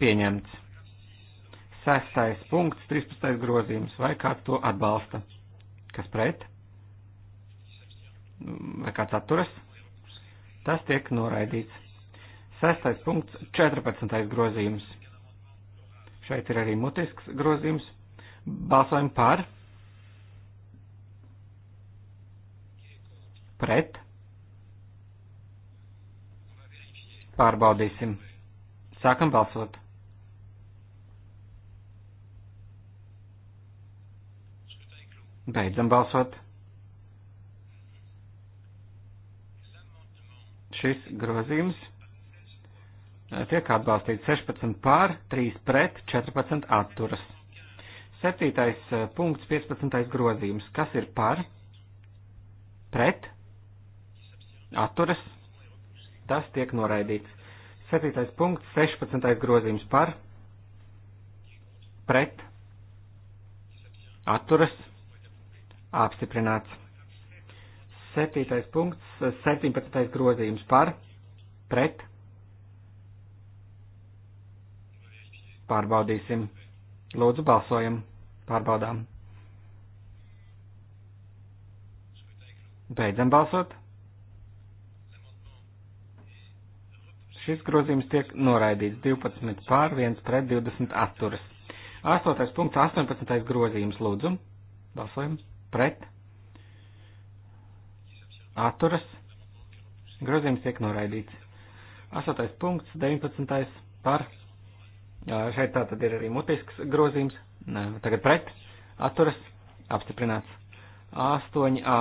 pieņemts. 6. punkts, 13. grozījums, vai kāds to atbalsta? Kas pret? Vai kāds atturas? Tas tiek noraidīts. Sestais punkts, 14. grozījums. Šeit ir arī mutisks grozījums. Balsojam par. Pret. Pārbaudīsim. Sākam balsot. Beidzam balsot. Šis grozījums e, tiek atbalstīts 16 pār, 3 pret, 14 atturas. 7. E, punkts, 15. grozījums. Kas ir par? Pret? Atturas? Tas tiek noraidīts. 7. punkts, 16. grozījums par? Pret? Atturas? Apstiprināts. Septītais punkts, 17. grozījums par, pret. Pārbaudīsim. Lūdzu, balsojam. Pārbaudām. Beidzam balsot. Šis grozījums tiek noraidīts 12 pār 1 pret 20 atturas. 8. punkts, 18. grozījums lūdzu. Balsojam pret atturas, grozījums tiek noraidīts. 8. punkts, 19. par, šeit tā tad ir arī mutisks grozījums, Nē, tagad pret, atturas, apstiprināts. 8a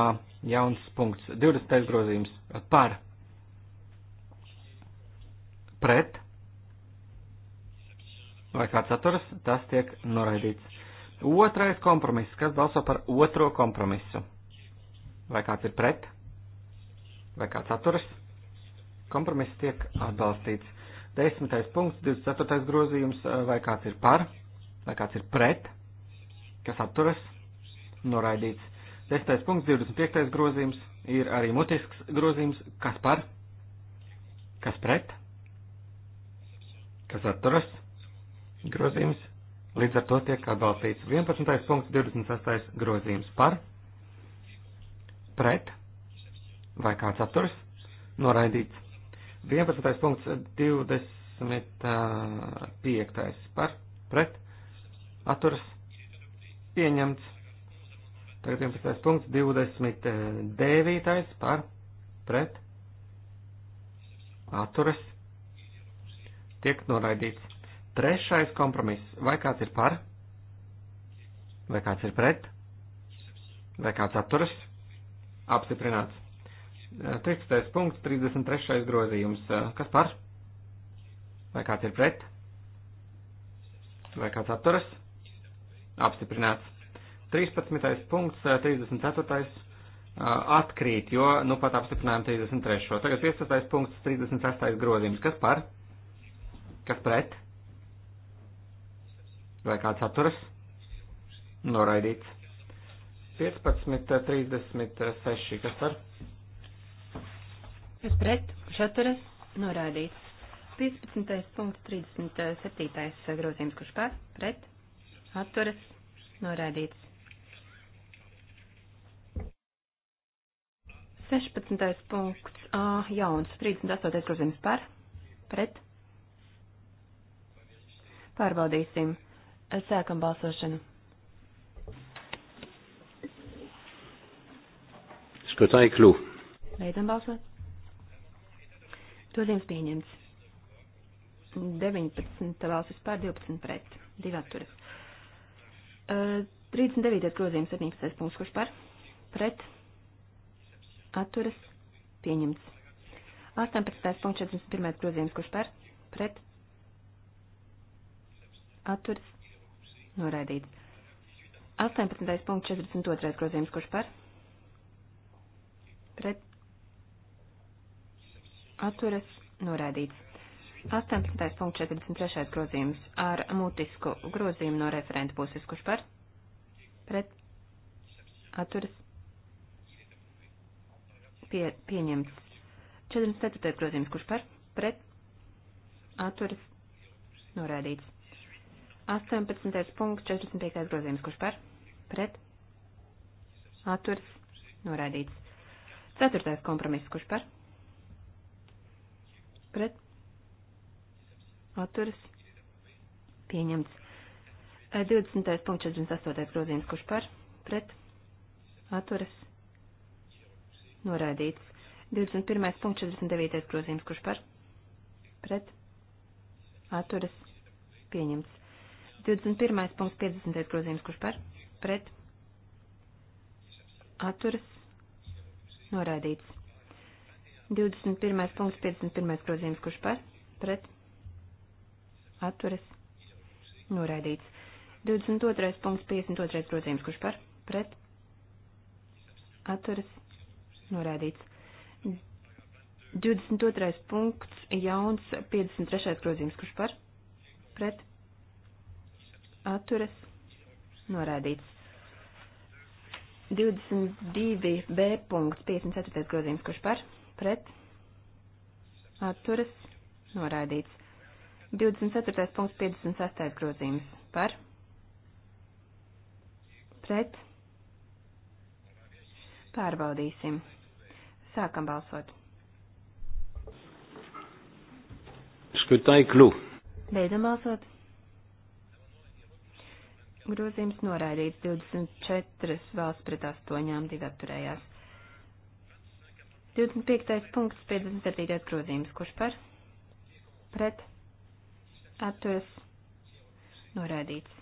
jauns punkts, 20. grozījums par, pret, vai kāds atturas, tas tiek noraidīts. Otrais kompromiss, kas balso par otro kompromisu. Vai kāds ir pret? vai kāds atturas. Kompromiss tiek atbalstīts. Desmitais punkts, 24. grozījums, vai kāds ir par, vai kāds ir pret, kas atturas, noraidīts. Desmitais punkts, 25. grozījums, ir arī mutisks grozījums, kas par, kas pret, kas atturas, grozījums, līdz ar to tiek atbalstīts. 11. punkts, 26. grozījums par, pret, vai kāds atturas, noraidīts. 11. punkts 25. par pret atturas pieņemts. Tagad 11. punkts 29. par pret atturas tiek noraidīts. Trešais kompromiss. Vai kāds ir par? Vai kāds ir pret? Vai kāds atturas? Apstiprināts. 13. Eh, punkts, 33. grozījums. Eh, kas par? Vai kāds ir pret? Vai kāds atturas? Apstiprināts. 13. punkts, 34. Eh, atkrīt, jo nu pat apstiprinājām 33. Tagad 15. punkts, 36. grozījums. Kas par? Kas pret? Vai kāds atturas? Noraidīts. 15.36. Kas par? kas pret, kas atturas, norādīts. 15. punkts 37. Eh, eh, grozījums, kurš pār, pret, atturas, norādīts. 16. punkts A, jauns 38. grozījums par, pret. Pārbaudīsim. Sākam balsošanu. Skatāju klū. Beidzam balsot. Grozījums pieņemts. 19 valsts vispār 12 pret. Divi atturas. Uh, 39. grozījums 17. punkts, kurš par pret atturas pieņemts. 18. punkts 41. grozījums, kurš par pret atturas noraidīts. 18. punkts 42. grozījums, kurš par pret atturas norādīts. 18.43. grozījums ar mutisku grozījumu no referenta puses, kurš par pret atturas pie, pieņemts. 44. grozījums, kurš par pret atturas norādīts. 18. punkts, 45. grozījums, kurš par pret atturas norādīts. 4. kompromiss, kurš par pret atturas pieņemts. 20. punkts 48. grozījums, kurš par pret atturas noraidīts. 21. punkts 49. grozījums, kurš par pret atturas pieņemts. 21. punkts 50. grozījums, kurš par pret atturas noraidīts. 21. punkts, 51. grozījums, kurš par, pret, atturas, noraidīts. 22. punkts, 52. grozījums, kurš par, pret, atturas, noraidīts. 22. punkts, jauns 53. grozījums, kurš par, pret, atturas, noraidīts. 22b punkts, 54. grozījums, kurš par, pret, pret, atturas, noraidīts. 24. punkts 56. grozījums par, pret, pārbaudīsim. Sākam balsot. Skatāj klū. Beidzam balsot. Grozījums noraidīts 24 valsts pret 8, 2 atturējās. 25. punkts, 57. grozījums, kurš par pret atturas noraidīts.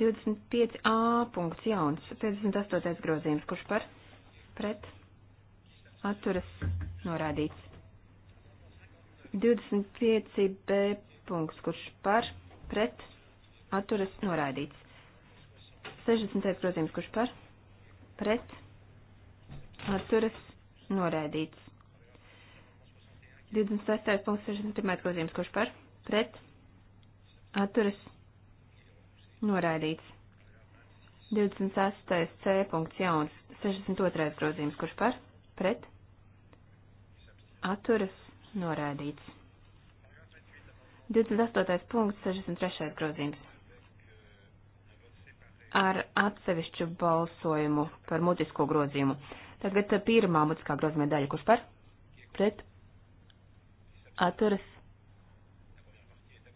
25a punkts jauns, 58. grozījums, kurš par pret atturas norādīts. 25b punkts, kurš par pret atturas norādīts. 60. grozījums, kurš par pret atturas noraidīts. 26. punkts 61. grozījums, kurš par pret atturas noraidīts. 26. C punkts jauns 62. grozījums, kurš par pret atturas noraidīts. 28. punkts 63. grozījums. Ar atsevišķu balsojumu par mutisko grozījumu. Tagad eh, pirmā mutiskā grozījuma daļa, kurš par pret atturas.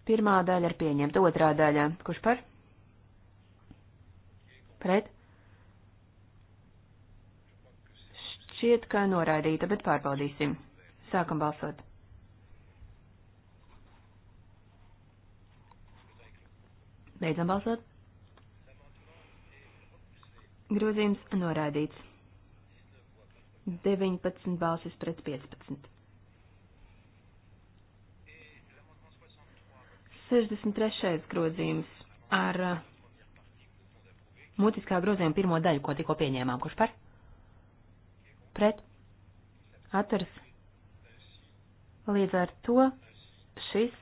Pirmā daļa ir pieņemta, otrā daļa, kurš par pret šķiet, ka noraidīta, bet pārbaudīsim. Sākam balsot. Beidzam balsot. Grozījums noraidīts. 19 balsis pret 15. 63. grozījums ar uh, mutiskā grozījuma pirmo daļu, ko tikko pieņēmām. Kurš par? Pret? Atturs? Līdz ar to šis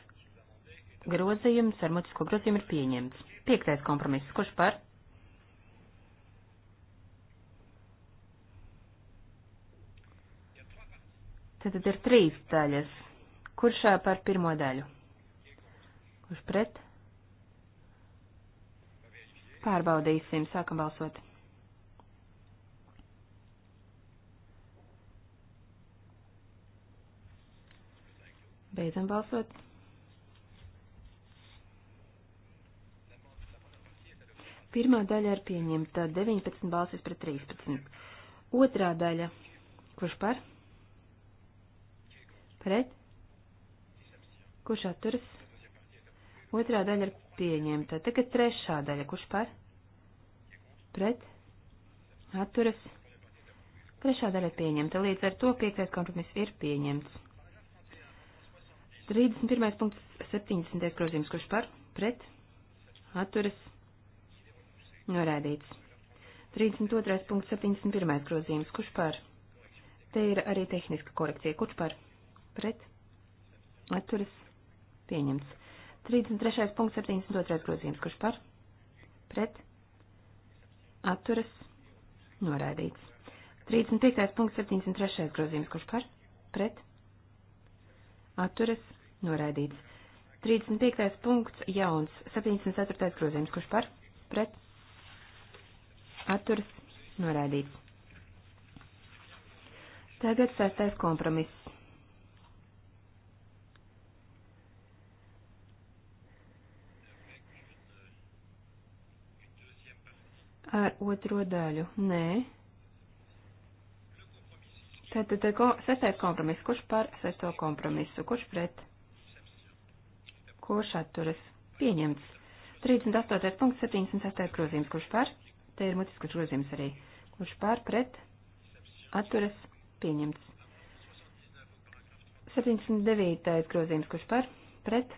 grozījums ar mutisko grozījumu ir pieņemts. Piektais kompromiss. Kurš par? Tad ir trīs daļas. Kurš par pirmo daļu? Kurš pret? Pārbaudīsim, sākam balsot. Beidzam balsot. Pirmā daļa ir pieņemta 19 balsis pret 13. Otrā daļa. Kurš par? pret, kurš atturas, otrā daļa ir pieņemta. Tagad trešā daļa, kurš par, pret, atturas, trešā daļa ir pieņemta. Līdz ar to piektais kompromiss ir pieņemts. 31. punkts 70. grozījums, kurš par, pret, atturas, norādīts. 32. punkts 71. grozījums, kurš par, te ir arī tehniska korekcija, kurš par, pret atturas pieņemts. 33. punkts 72. grozījums, kurš par pret atturas noraidīts. 35. punkts 73. grozījums, kurš par pret atturas noraidīts. 35. punkts jauns 74. grozījums, kurš par pret atturas noraidīts. Tagad sastais kompromiss. ar otro daļu? Nē. Tātad ko, sestais kompromiss. Kurš par sesto kompromisu? Kurš pret? Kurš atturas? Pieņemts. 38. punkts, 76. grozījums. Kurš par? Te ir mutiskas grozījums arī. Kurš par pret? Atturas? Pieņemts. 79. grozījums. Kurš par? Pret?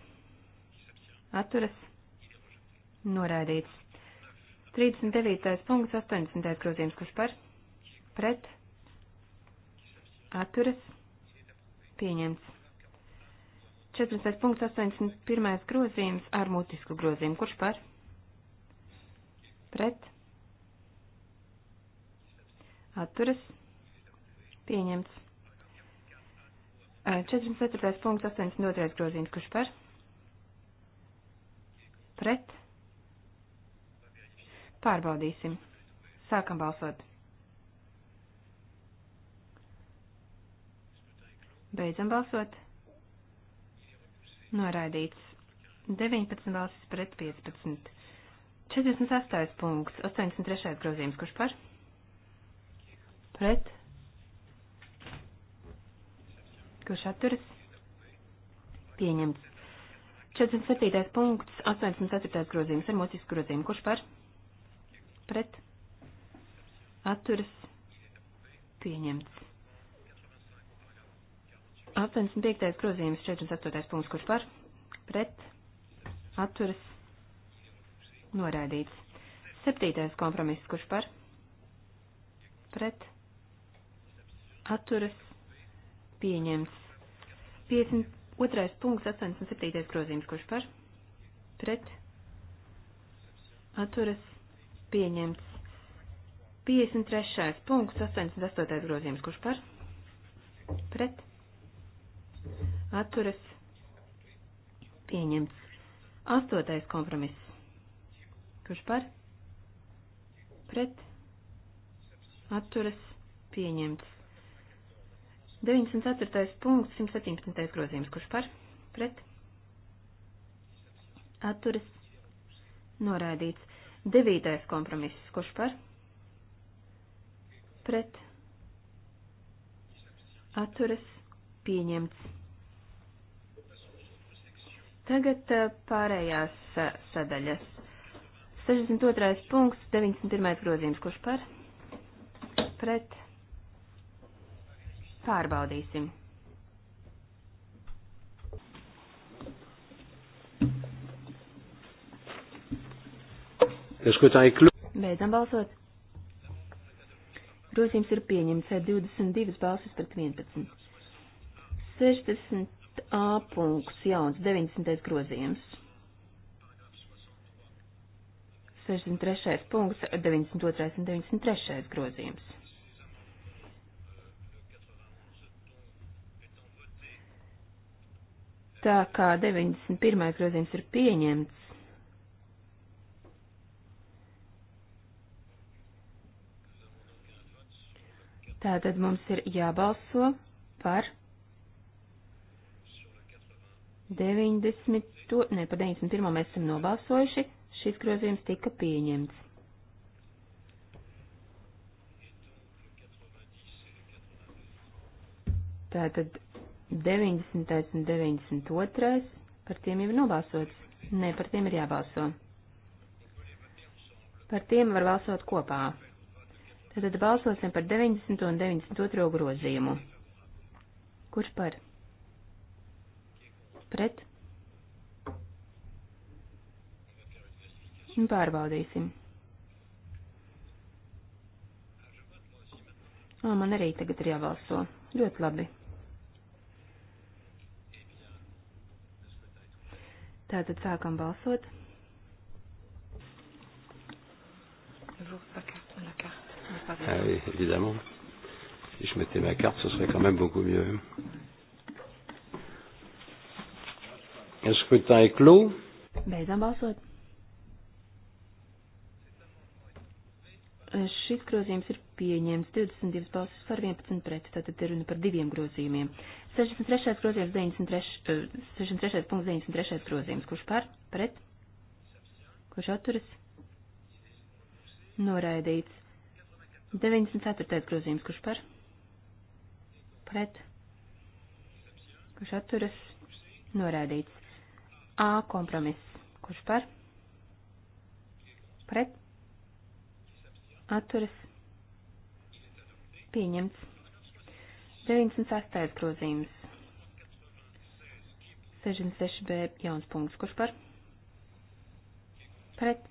Atturas? Noraidīts. 39. punkts, 80. grozījums, kurš par, pret, atturas, pieņemts. 14. punkts, 81. grozījums ar mutisku grozījumu, kurš par, pret, atturas, pieņemts. 44. punkts, 82. grozījums, kurš par, pret, Pārbaudīsim. Sākam balsot. Beidzam balsot. Noraidīts. 19 balsis pret 15. 48. punkts. 83. grozījums. Kurš par? Pret. Kurš atturas? Pieņemts. 47. punkts. 84. grozījums. Ar mocisku grozījumu. Kurš par? pret atturas pieņemts. 85. grozījums 48. punkts, kurš par pret atturas noraidīts. 7. kompromiss, kurš par pret atturas pieņemts. 52. punkts 87. grozījums, kurš par pret atturas pieņemts. 53. punkts, 88. grozījums, kurš par? Pret. Atturas. Pieņemts. 8. kompromiss. Kurš par? Pret. Atturas. Pieņemts. 94. punkts, 117. grozījums, kurš par? Pret. Atturas. Norādīts. Devītais kompromiss. Kurš par? Pret. Atturas pieņemts. Tagad eh, pārējās eh, sadaļas. 62. punkts, 91. grozījums, kurš par? Pret. Pārbaudīsim. Le scrutin est clos. Beidzam balsot. Grozījums ir pieņemts ar 22 balsis pret 11. 60 A punkts jauns 90. grozījums. 63. punkts 92. un 93. grozījums. Tā kā 91. grozījums ir pieņemts, Tātad mums ir jābalso par 90. Ne, par 91. mēs esam nobalsojuši. Šis grozījums tika pieņemts. Tātad 90. un 92. par tiem jau ir nobalsots. Nē, par tiem ir jābalso. Par tiem var balsot kopā. Tad balsosim par 90 un 92 grozījumu. Kurš par? Pret? Un pārbaudīsim. O, man arī tagad ir jābalso. Ļoti labi. Tātad sākam balsot. Le jour, la carte, la carte. Ah oui, évidemment. Si je mettais ma carte, ce serait quand même beaucoup mieux. Euh, le scrutin est clos. Beidzam balsot. Šis grozījums ir pieņēmis 22 balsis par 11 pret, tātad ir runa par diviem grozījumiem. 63. grozījums, 93, 63. punkts, 93. grozījums, kurš par, pret, kurš atturas, noraidīts. 94. grozījums, kurš par? Pret. Kurš atturas? Norādīts. A kompromiss. Kurš par? Pret. Atturas. Pieņemts. 98. grozījums. 66b jauns punkts. Kurš par? Pret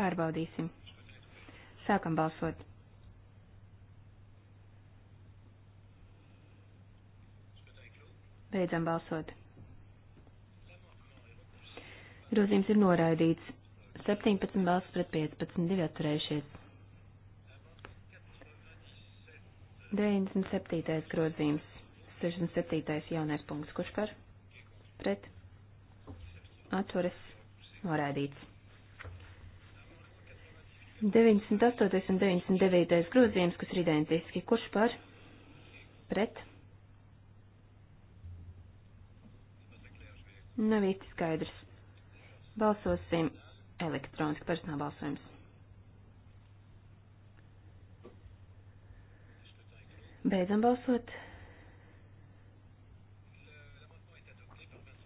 Pārbaudīsim. Sākam balsot. Beidzam balsot. Grozījums ir noraidīts. 17 balsts pret 15, 2 atturējušies. 97. grozījums, 67. jaunais punkts, kurš par pret atturas norādīts. 98. un 99. grozījums, kas ir identiski. Kurš par? Pret? Nav īsti skaidrs. Balsosim elektroniski personāla balsojums. Beidzam balsot.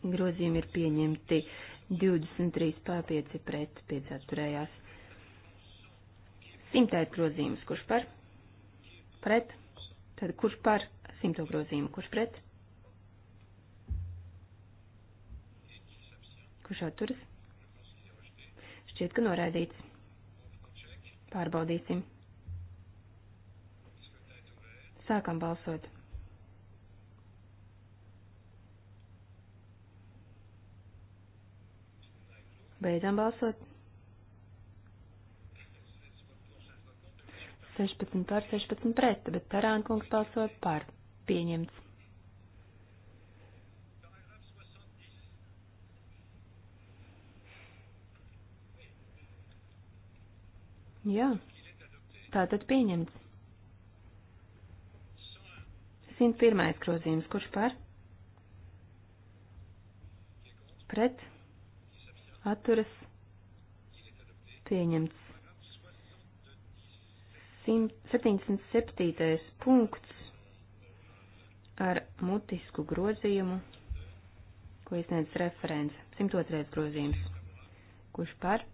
Grozījumi ir pieņemti 23 pār 5 pret 5 atturējās. Simtais grozījums, kurš par? Pret. Tad kurš par simto grozījumu, kurš pret? Kurš atturas? Šķiet, ka noraidīts. Pārbaudīsim. Sākam balsot. Beidzam balsot. 16 par 16 pret, bet Tarānkungs balsoja par. Pieņemts. Jā, tātad pieņemts. 101. grozījums, kurš par? Pret, atturas, pieņemts. 77. punkts ar mutisku grozījumu, ko iesniedz referents. 102. grozījums. Kurš par?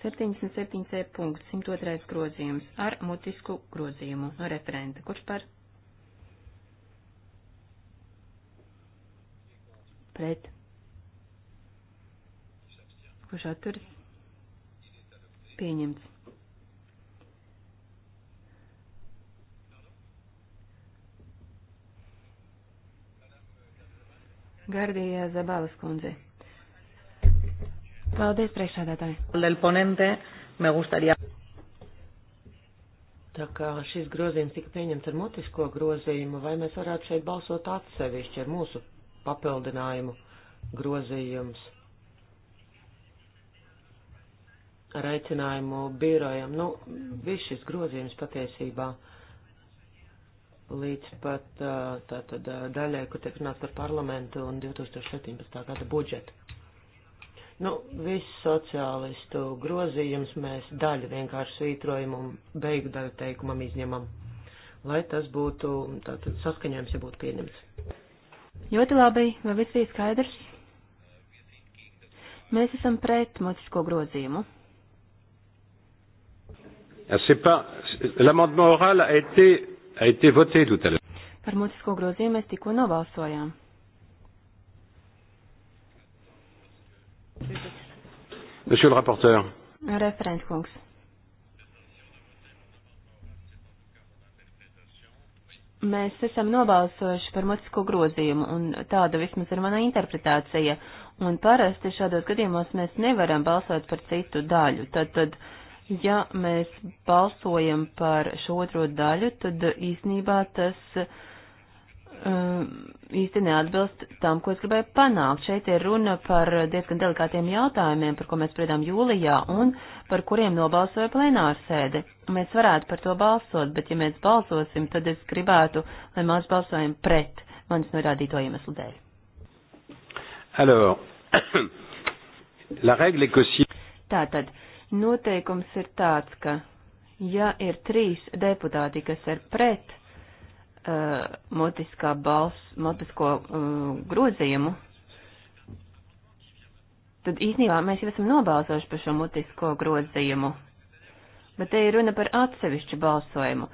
Septiņdesmit septiņi C punkts, simt otrais grozījums ar mutisku grozījumu no referenta. Kurš par? Pret kurš atturas pieņemts. Gardija Zabalas kundze. Paldies, priekšādātāji. Tā kā šis grozījums tika pieņemts ar mutisko grozījumu, vai mēs varētu šeit balsot atsevišķi ar mūsu papildinājumu grozījums? ar aicinājumu birojam. Nu, viss šis grozījums patiesībā līdz pat tātad daļai, kur tiek runāts par parlamentu un 2017. gada budžetu. Nu, viss sociālistu grozījums mēs daļu vienkārši svītrojam un beigu daļu teikumam izņemam, lai tas būtu tātad saskaņojums, ja būtu pieņemts. Ļoti labi, vai viss bija skaidrs? Mēs esam pret motisko grozījumu. Ah, c'est pas l'amendement oral a été a été voté tout à l'heure. Par mutisko grozījumu mēs tikko nobalsojām. Monsieur le rapporteur. Referents kungs. Mēs esam nobalsojuši par mutisko grozījumu, un tāda vismaz ir mana interpretācija. Un parasti šādos gadījumos mēs nevaram balsot par citu daļu. Tad, tad uh, Ja mēs balsojam par šo otro daļu, tad īsnībā tas um, īsti neatbilst tam, ko es gribēju panākt. Šeit ir runa par diezgan delikātiem jautājumiem, par ko mēs spriedām jūlijā un par kuriem nobalsoja plenārsēde. Mēs varētu par to balsot, bet ja mēs balsosim, tad es gribētu, lai mēs balsojam pret manis norādīto iemeslu dēļ. Alors, la règle est que si... Tātad, uh, Noteikums ir tāds, ka ja ir trīs deputāti, kas ir pret uh, motiskā balss, motisko uh, grozījumu, tad īsnībā mēs jau esam nobalsojuši par šo motisko grozījumu. Bet te ir runa par atsevišķu balsojumu.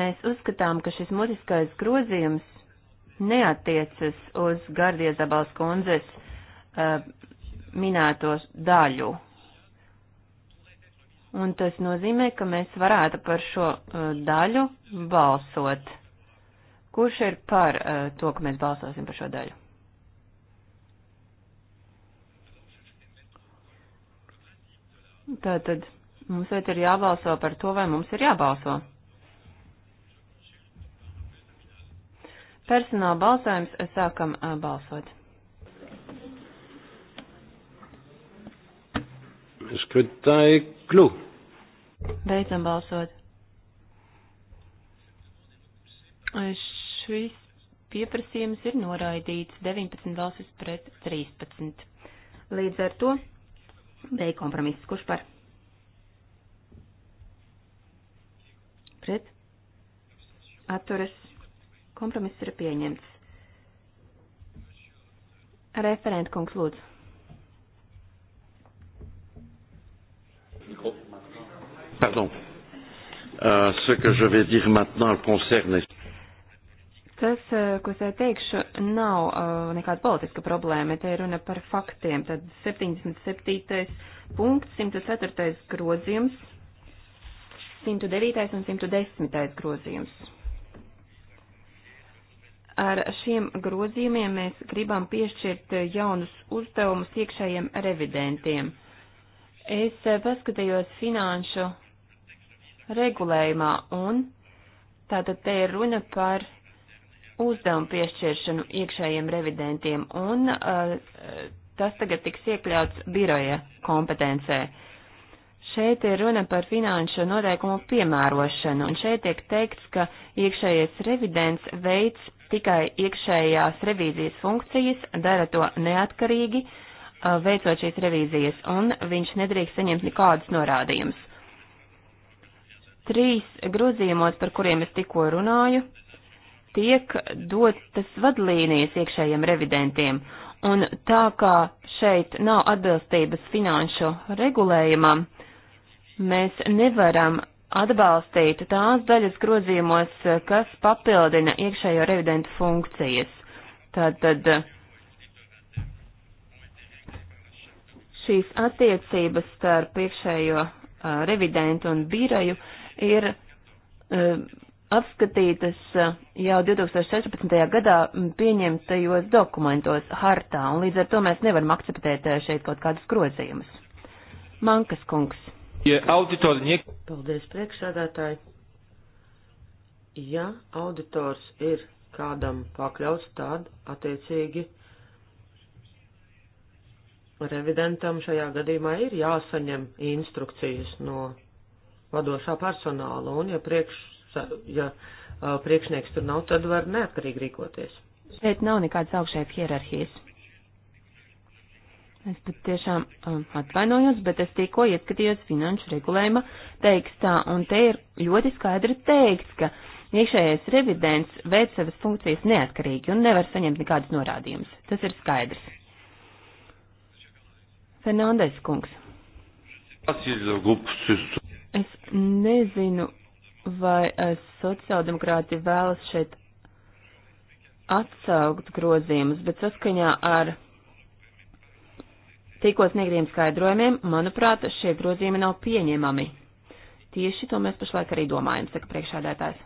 Mēs uzskatām, ka šis motiskais grozījums neatiecas uz Gardiezabals kundzes uh, minētos daļu. Un tas nozīmē, ka mēs varētu par šo uh, daļu balsot. Kurš ir par uh, to, ka mēs balsosim par šo daļu? Tātad mums šeit ir jābalso par to, vai mums ir jābalso. Personāla balsojums sākam uh, balsot. Scrutin est clos. Beidzam balsot. Šis pieprasījums ir noraidīts 19 balsis pret 13. Līdz ar to beig kompromiss. Kurš par? Pret? Atturas. Kompromiss ir pieņemts. Referentkungs lūdzu. Pardon. Uh, ce que je vais dire maintenant concerne. Tas, euh, ko es teikšu, nav uh, nekāda politiska problēma. Te ir runa par faktiem. Tad 77. punkts, 104. grozījums, 109. un 110. grozījums. Ar šiem grozījumiem mēs gribam piešķirt jaunus uzdevumus iekšējiem revidentiem. Es uh, paskatījos finanšu regulējumā, un tātad te ir runa par uzdevumu piešķiršanu iekšējiem revidentiem, un uh, tas tagad tiks iekļauts biroja kompetencē. Šeit ir runa par finanšu noteikumu piemērošanu, un šeit tiek teikts, ka iekšējais revidents veids tikai iekšējās revīzijas funkcijas, dara to neatkarīgi, uh, veicot šīs revīzijas, un viņš nedrīkst saņemt nekādus norādījumus trīs grozījumos, par kuriem es tikko runāju, tiek dotas vadlīnijas iekšējiem revidentiem, un tā kā šeit nav atbilstības finanšu regulējumam, mēs nevaram atbalstīt tās daļas grozījumos, kas papildina iekšējo revidentu funkcijas. Tātad šīs attiecības starp iekšējo uh, revidentu un biroju ir e, apskatītas e, jau 2016. gadā pieņemtajos dokumentos hartā, un līdz ar to mēs nevaram akceptēt e, šeit kaut kādus grozījumus. Mankas kungs. Ja auditori niek... Paldies, priekšsēdētāji. Ja auditors ir kādam pakļauts, tad attiecīgi revidentam šajā gadījumā ir jāsaņem instrukcijas no vadošā personāla, un ja, priekš, ja priekšnieks tur nav, tad var neatkarīgi rīkoties. Šeit nav nekādas augšējas hierarhijas. Es pat tiešām um, atvainojos, bet es tikko ieskatījos finanšu regulējuma tekstā, un te ir ļoti skaidri teikts, ka iekšējais revidents veic savas funkcijas neatkarīgi un nevar saņemt nekādus norādījumus. Tas ir skaidrs. Fernandes kungs. Es nezinu, vai eh, sociāldemokrāti vēlas šeit atsaukt grozījumus, bet saskaņā ar tikko sniegtiem skaidrojumiem, manuprāt, šie grozījumi nav pieņemami. Tieši to mēs pašlaik arī domājam, saka priekšādētājs.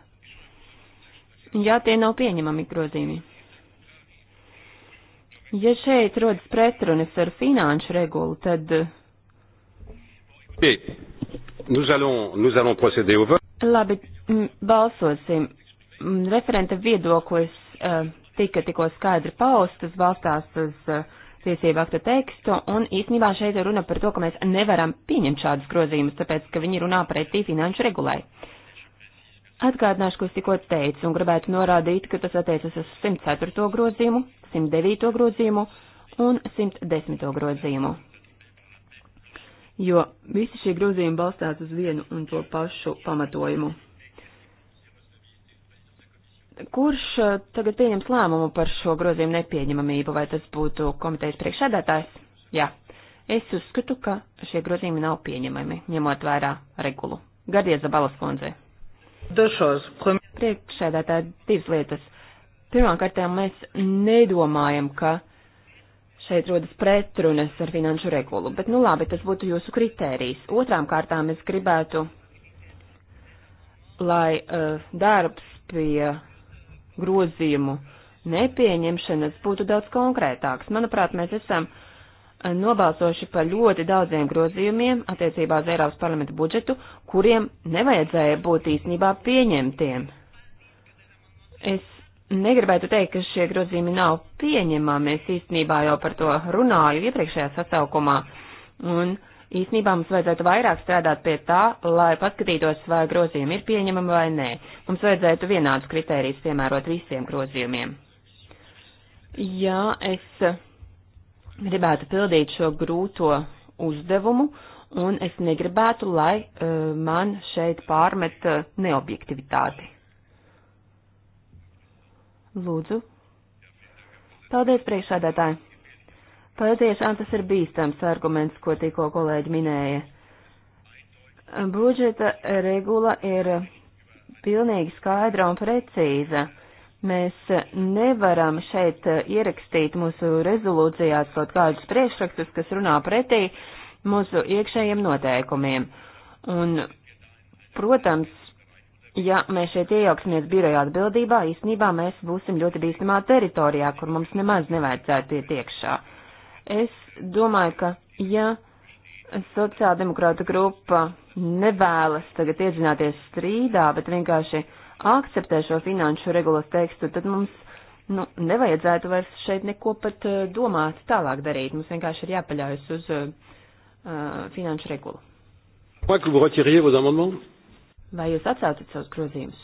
Jā, tie nav pieņemami grozījumi. Ja šeit rodas pretrunas ar finanšu regulu, tad Nous allons, nous allons procéder au vote. Labi, balsosim. Referenta viedoklis uh, tika tikko skaidri paust, tas balstās uz uh, tiesību akta tekstu, un īstenībā šeit ir runa par to, ka mēs nevaram pieņemt šādus grozījumus, tāpēc, ka viņi runā pretī finanšu regulai. Atgādināšu, ko es tikko teicu, un gribētu norādīt, ka tas attiecas uz 104. grozījumu, 109. grozījumu un 110. grozījumu jo visi šie grozījumi balstās uz vienu un to pašu pamatojumu. Kurš uh, tagad pieņems lēmumu par šo grozījumu nepieņemamību, vai tas būtu komitejas priekšsēdētājs? Jā, es uzskatu, ka šie grozījumi nav pieņemami, ņemot vērā regulu. Gadies Zabalas kundzei. Dažos. Priekšsēdētāji divas lietas. Pirmkārt, mēs nedomājam, ka šeit rodas pretrunas ar finanšu regulu, bet nu labi, tas būtu jūsu kritērijs. Otrām kārtām es gribētu, lai uh, darbs pie grozījumu nepieņemšanas būtu daudz konkrētāks. Manuprāt, mēs esam eh, nobalsojuši par ļoti daudziem grozījumiem attiecībā uz Eiropas parlamenta budžetu, kuriem nevajadzēja būt īstenībā pieņemtiem. Es negribētu teikt, ka šie grozījumi nav pieņemami. Es īstenībā jau par to runāju iepriekšējā sasaukumā. Un īstenībā mums vajadzētu vairāk strādāt pie tā, lai paskatītos, vai grozījumi ir pieņemami vai nē. Mums vajadzētu vienādus kritērijus piemērot visiem grozījumiem. Jā, es gribētu pildīt šo grūto uzdevumu, un es negribētu, lai uh, man šeit pārmet uh, neobjektivitāti. Lūdzu. Paldies, priekšsādātāji. Patiešām tas ir bīstams arguments, ko tikko kolēģi minēja. Budžeta regula ir pilnīgi skaidra un precīza. Mēs nevaram šeit ierakstīt mūsu rezolūcijās kaut kādus priekšrakstus, kas runā pretī mūsu iekšējiem noteikumiem. Un, protams, ja mēs šeit iejauksimies biroja atbildībā, īstenībā mēs būsim ļoti bīstamā teritorijā, kur mums nemaz nevajadzētu iet iekšā. Es domāju, ka ja sociāldemokrāta grupa nevēlas tagad iedzināties strīdā, bet vienkārši akceptē šo finanšu regulas tekstu, tad mums nu, nevajadzētu vairs šeit neko pat eh, domāt tālāk darīt. Mums vienkārši ir jāpaļaujas uz uh, finanšu regulu. Quoi que vous retiriez vos amendements Vai jūs atsaucat savus grozījumus?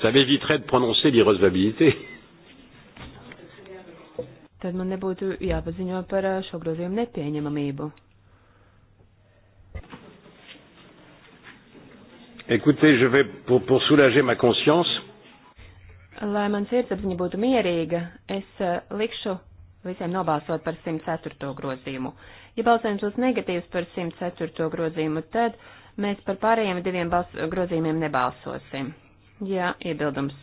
Ça m'éviterait de prononcer l'irrecevabilité. Tad man nebūtu jāpaziņo par eh, šo grozījumu nepieņemamību. Écoutez, je vais pour, pour soulager ma conscience. Lai man sirdsapziņa būtu mierīga, es uh, likšu visiem nobalsot par 104. grozījumu. Ja balsojums būs negatīvs par 104. grozījumu, tad mēs par pārējiem diviem grozījumiem nebalsosim. Jā, iebildums.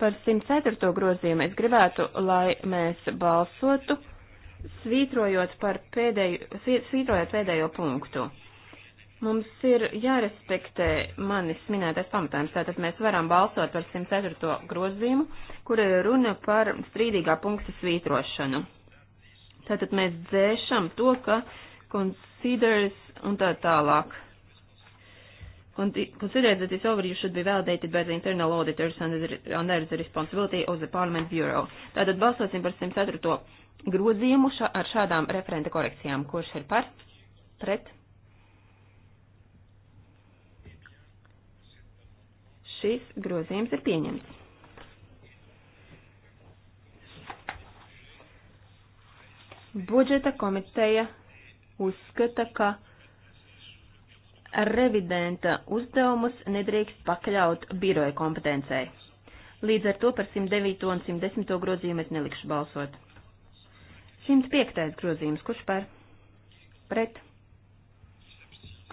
Par 104. grozījumu es gribētu, lai mēs balsotu, svītrojot, par pēdējo, svītrojot pēdējo punktu. Mums ir jārespektē manis minētais pamatājums, tātad mēs varam balsot par 104. grozījumu, kur ir runa par strīdīgā punkta svītrošanu. Tātad mēs dzēšam to, ka considers un tā tālāk. Considers that this overview should be validated by the internal auditors and under the responsibility of the Parliament Bureau. Tātad balsosim par 104. grozījumu šā, ar šādām referenta korekcijām. Kurš ir par? Pret? šīs grozījums ir pieņemts. Budžeta komiteja uzskata, ka revidenta uzdevumus nedrīkst pakļaut biroja kompetencei. Līdz ar to par 109 un 110 grozījumu es nelikšu balsot. 105. grozījums, kurš par? Pret.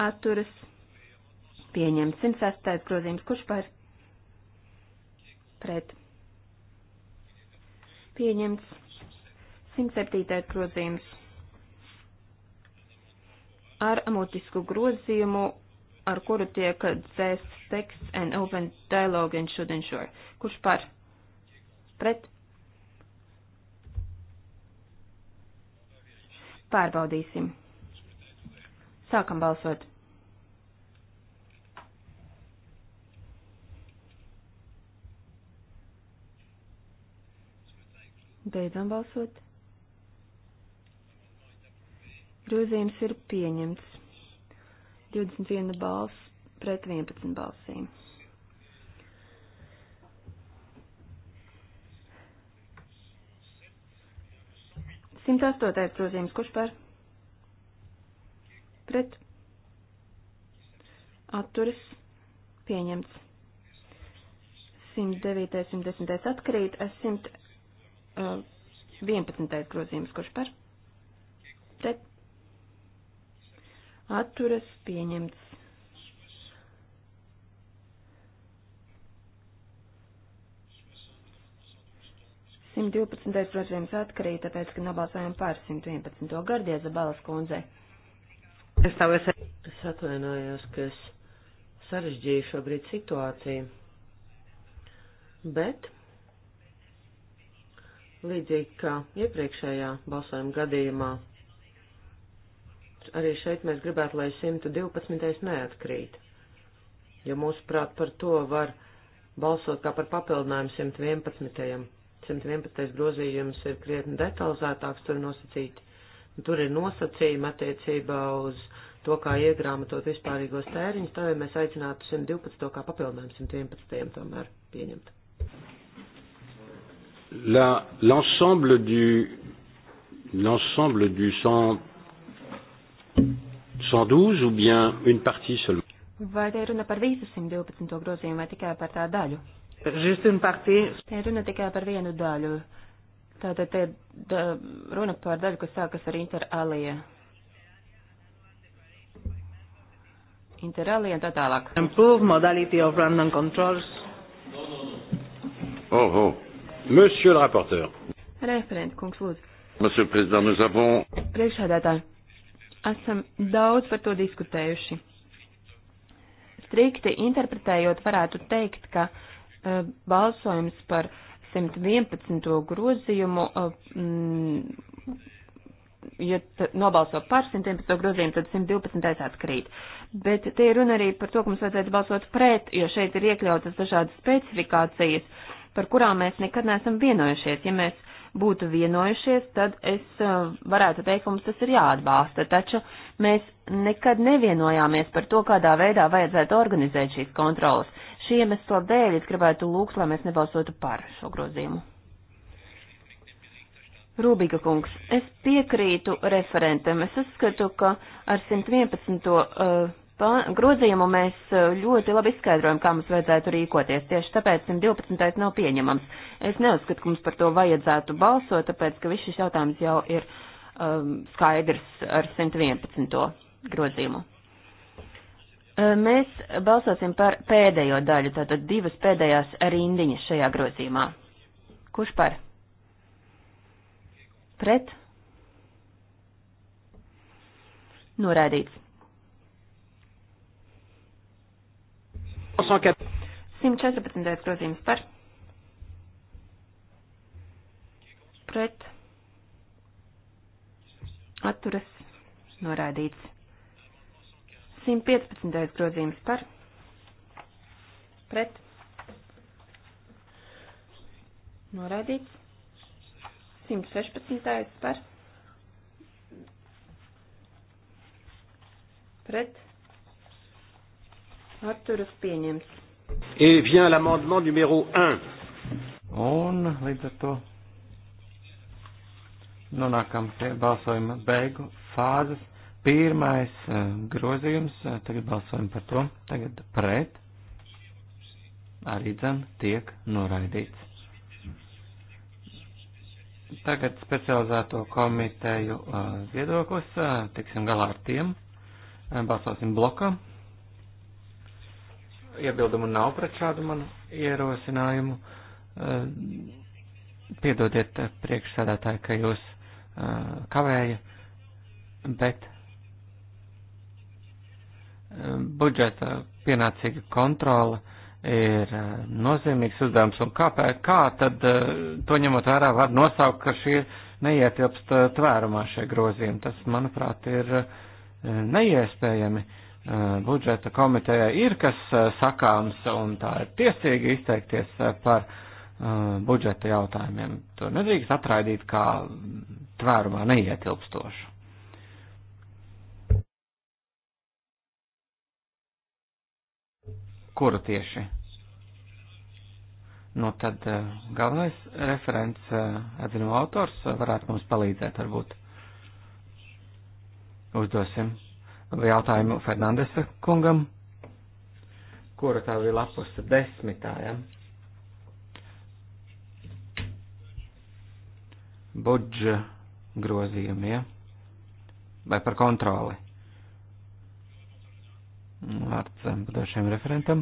Atturas. Pieņemts. 106. grozījums, kurš par? pret pieņemts 107. grozījums ar mutisku grozījumu, ar kuru tiek dzēsts teksts and open dialogue and should ensure. Kurš par? Pret? Pārbaudīsim. Sākam balsot. Beidzam balsot. Grozījums ir pieņemts. 21 balss pret 11 balsīm. Simt astotais grozījums, kurš par? Pret. Atturis. Pieņemts. 109, 110 atkrīt, 100. Uh, 11. grozījums, kurš par? Pret. Atturas pieņemts. Simt divpadsmitais grozījums atkarīja, tāpēc, ka nobalsājām pār 111. gardieza balas kundzei. Es tev es... es atvainojos, ka es sarežģīju šobrīd situāciju, bet Līdzīgi kā iepriekšējā balsojuma gadījumā, arī šeit mēs gribētu, lai 112. neatkrīt, jo mūsuprāt par to var balsot kā par papildinājumu 111. 111. grozījums ir krietni detalizētāks, tur nosacīti, tur ir nosacījumi attiecībā uz to, kā iegrāmatot vispārīgos tēriņus, tādēļ mēs aicinātu 112. kā papildinājumu 111. tomēr pieņemt. L'ensemble du l'ensemble du 100, 112 ou bien une partie seulement? Vai te runa par visu 112. grozījumu vai tikai par tā daļu? Just une partie. Te runa tikai par vienu daļu. Tātad te da, runa par daļu, kas sākas ar interalija. Interalija un tā tālāk. Improve modality of random controls. Oh, oh. Monsieur le rapporteur. Referent, kungs, lūdzu. Monsieur le Président, nous avons. Priekšādātāji, esam daudz par to diskutējuši. Strikti interpretējot, varētu teikt, ka uh, balsojums par 111. grozījumu, uh, mm, ja nobalso par 111. grozījumu, tad 112. atkrīt. Bet te ir runa arī par to, ka mums vajadzētu balsot pret, jo šeit ir iekļautas dažādas specifikācijas par kurām mēs nekad neesam vienojušies. Ja mēs būtu vienojušies, tad es eh, varētu teikt, ka mums tas ir jāatbalsta, taču mēs nekad nevienojāmies par to, kādā veidā vajadzētu organizēt šīs kontrolas. Šī iemesla dēļ es gribētu lūgt, lai mēs nebalsotu par šo grozījumu. Rūbīga kungs, es piekrītu referentam. Es uzskatu, ka ar 111. Uh, grozījumu mēs e, ļoti labi izskaidrojam, kā mums vajadzētu rīkoties. Tieši tāpēc 112. nav pieņemams. Es neuzskatu, ka mums par to vajadzētu balsot, tāpēc, ka viss šis jautājums jau ir um, skaidrs ar 111. grozījumu. E, mēs balsosim par pēdējo daļu, tātad divas pēdējās rindiņas šajā grozījumā. Kurš par? Pret? Norādīts. 114. grozījums par pret atturas norādīts. 115. grozījums par pret norādīts. 116. par pret atturas pieņemts. Et vient l'amendement numéro 1. Un līdz ar to nonākam pie balsojuma beigu fāzes. Pirmais eh, grozījums, eh, tagad balsojam par to, tagad pret, arī dzen tiek noraidīts. Tagad specializēto komiteju eh, viedoklis, tiksim galā ar tiem, balsosim blokam iebildumu nav pret šādu manu ierosinājumu. Eh, piedodiet eh, priekšsādātāji, ka jūs eh, kavēja, bet budžeta pienācīga kontrola ir nozīmīgs uzdevums, un kāpēc, kā tad to ņemot vērā var nosaukt, ka šie neietilpst tvērumā šie grozījumi. Tas, manuprāt, ir neiespējami. Uh, Uh, budžeta komitejai ir kas uh, sakāms, un tā ir tiesīgi izteikties uh, par budžeta jautājumiem. To nedrīkst atraidīt kā tvērumā neietilpstošu. Kuru tieši? Nu, tad galvenais referents atzinuma autors varētu mums palīdzēt, varbūt. Uzdosim jautājumu Fernandesa kungam, kura tā bija lapusa desmitājam. Budža grozījumie ja? vai par kontroli. Vārds budošajam referentam.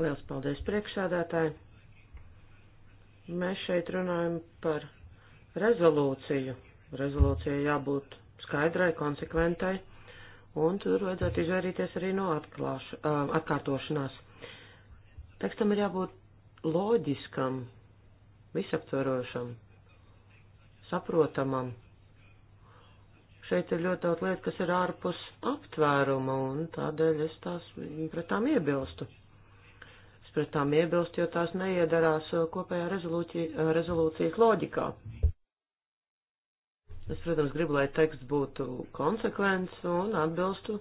Liels paldies priekšsādātāji. Mēs šeit runājam par rezolūciju rezolūcijai jābūt skaidrai, konsekventai, un tur vajadzētu izvairīties arī no atklāš, uh, atkārtošanās. Tekstam ir jābūt loģiskam, visaptverošam, saprotamam. Šeit ir ļoti daudz lietu, kas ir ārpus aptvēruma, un tādēļ es tās pret tām iebilstu. Es pret tām iebilstu, jo tās neiedarās kopējā rezolūcijas loģikā. Es, protams, gribu, lai teksts būtu konsekvents un atbilstu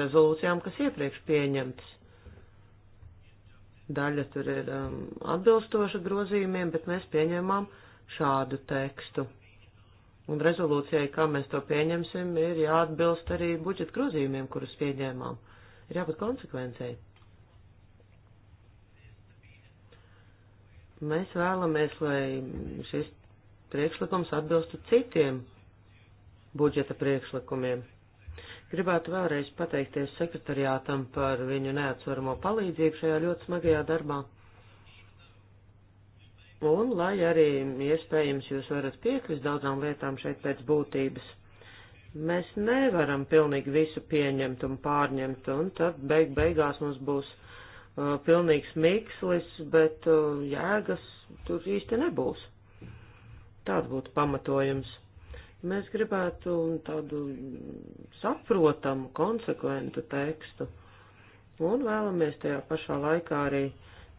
rezolūcijām, kas iepriekš pieņemts. Daļa tur ir um, atbilstoša grozījumiem, bet mēs pieņēmām šādu tekstu. Un rezolūcijai, kā mēs to pieņemsim, ir jāatbilst arī budžeta grozījumiem, kurus pieņēmām. Ir jābūt konsekvencei. Mēs vēlamies, lai šis priekšlikums atbilstu citiem budžeta priekšlikumiem. Gribētu vēlreiz pateikties sekretariātam par viņu neatsvaramo palīdzību šajā ļoti smagajā darbā. Un, lai arī iespējams jūs varat piekrist daudzām lietām šeit pēc būtības, mēs nevaram pilnīgi visu pieņemt un pārņemt, un tad beig beigās mums būs uh, pilnīgs mikslis, bet uh, jēgas tur īsti nebūs. Tāds būtu pamatojums. Mēs gribētu tādu saprotamu, konsekventu tekstu, un vēlamies tajā pašā laikā arī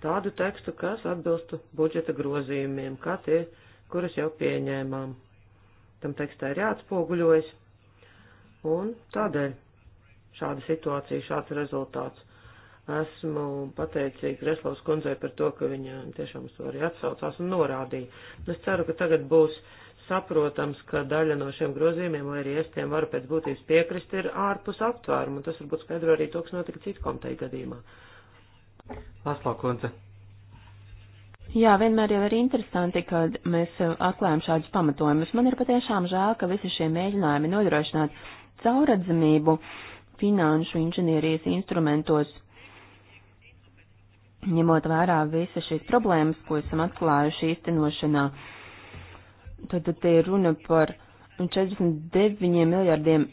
tādu tekstu, kas atbilstu budžeta grozījumiem, kā tie, kurus jau pieņēmām. Tam tekstā ir jāatspoguļojas, un tādēļ šāda situācija, šāds rezultāts. Esmu pateicīga Reslavas kundzei par to, ka viņa tiešām uz to arī atsaucās un norādīja. Es ceru, ka tagad būs saprotams, ka daļa no šiem grozījumiem, lai arī es tiem varu pēc būtības piekrist, ir ārpus aptvērumu, un tas varbūt skaidro arī to, kas notika citu komiteju gadījumā. Laslau kundze. Jā, vienmēr jau ir interesanti, kad mēs atklājam šādus pamatojumus. Man ir patiešām žēl, ka visi šie mēģinājumi nodrošināt cauradzamību finanšu inženierijas instrumentos ņemot vērā visas šīs problēmas, ko esam atklājuši īstenošanā. Tad, tad ir runa par 49 miljardiem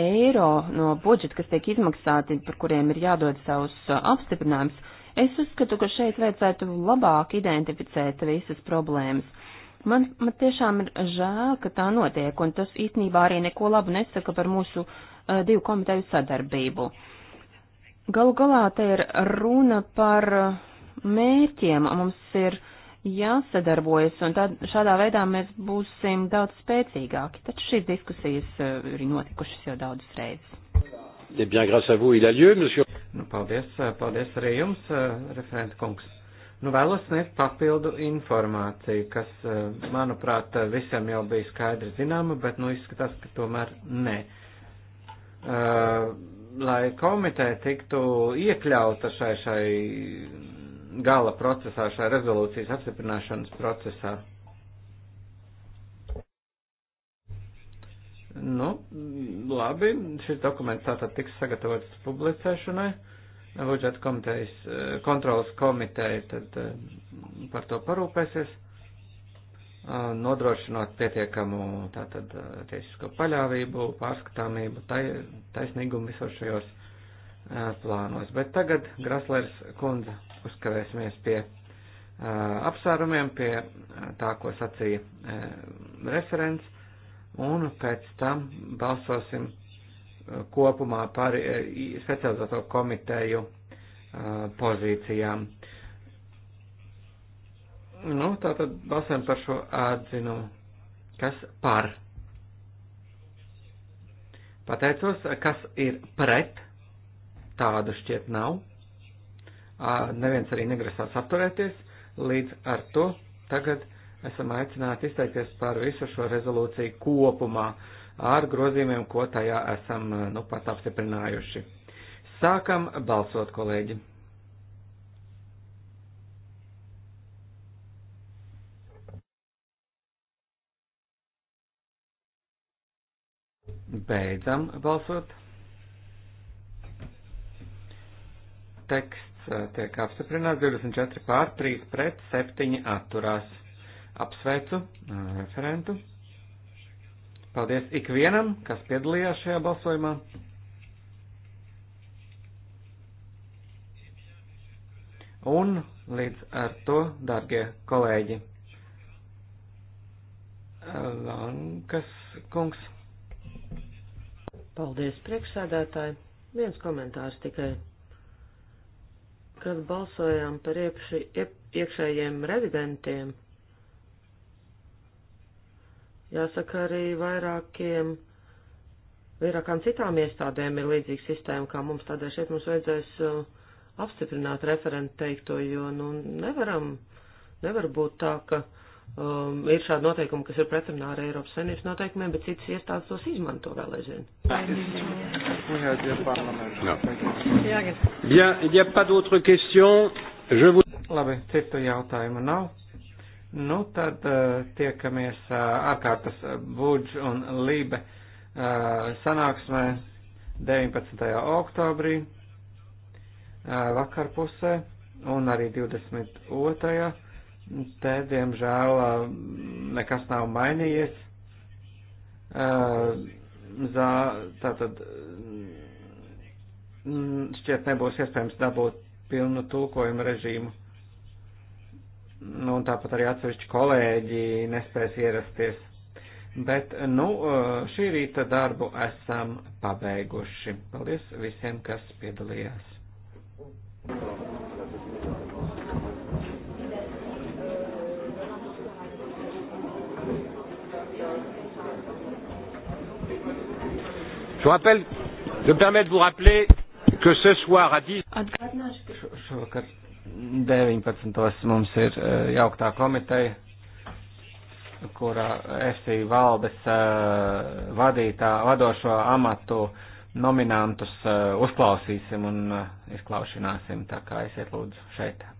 eiro no budžeta, kas tiek izmaksāti, par kuriem ir jādod savus uh, apstiprinājums. Es uzskatu, ka šeit vajadzētu labāk identificēt visas problēmas. Man, man tiešām ir žēl, ka tā notiek, un tas īstenībā arī neko labu nesaka par mūsu uh, divu komiteju sadarbību. Uh, Galu galā te ir runa par uh, mērķiem, mums ir jāsadarbojas, un tad šādā veidā mēs būsim daudz spēcīgāki. Taču šīs diskusijas uh, ir notikušas jau daudzas reizes. Eh bien, grâce à vous, il a lieu, monsieur. Nu, paldies, eh, paldies arī jums, eh, referenta kungs. Nu, vēlos sniegt papildu informāciju, kas, eh, manuprāt, visiem jau bija skaidri zināma, bet, nu, izskatās, ka tomēr nē. Uh, lai komiteja tiktu iekļauta šai, šai gala procesā, šai rezolūcijas apstiprināšanas procesā. Nu, labi, šis dokuments tātad tiks sagatavots publicēšanai. Budžeta komitejas, eh, kontrolas komiteja tad eh, par to parūpēsies nodrošinot pietiekamu tātad tiesisko paļāvību, pārskatāmību, taisnīgumu visos šajos plānos. Bet tagad Graslers kundze uzkavēsimies pie apsvērumiem, pie tā, ko sacīja referents, un pēc tam balsosim kopumā par specializēto komiteju pozīcijām. Uh, Nu, tā tad balsēm par šo atzinumu. Kas par? Pateicos, kas ir pret? Tādu šķiet nav. Neviens arī negrasās apturēties. Līdz ar to tagad esam aicināti izteikties par visu šo rezolūciju kopumā ar grozījumiem, ko tajā esam nu pat apstiprinājuši. Sākam balsot, kolēģi! Beidzam balsot. Teksts eh, tiek apstiprināts 24 pār 3 pret 7 atturās. Apsveicu eh, referentu. Paldies ikvienam, kas piedalījās šajā balsojumā. Un līdz ar to, darbie kolēģi, Lankas kungs Paldies, priekšsēdētāji. Viens komentārs tikai. Kad balsojām par iepši, iep, iekšējiem revidentiem, jāsaka arī vairākiem, vairākām citām iestādēm ir līdzīga sistēma, kā mums tādēļ šeit mums vajadzēs uh, apstiprināt referentu teikto, jo, nu, nevaram, nevar būt tā, ka um, ir šādi noteikumi, kas ir pretrunā ar Eiropas Savienības noteikumiem, bet citas iestādes tos izmanto vēl aizvien. Labi, citu jautājumu nav. Nu, tad uh, tiekamies uh, ārkārtas uh, budž un lībe uh, sanāksmē 19. oktobrī uh, vakarpusē un arī 22. Nu, te, diemžēl, nekas nav mainījies. Zā, tātad šķiet nebūs iespējams dabūt pilnu tulkojumu režīmu. Nu, un tāpat arī atsevišķi kolēģi nespēs ierasties. Bet, nu, šī rīta darbu esam pabeiguši. Paldies visiem, kas piedalījās. Thank you. Je, rappelle, je me permets de vous rappeler que ce soir à 10. Atgādināšu, ka šovakar 19. mums ir eh, jauktā komiteja, kurā FCI valdes eh, vadītā, vadošo amatu nominantus eh, uzklausīsim un izklaušināsim, tā kā esiet lūdzu šeit